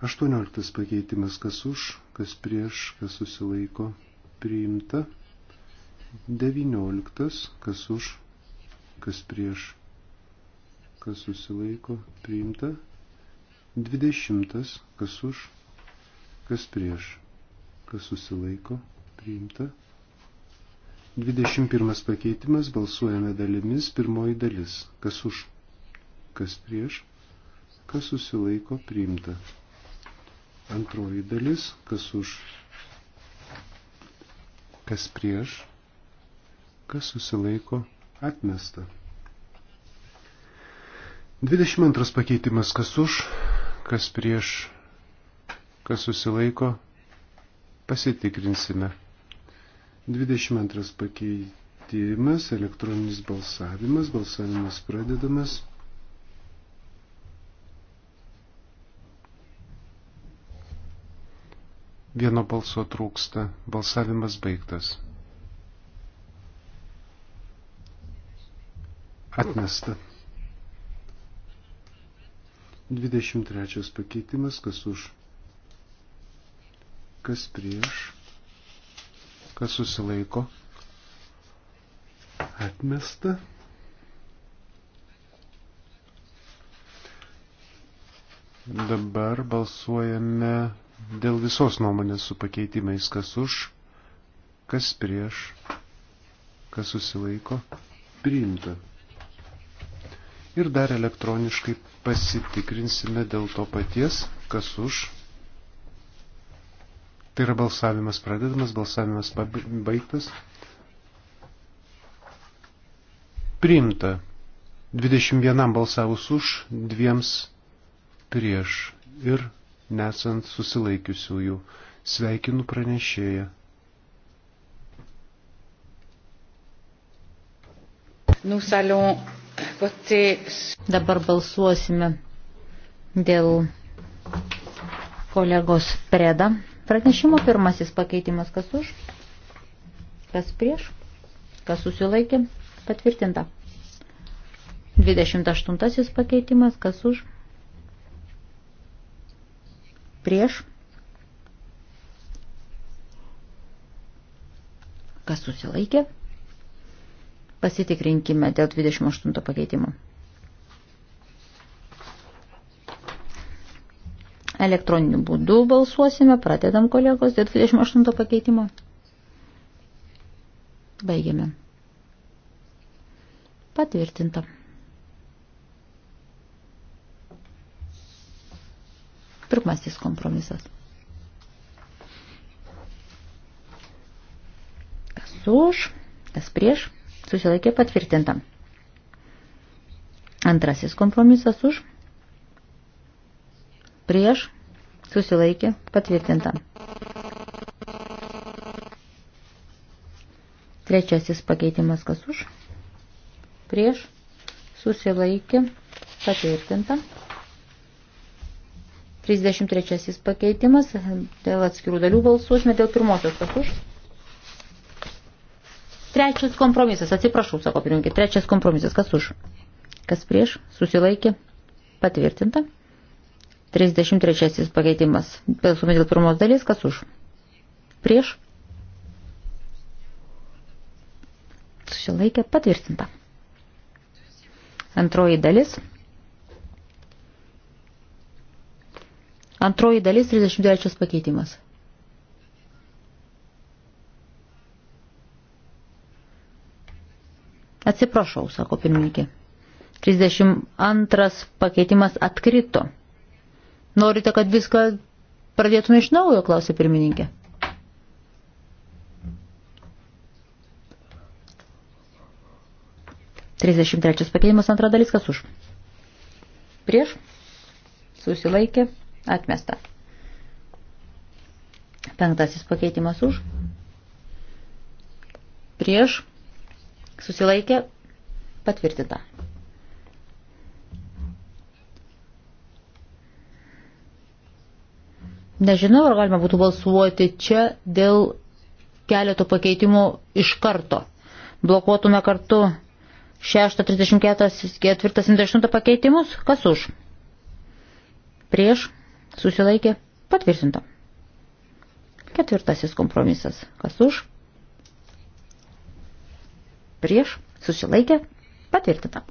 18 pakeitimas kas už, kas prieš, kas susilaiko priimta. 19 kas už, kas prieš, kas susilaiko priimta. 20 kas už, kas prieš, kas susilaiko priimta. 21 pakeitimas, balsuojame dalimis, pirmoji dalis. Kas už, kas prieš, kas susilaiko priimta. Antroji dalis, kas už, kas prieš, kas susilaiko atmesta. 22 pakeitimas, kas už, kas prieš, kas susilaiko, pasitikrinsime. 22 pakeitimas, elektroninis balsavimas, balsavimas pradedamas. Vieno balso trūksta, balsavimas baigtas. Atmesta. 23 pakeitimas, kas už, kas prieš kas susilaiko, atmesta. Dabar balsuojame dėl visos nuomonės su pakeitimais, kas už, kas prieš, kas susilaiko, priimta. Ir dar elektroniškai pasitikrinsime dėl to paties, kas už, Tai yra balsavimas pradedamas, balsavimas baigtas. Priimta. 21 balsavus už, dviems prieš ir nesant susilaikiusiųjų. Sveikinu pranešėją. Dabar balsuosime dėl kolegos Preda pranešimo pirmasis pakeitimas, kas už, kas prieš, kas susilaikė, patvirtinta. 28 pakeitimas, kas už, prieš, kas susilaikė, pasitikrinkime dėl 28 pakeitimo. Elektroniniu būdu balsuosime, pradedam kolegos, dėl 28 pakeitimo. Baigiame. Patvirtinta. Pirmasis kompromisas. Kas už, kas prieš, susilaikė patvirtinta. Antrasis kompromisas už, prieš, susilaikė, patvirtinta. Trečiasis pakeitimas kas už, prieš, susilaikė, patvirtinta. 33 pakeitimas, dėl atskirų dalių balsuosime, dėl pirmosios kas už. Trečias kompromisas, atsiprašau, sako pirmininkė, trečias kompromisas, kas už, kas prieš, susilaikė, patvirtinta. 33 pakeitimas. Balsuome dėl pirmos dalies, kas už. Prieš. Susilaikė patvirtinta. Antroji dalis. Antroji dalis 33 pakeitimas. Atsiprašau, sako pirmininkė. 32 pakeitimas atkrito. Norite, kad viską pradėtume iš naujo, klausė pirmininkė. Trisdešimt trečias pakeitimas antra dalis, kas už. Prieš, susilaikė, atmesta. Penktasis pakeitimas už. Prieš, susilaikė, patvirtinta. Nežinau, ar galima būtų balsuoti čia dėl keletų pakeitimų iš karto. Blokuotume kartu 6.34.8 pakeitimus. Kas už? Prieš. Susilaikė. Patvirtinta. Ketvirtasis kompromisas. Kas už? Prieš. Susilaikė. Patvirtinta.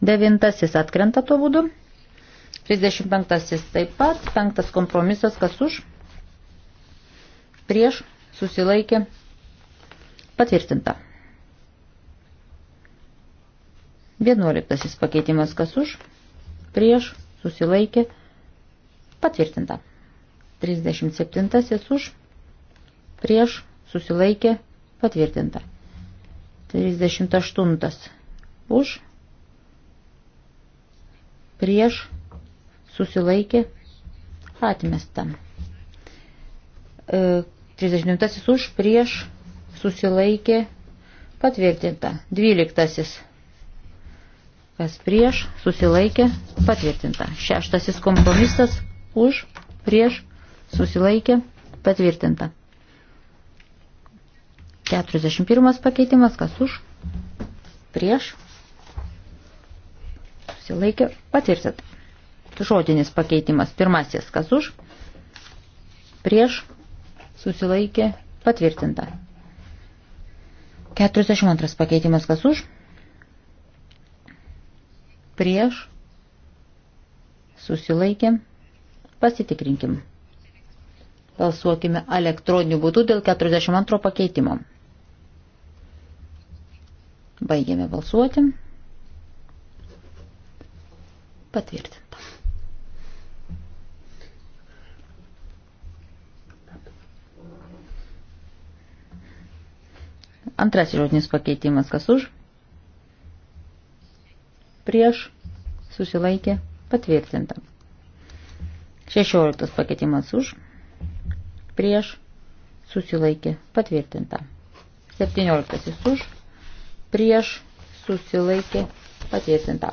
Devintasis atkrenta tuo būdu. 35 taip pat, 5 kompromisas, kas už, prieš, susilaikė, patvirtinta. 11 pakeitimas, kas už, prieš, susilaikė, patvirtinta. 37 už, prieš, susilaikė, patvirtinta. 38 už, prieš, susilaikė atmesta. 39 e, už prieš susilaikė patvirtinta. 12 kas prieš susilaikė patvirtinta. 6 kompromisas už prieš susilaikė patvirtinta. 41 pakeitimas kas už prieš susilaikė patvirtinta. Žodinis pakeitimas. Pirmasis, kas už, prieš, susilaikė, patvirtinta. 42 pakeitimas, kas už, prieš, susilaikė, pasitikrinkim. Balsuokime elektroniniu būdu dėl 42 pakeitimo. Baigėme balsuoti. Patvirtinta. Antrasis žodinis pakeitimas, kas už, prieš, susilaikė, patvirtinta. Šešioliktas pakeitimas už, prieš, susilaikė, patvirtinta. Septynioliktasis už, prieš, susilaikė, patvirtinta.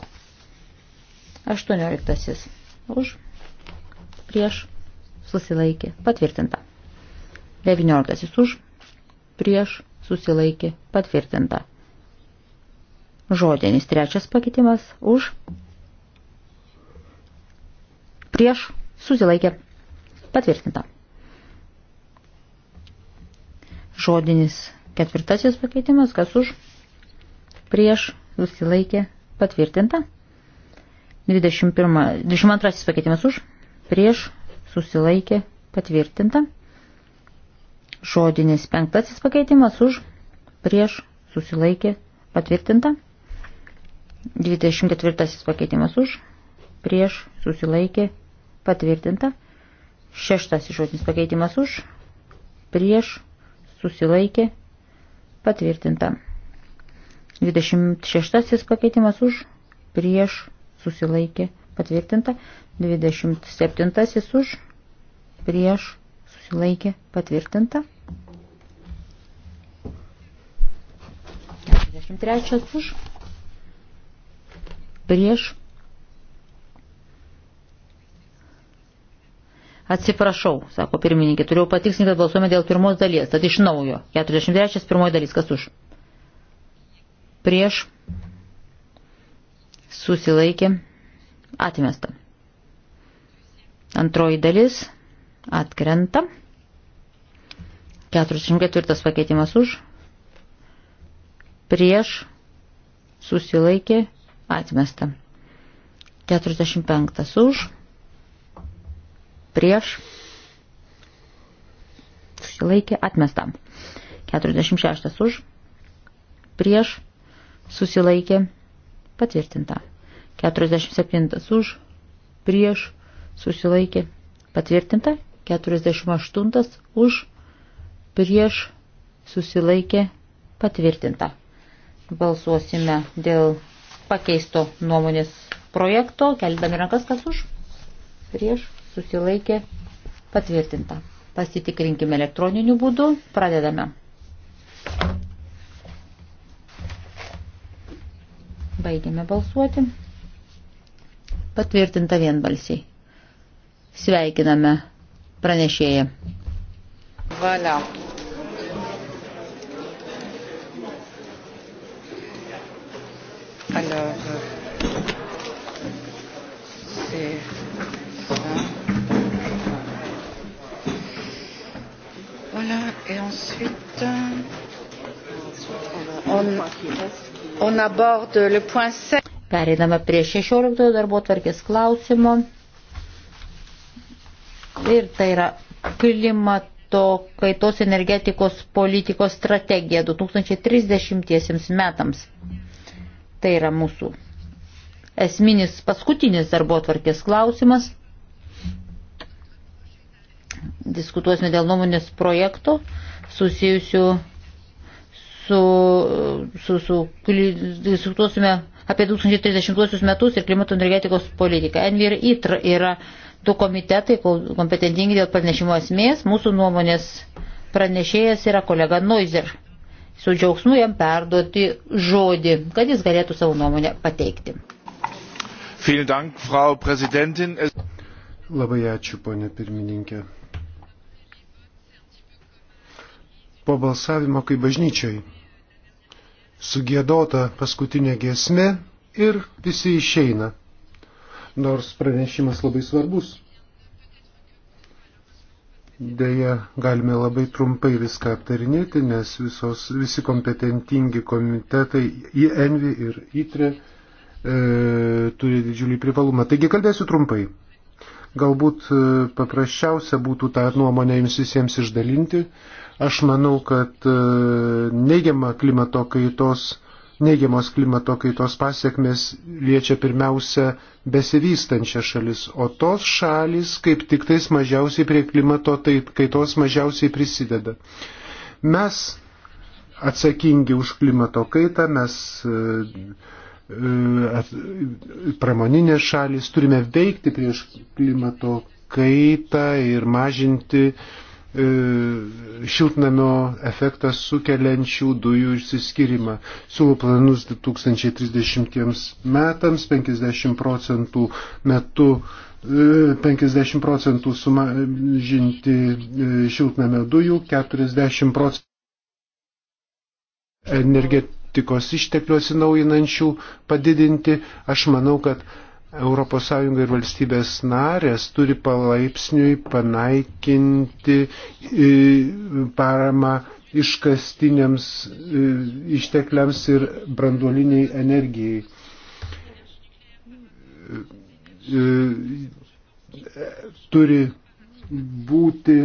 Aštuonioliktasis už, prieš, susilaikė, patvirtinta. Devynioliktasis už, prieš, susilaikė patvirtinta. Žodinis trečias pakitimas už prieš susilaikė patvirtinta. Žodinis ketvirtasis pakeitimas, kas už prieš susilaikė patvirtinta. 21, 22 pakeitimas už prieš susilaikė patvirtinta. Žodinis penktasis pakeitimas už prieš susilaikė patvirtinta. 24 pakeitimas už prieš susilaikė patvirtinta. Šeštasis žodinis pakeitimas už prieš susilaikė patvirtinta. 26 pakeitimas už prieš susilaikė patvirtinta. 27 už prieš susilaikė patvirtinta. 43 už prieš. Atsiprašau, sako pirmininkė, turėjau patikslinti, kad balsuojame dėl pirmos dalies, tad iš naujo. 43 pirmoji dalis, kas už? Prieš susilaikė atmesta. Antroji dalis atkrenta. 44 pakeitimas už, prieš, susilaikė, atmesta. 45 už, prieš, susilaikė, atmesta. 46 už, prieš, susilaikė, patvirtinta. 47 už, prieš, susilaikė, patvirtinta. 48 už prieš susilaikė patvirtinta. Balsuosime dėl pakeisto nuomonės projekto. Keldami rankas, kas už prieš susilaikė patvirtinta. Pasitikrinkime elektroniniu būdu. Pradedame. Baigiame balsuoti. Patvirtinta vienbalsiai. Sveikiname pranešėja. Valia. Alors, c'est ça. Voilà, et ensuite, on, on aborde le point 7. Pereiname prie 16 darbo tvarkės klausimo. Ir tai yra klimato kaitos energetikos politikos strategija 2030 metams. Tai yra mūsų esminis paskutinis darbo tvarkės klausimas. Diskutuosime dėl nuomonės projekto susijusių su, su, su, diskutuosime apie 2030 metus ir klimato energetikos politiką. Envy ir ITR yra du komitetai kompetentingi dėl pranešimo esmės. Mūsų nuomonės pranešėjas yra kolega Noizer. Su džiaugsmu jam perduoti žodį, kad jis galėtų savo nuomonę pateikti. Dank, Frau Labai ačiū, ponė pirmininkė. Po balsavimo, kai bažnyčioj sugėdota paskutinė giesmė ir visi išeina nors pranešimas labai svarbus. Deja, galime labai trumpai viską aptarinėti, nes visos, visi kompetentingi komitetai į Envi ir ITRE e, turi didžiulį privalumą. Taigi kalbėsiu trumpai. Galbūt e, paprasčiausia būtų tą nuomonę jums visiems išdalinti. Aš manau, kad e, neigiama klimato kaitos Neigiamos klimato kaitos pasiekmes liečia pirmiausia besivystančias šalis, o tos šalis kaip tik tais mažiausiai prie klimato tai kaitos mažiausiai prisideda. Mes atsakingi už klimato kaitą, mes e, e, pramoninės šalis turime veikti prieš klimato kaitą ir mažinti uh, E, šiltnamio efektą sukeliančių dujų išsiskyrimą. Siūlo planus 2030 metams 50 procentų metu 50 e, procentų sumažinti e, šiltnamio dujų, 40 procentų energetikos išteklių atsinaujinančių padidinti. Aš manau, kad ES ir valstybės narės turi palaipsniui panaikinti e, paramą iškastiniams e, ištekliams ir branduoliniai energijai. E, turi būti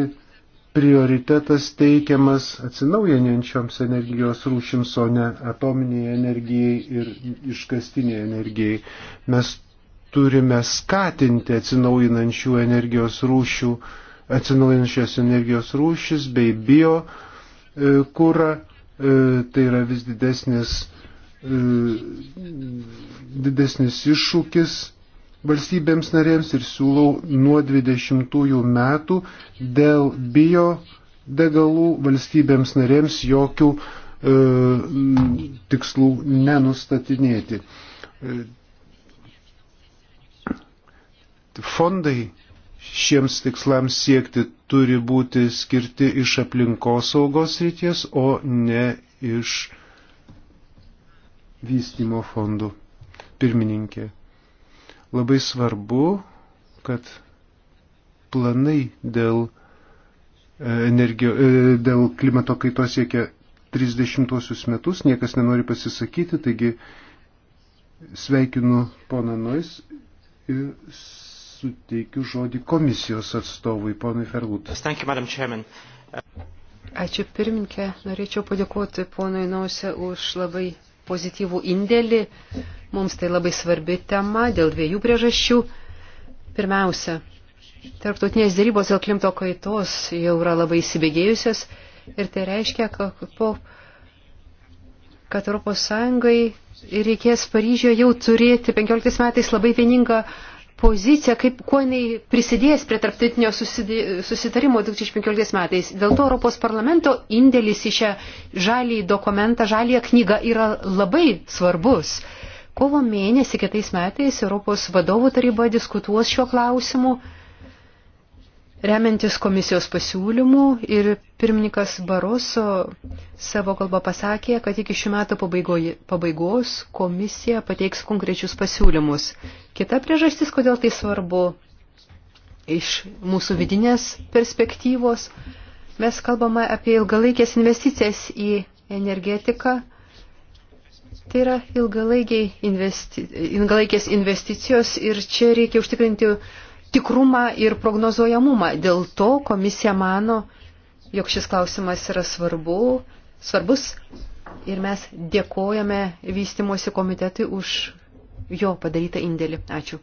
prioritetas teikiamas atsinaujinančioms energijos rūšims, o ne atominiai energijai ir iškastiniai energijai. Mes turime skatinti atsinaujinančių energijos rūšių, atsinaujinančios energijos rūšis bei bio e, kūrą. E, tai yra vis didesnis, e, didesnis iššūkis valstybėms narėms ir siūlau nuo 20 metų dėl bio degalų valstybėms narėms jokių e, tikslų nenustatinėti fondai šiems tikslams siekti turi būti skirti iš aplinkosaugos ryties, o ne iš vystimo fondų. Pirmininkė. Labai svarbu, kad planai dėl, e, energio, e, dėl klimato kaitos siekia 30-osius metus, niekas nenori pasisakyti, taigi sveikinu poną Nois ir suteikiu žodį komisijos atstovui, ponui Fergutas. Ačiū pirminkė, norėčiau padėkoti ponui Nausė už labai pozityvų indėlį. Mums tai labai svarbi tema dėl dviejų priežasčių. Pirmiausia, tarptautinės dėrybos dėl klimto kaitos jau yra labai įsibėgėjusios ir tai reiškia, kad, po, kad Europos Sąjungai reikės Paryžioje jau turėti 15 metais labai vieningą poziciją, kaip, kuo jinai prisidės prie tarptautinio susitarimo 2015 metais. Dėl to Europos parlamento indėlis į šią žalį dokumentą, žalį knygą yra labai svarbus. Kovo mėnesį kitais metais Europos vadovų taryba diskutuos šiuo klausimu Remiantis komisijos pasiūlymų ir pirmininkas Baroso savo kalbą pasakė, kad iki šių metų pabaigos komisija pateiks konkrečius pasiūlymus. Kita priežastis, kodėl tai svarbu iš mūsų vidinės perspektyvos, mes kalbame apie ilgalaikės investicijas į energetiką. Tai yra investi ilgalaikės investicijos ir čia reikia užtikrinti tikrumą ir prognozuojamumą. Dėl to komisija mano, jog šis klausimas yra svarbu, svarbus ir mes dėkojame vystimosi komitetui už jo padarytą indėlį. Ačiū.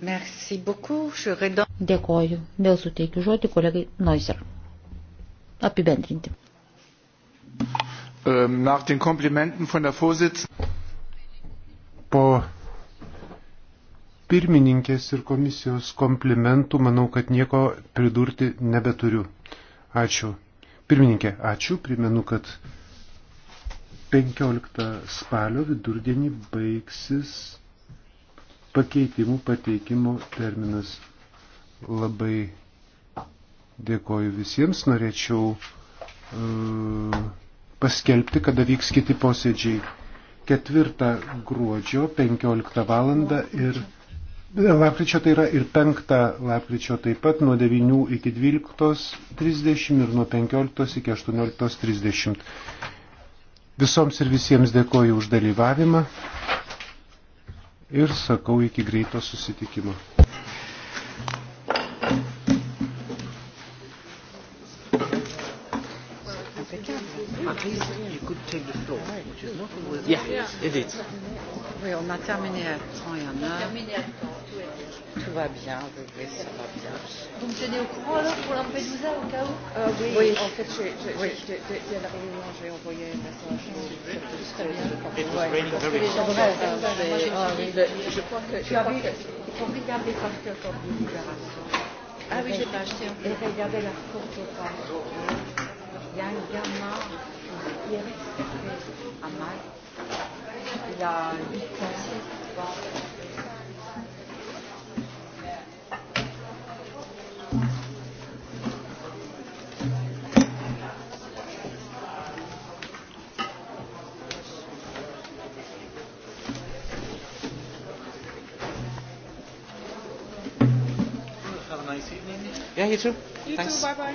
Merci beaucoup. Je redon... Dėkoju. Vėl suteikiu žodį kolegai Noiser. Apibendrinti. Ähm, nach den Komplimenten von der Vorsitzenden. Po pirmininkės ir komisijos komplimentų manau, kad nieko pridurti nebeturiu. Ačiū. Pirmininkė, ačiū. Primenu, kad 15 spalio vidurdienį baigsis pakeitimų pateikimo terminas. Labai dėkoju visiems. Norėčiau e, paskelbti, kada vyks kiti posėdžiai. 4 gruodžio 15 val. ir Lapkričio tai yra ir 5 lapkričio taip pat nuo 9 iki 12.30 ir nuo 15 iki 18.30. Visoms ir visiems dėkoju už dalyvavimą ir sakau iki greito susitikimo. At least you could take the floor, which is not always. Yeah, it is. Oui, on a terminé à temps, il y en a. On a terminé à temps, tout va bien. Tout va bien, oui, oui, ça va bien. Vous me tenez au courant alors pour Lampedusa au cas où euh, oui, oui, en fait, j'ai, j'ai, oui. de, de, de la réunion, j'ai envoyé un message. Très bien. It was raining very hard. Ah, je crois que... Tu as vu, il faut regarder par cœur comme une libération. Ah oui, j'ai pas acheté un peu. Et regardez la photographie. Il y a un gamin qui est resté à Malte il y a 8 centimes. Have a nice evening. Yeah, you too. You Thanks. too. Bye bye.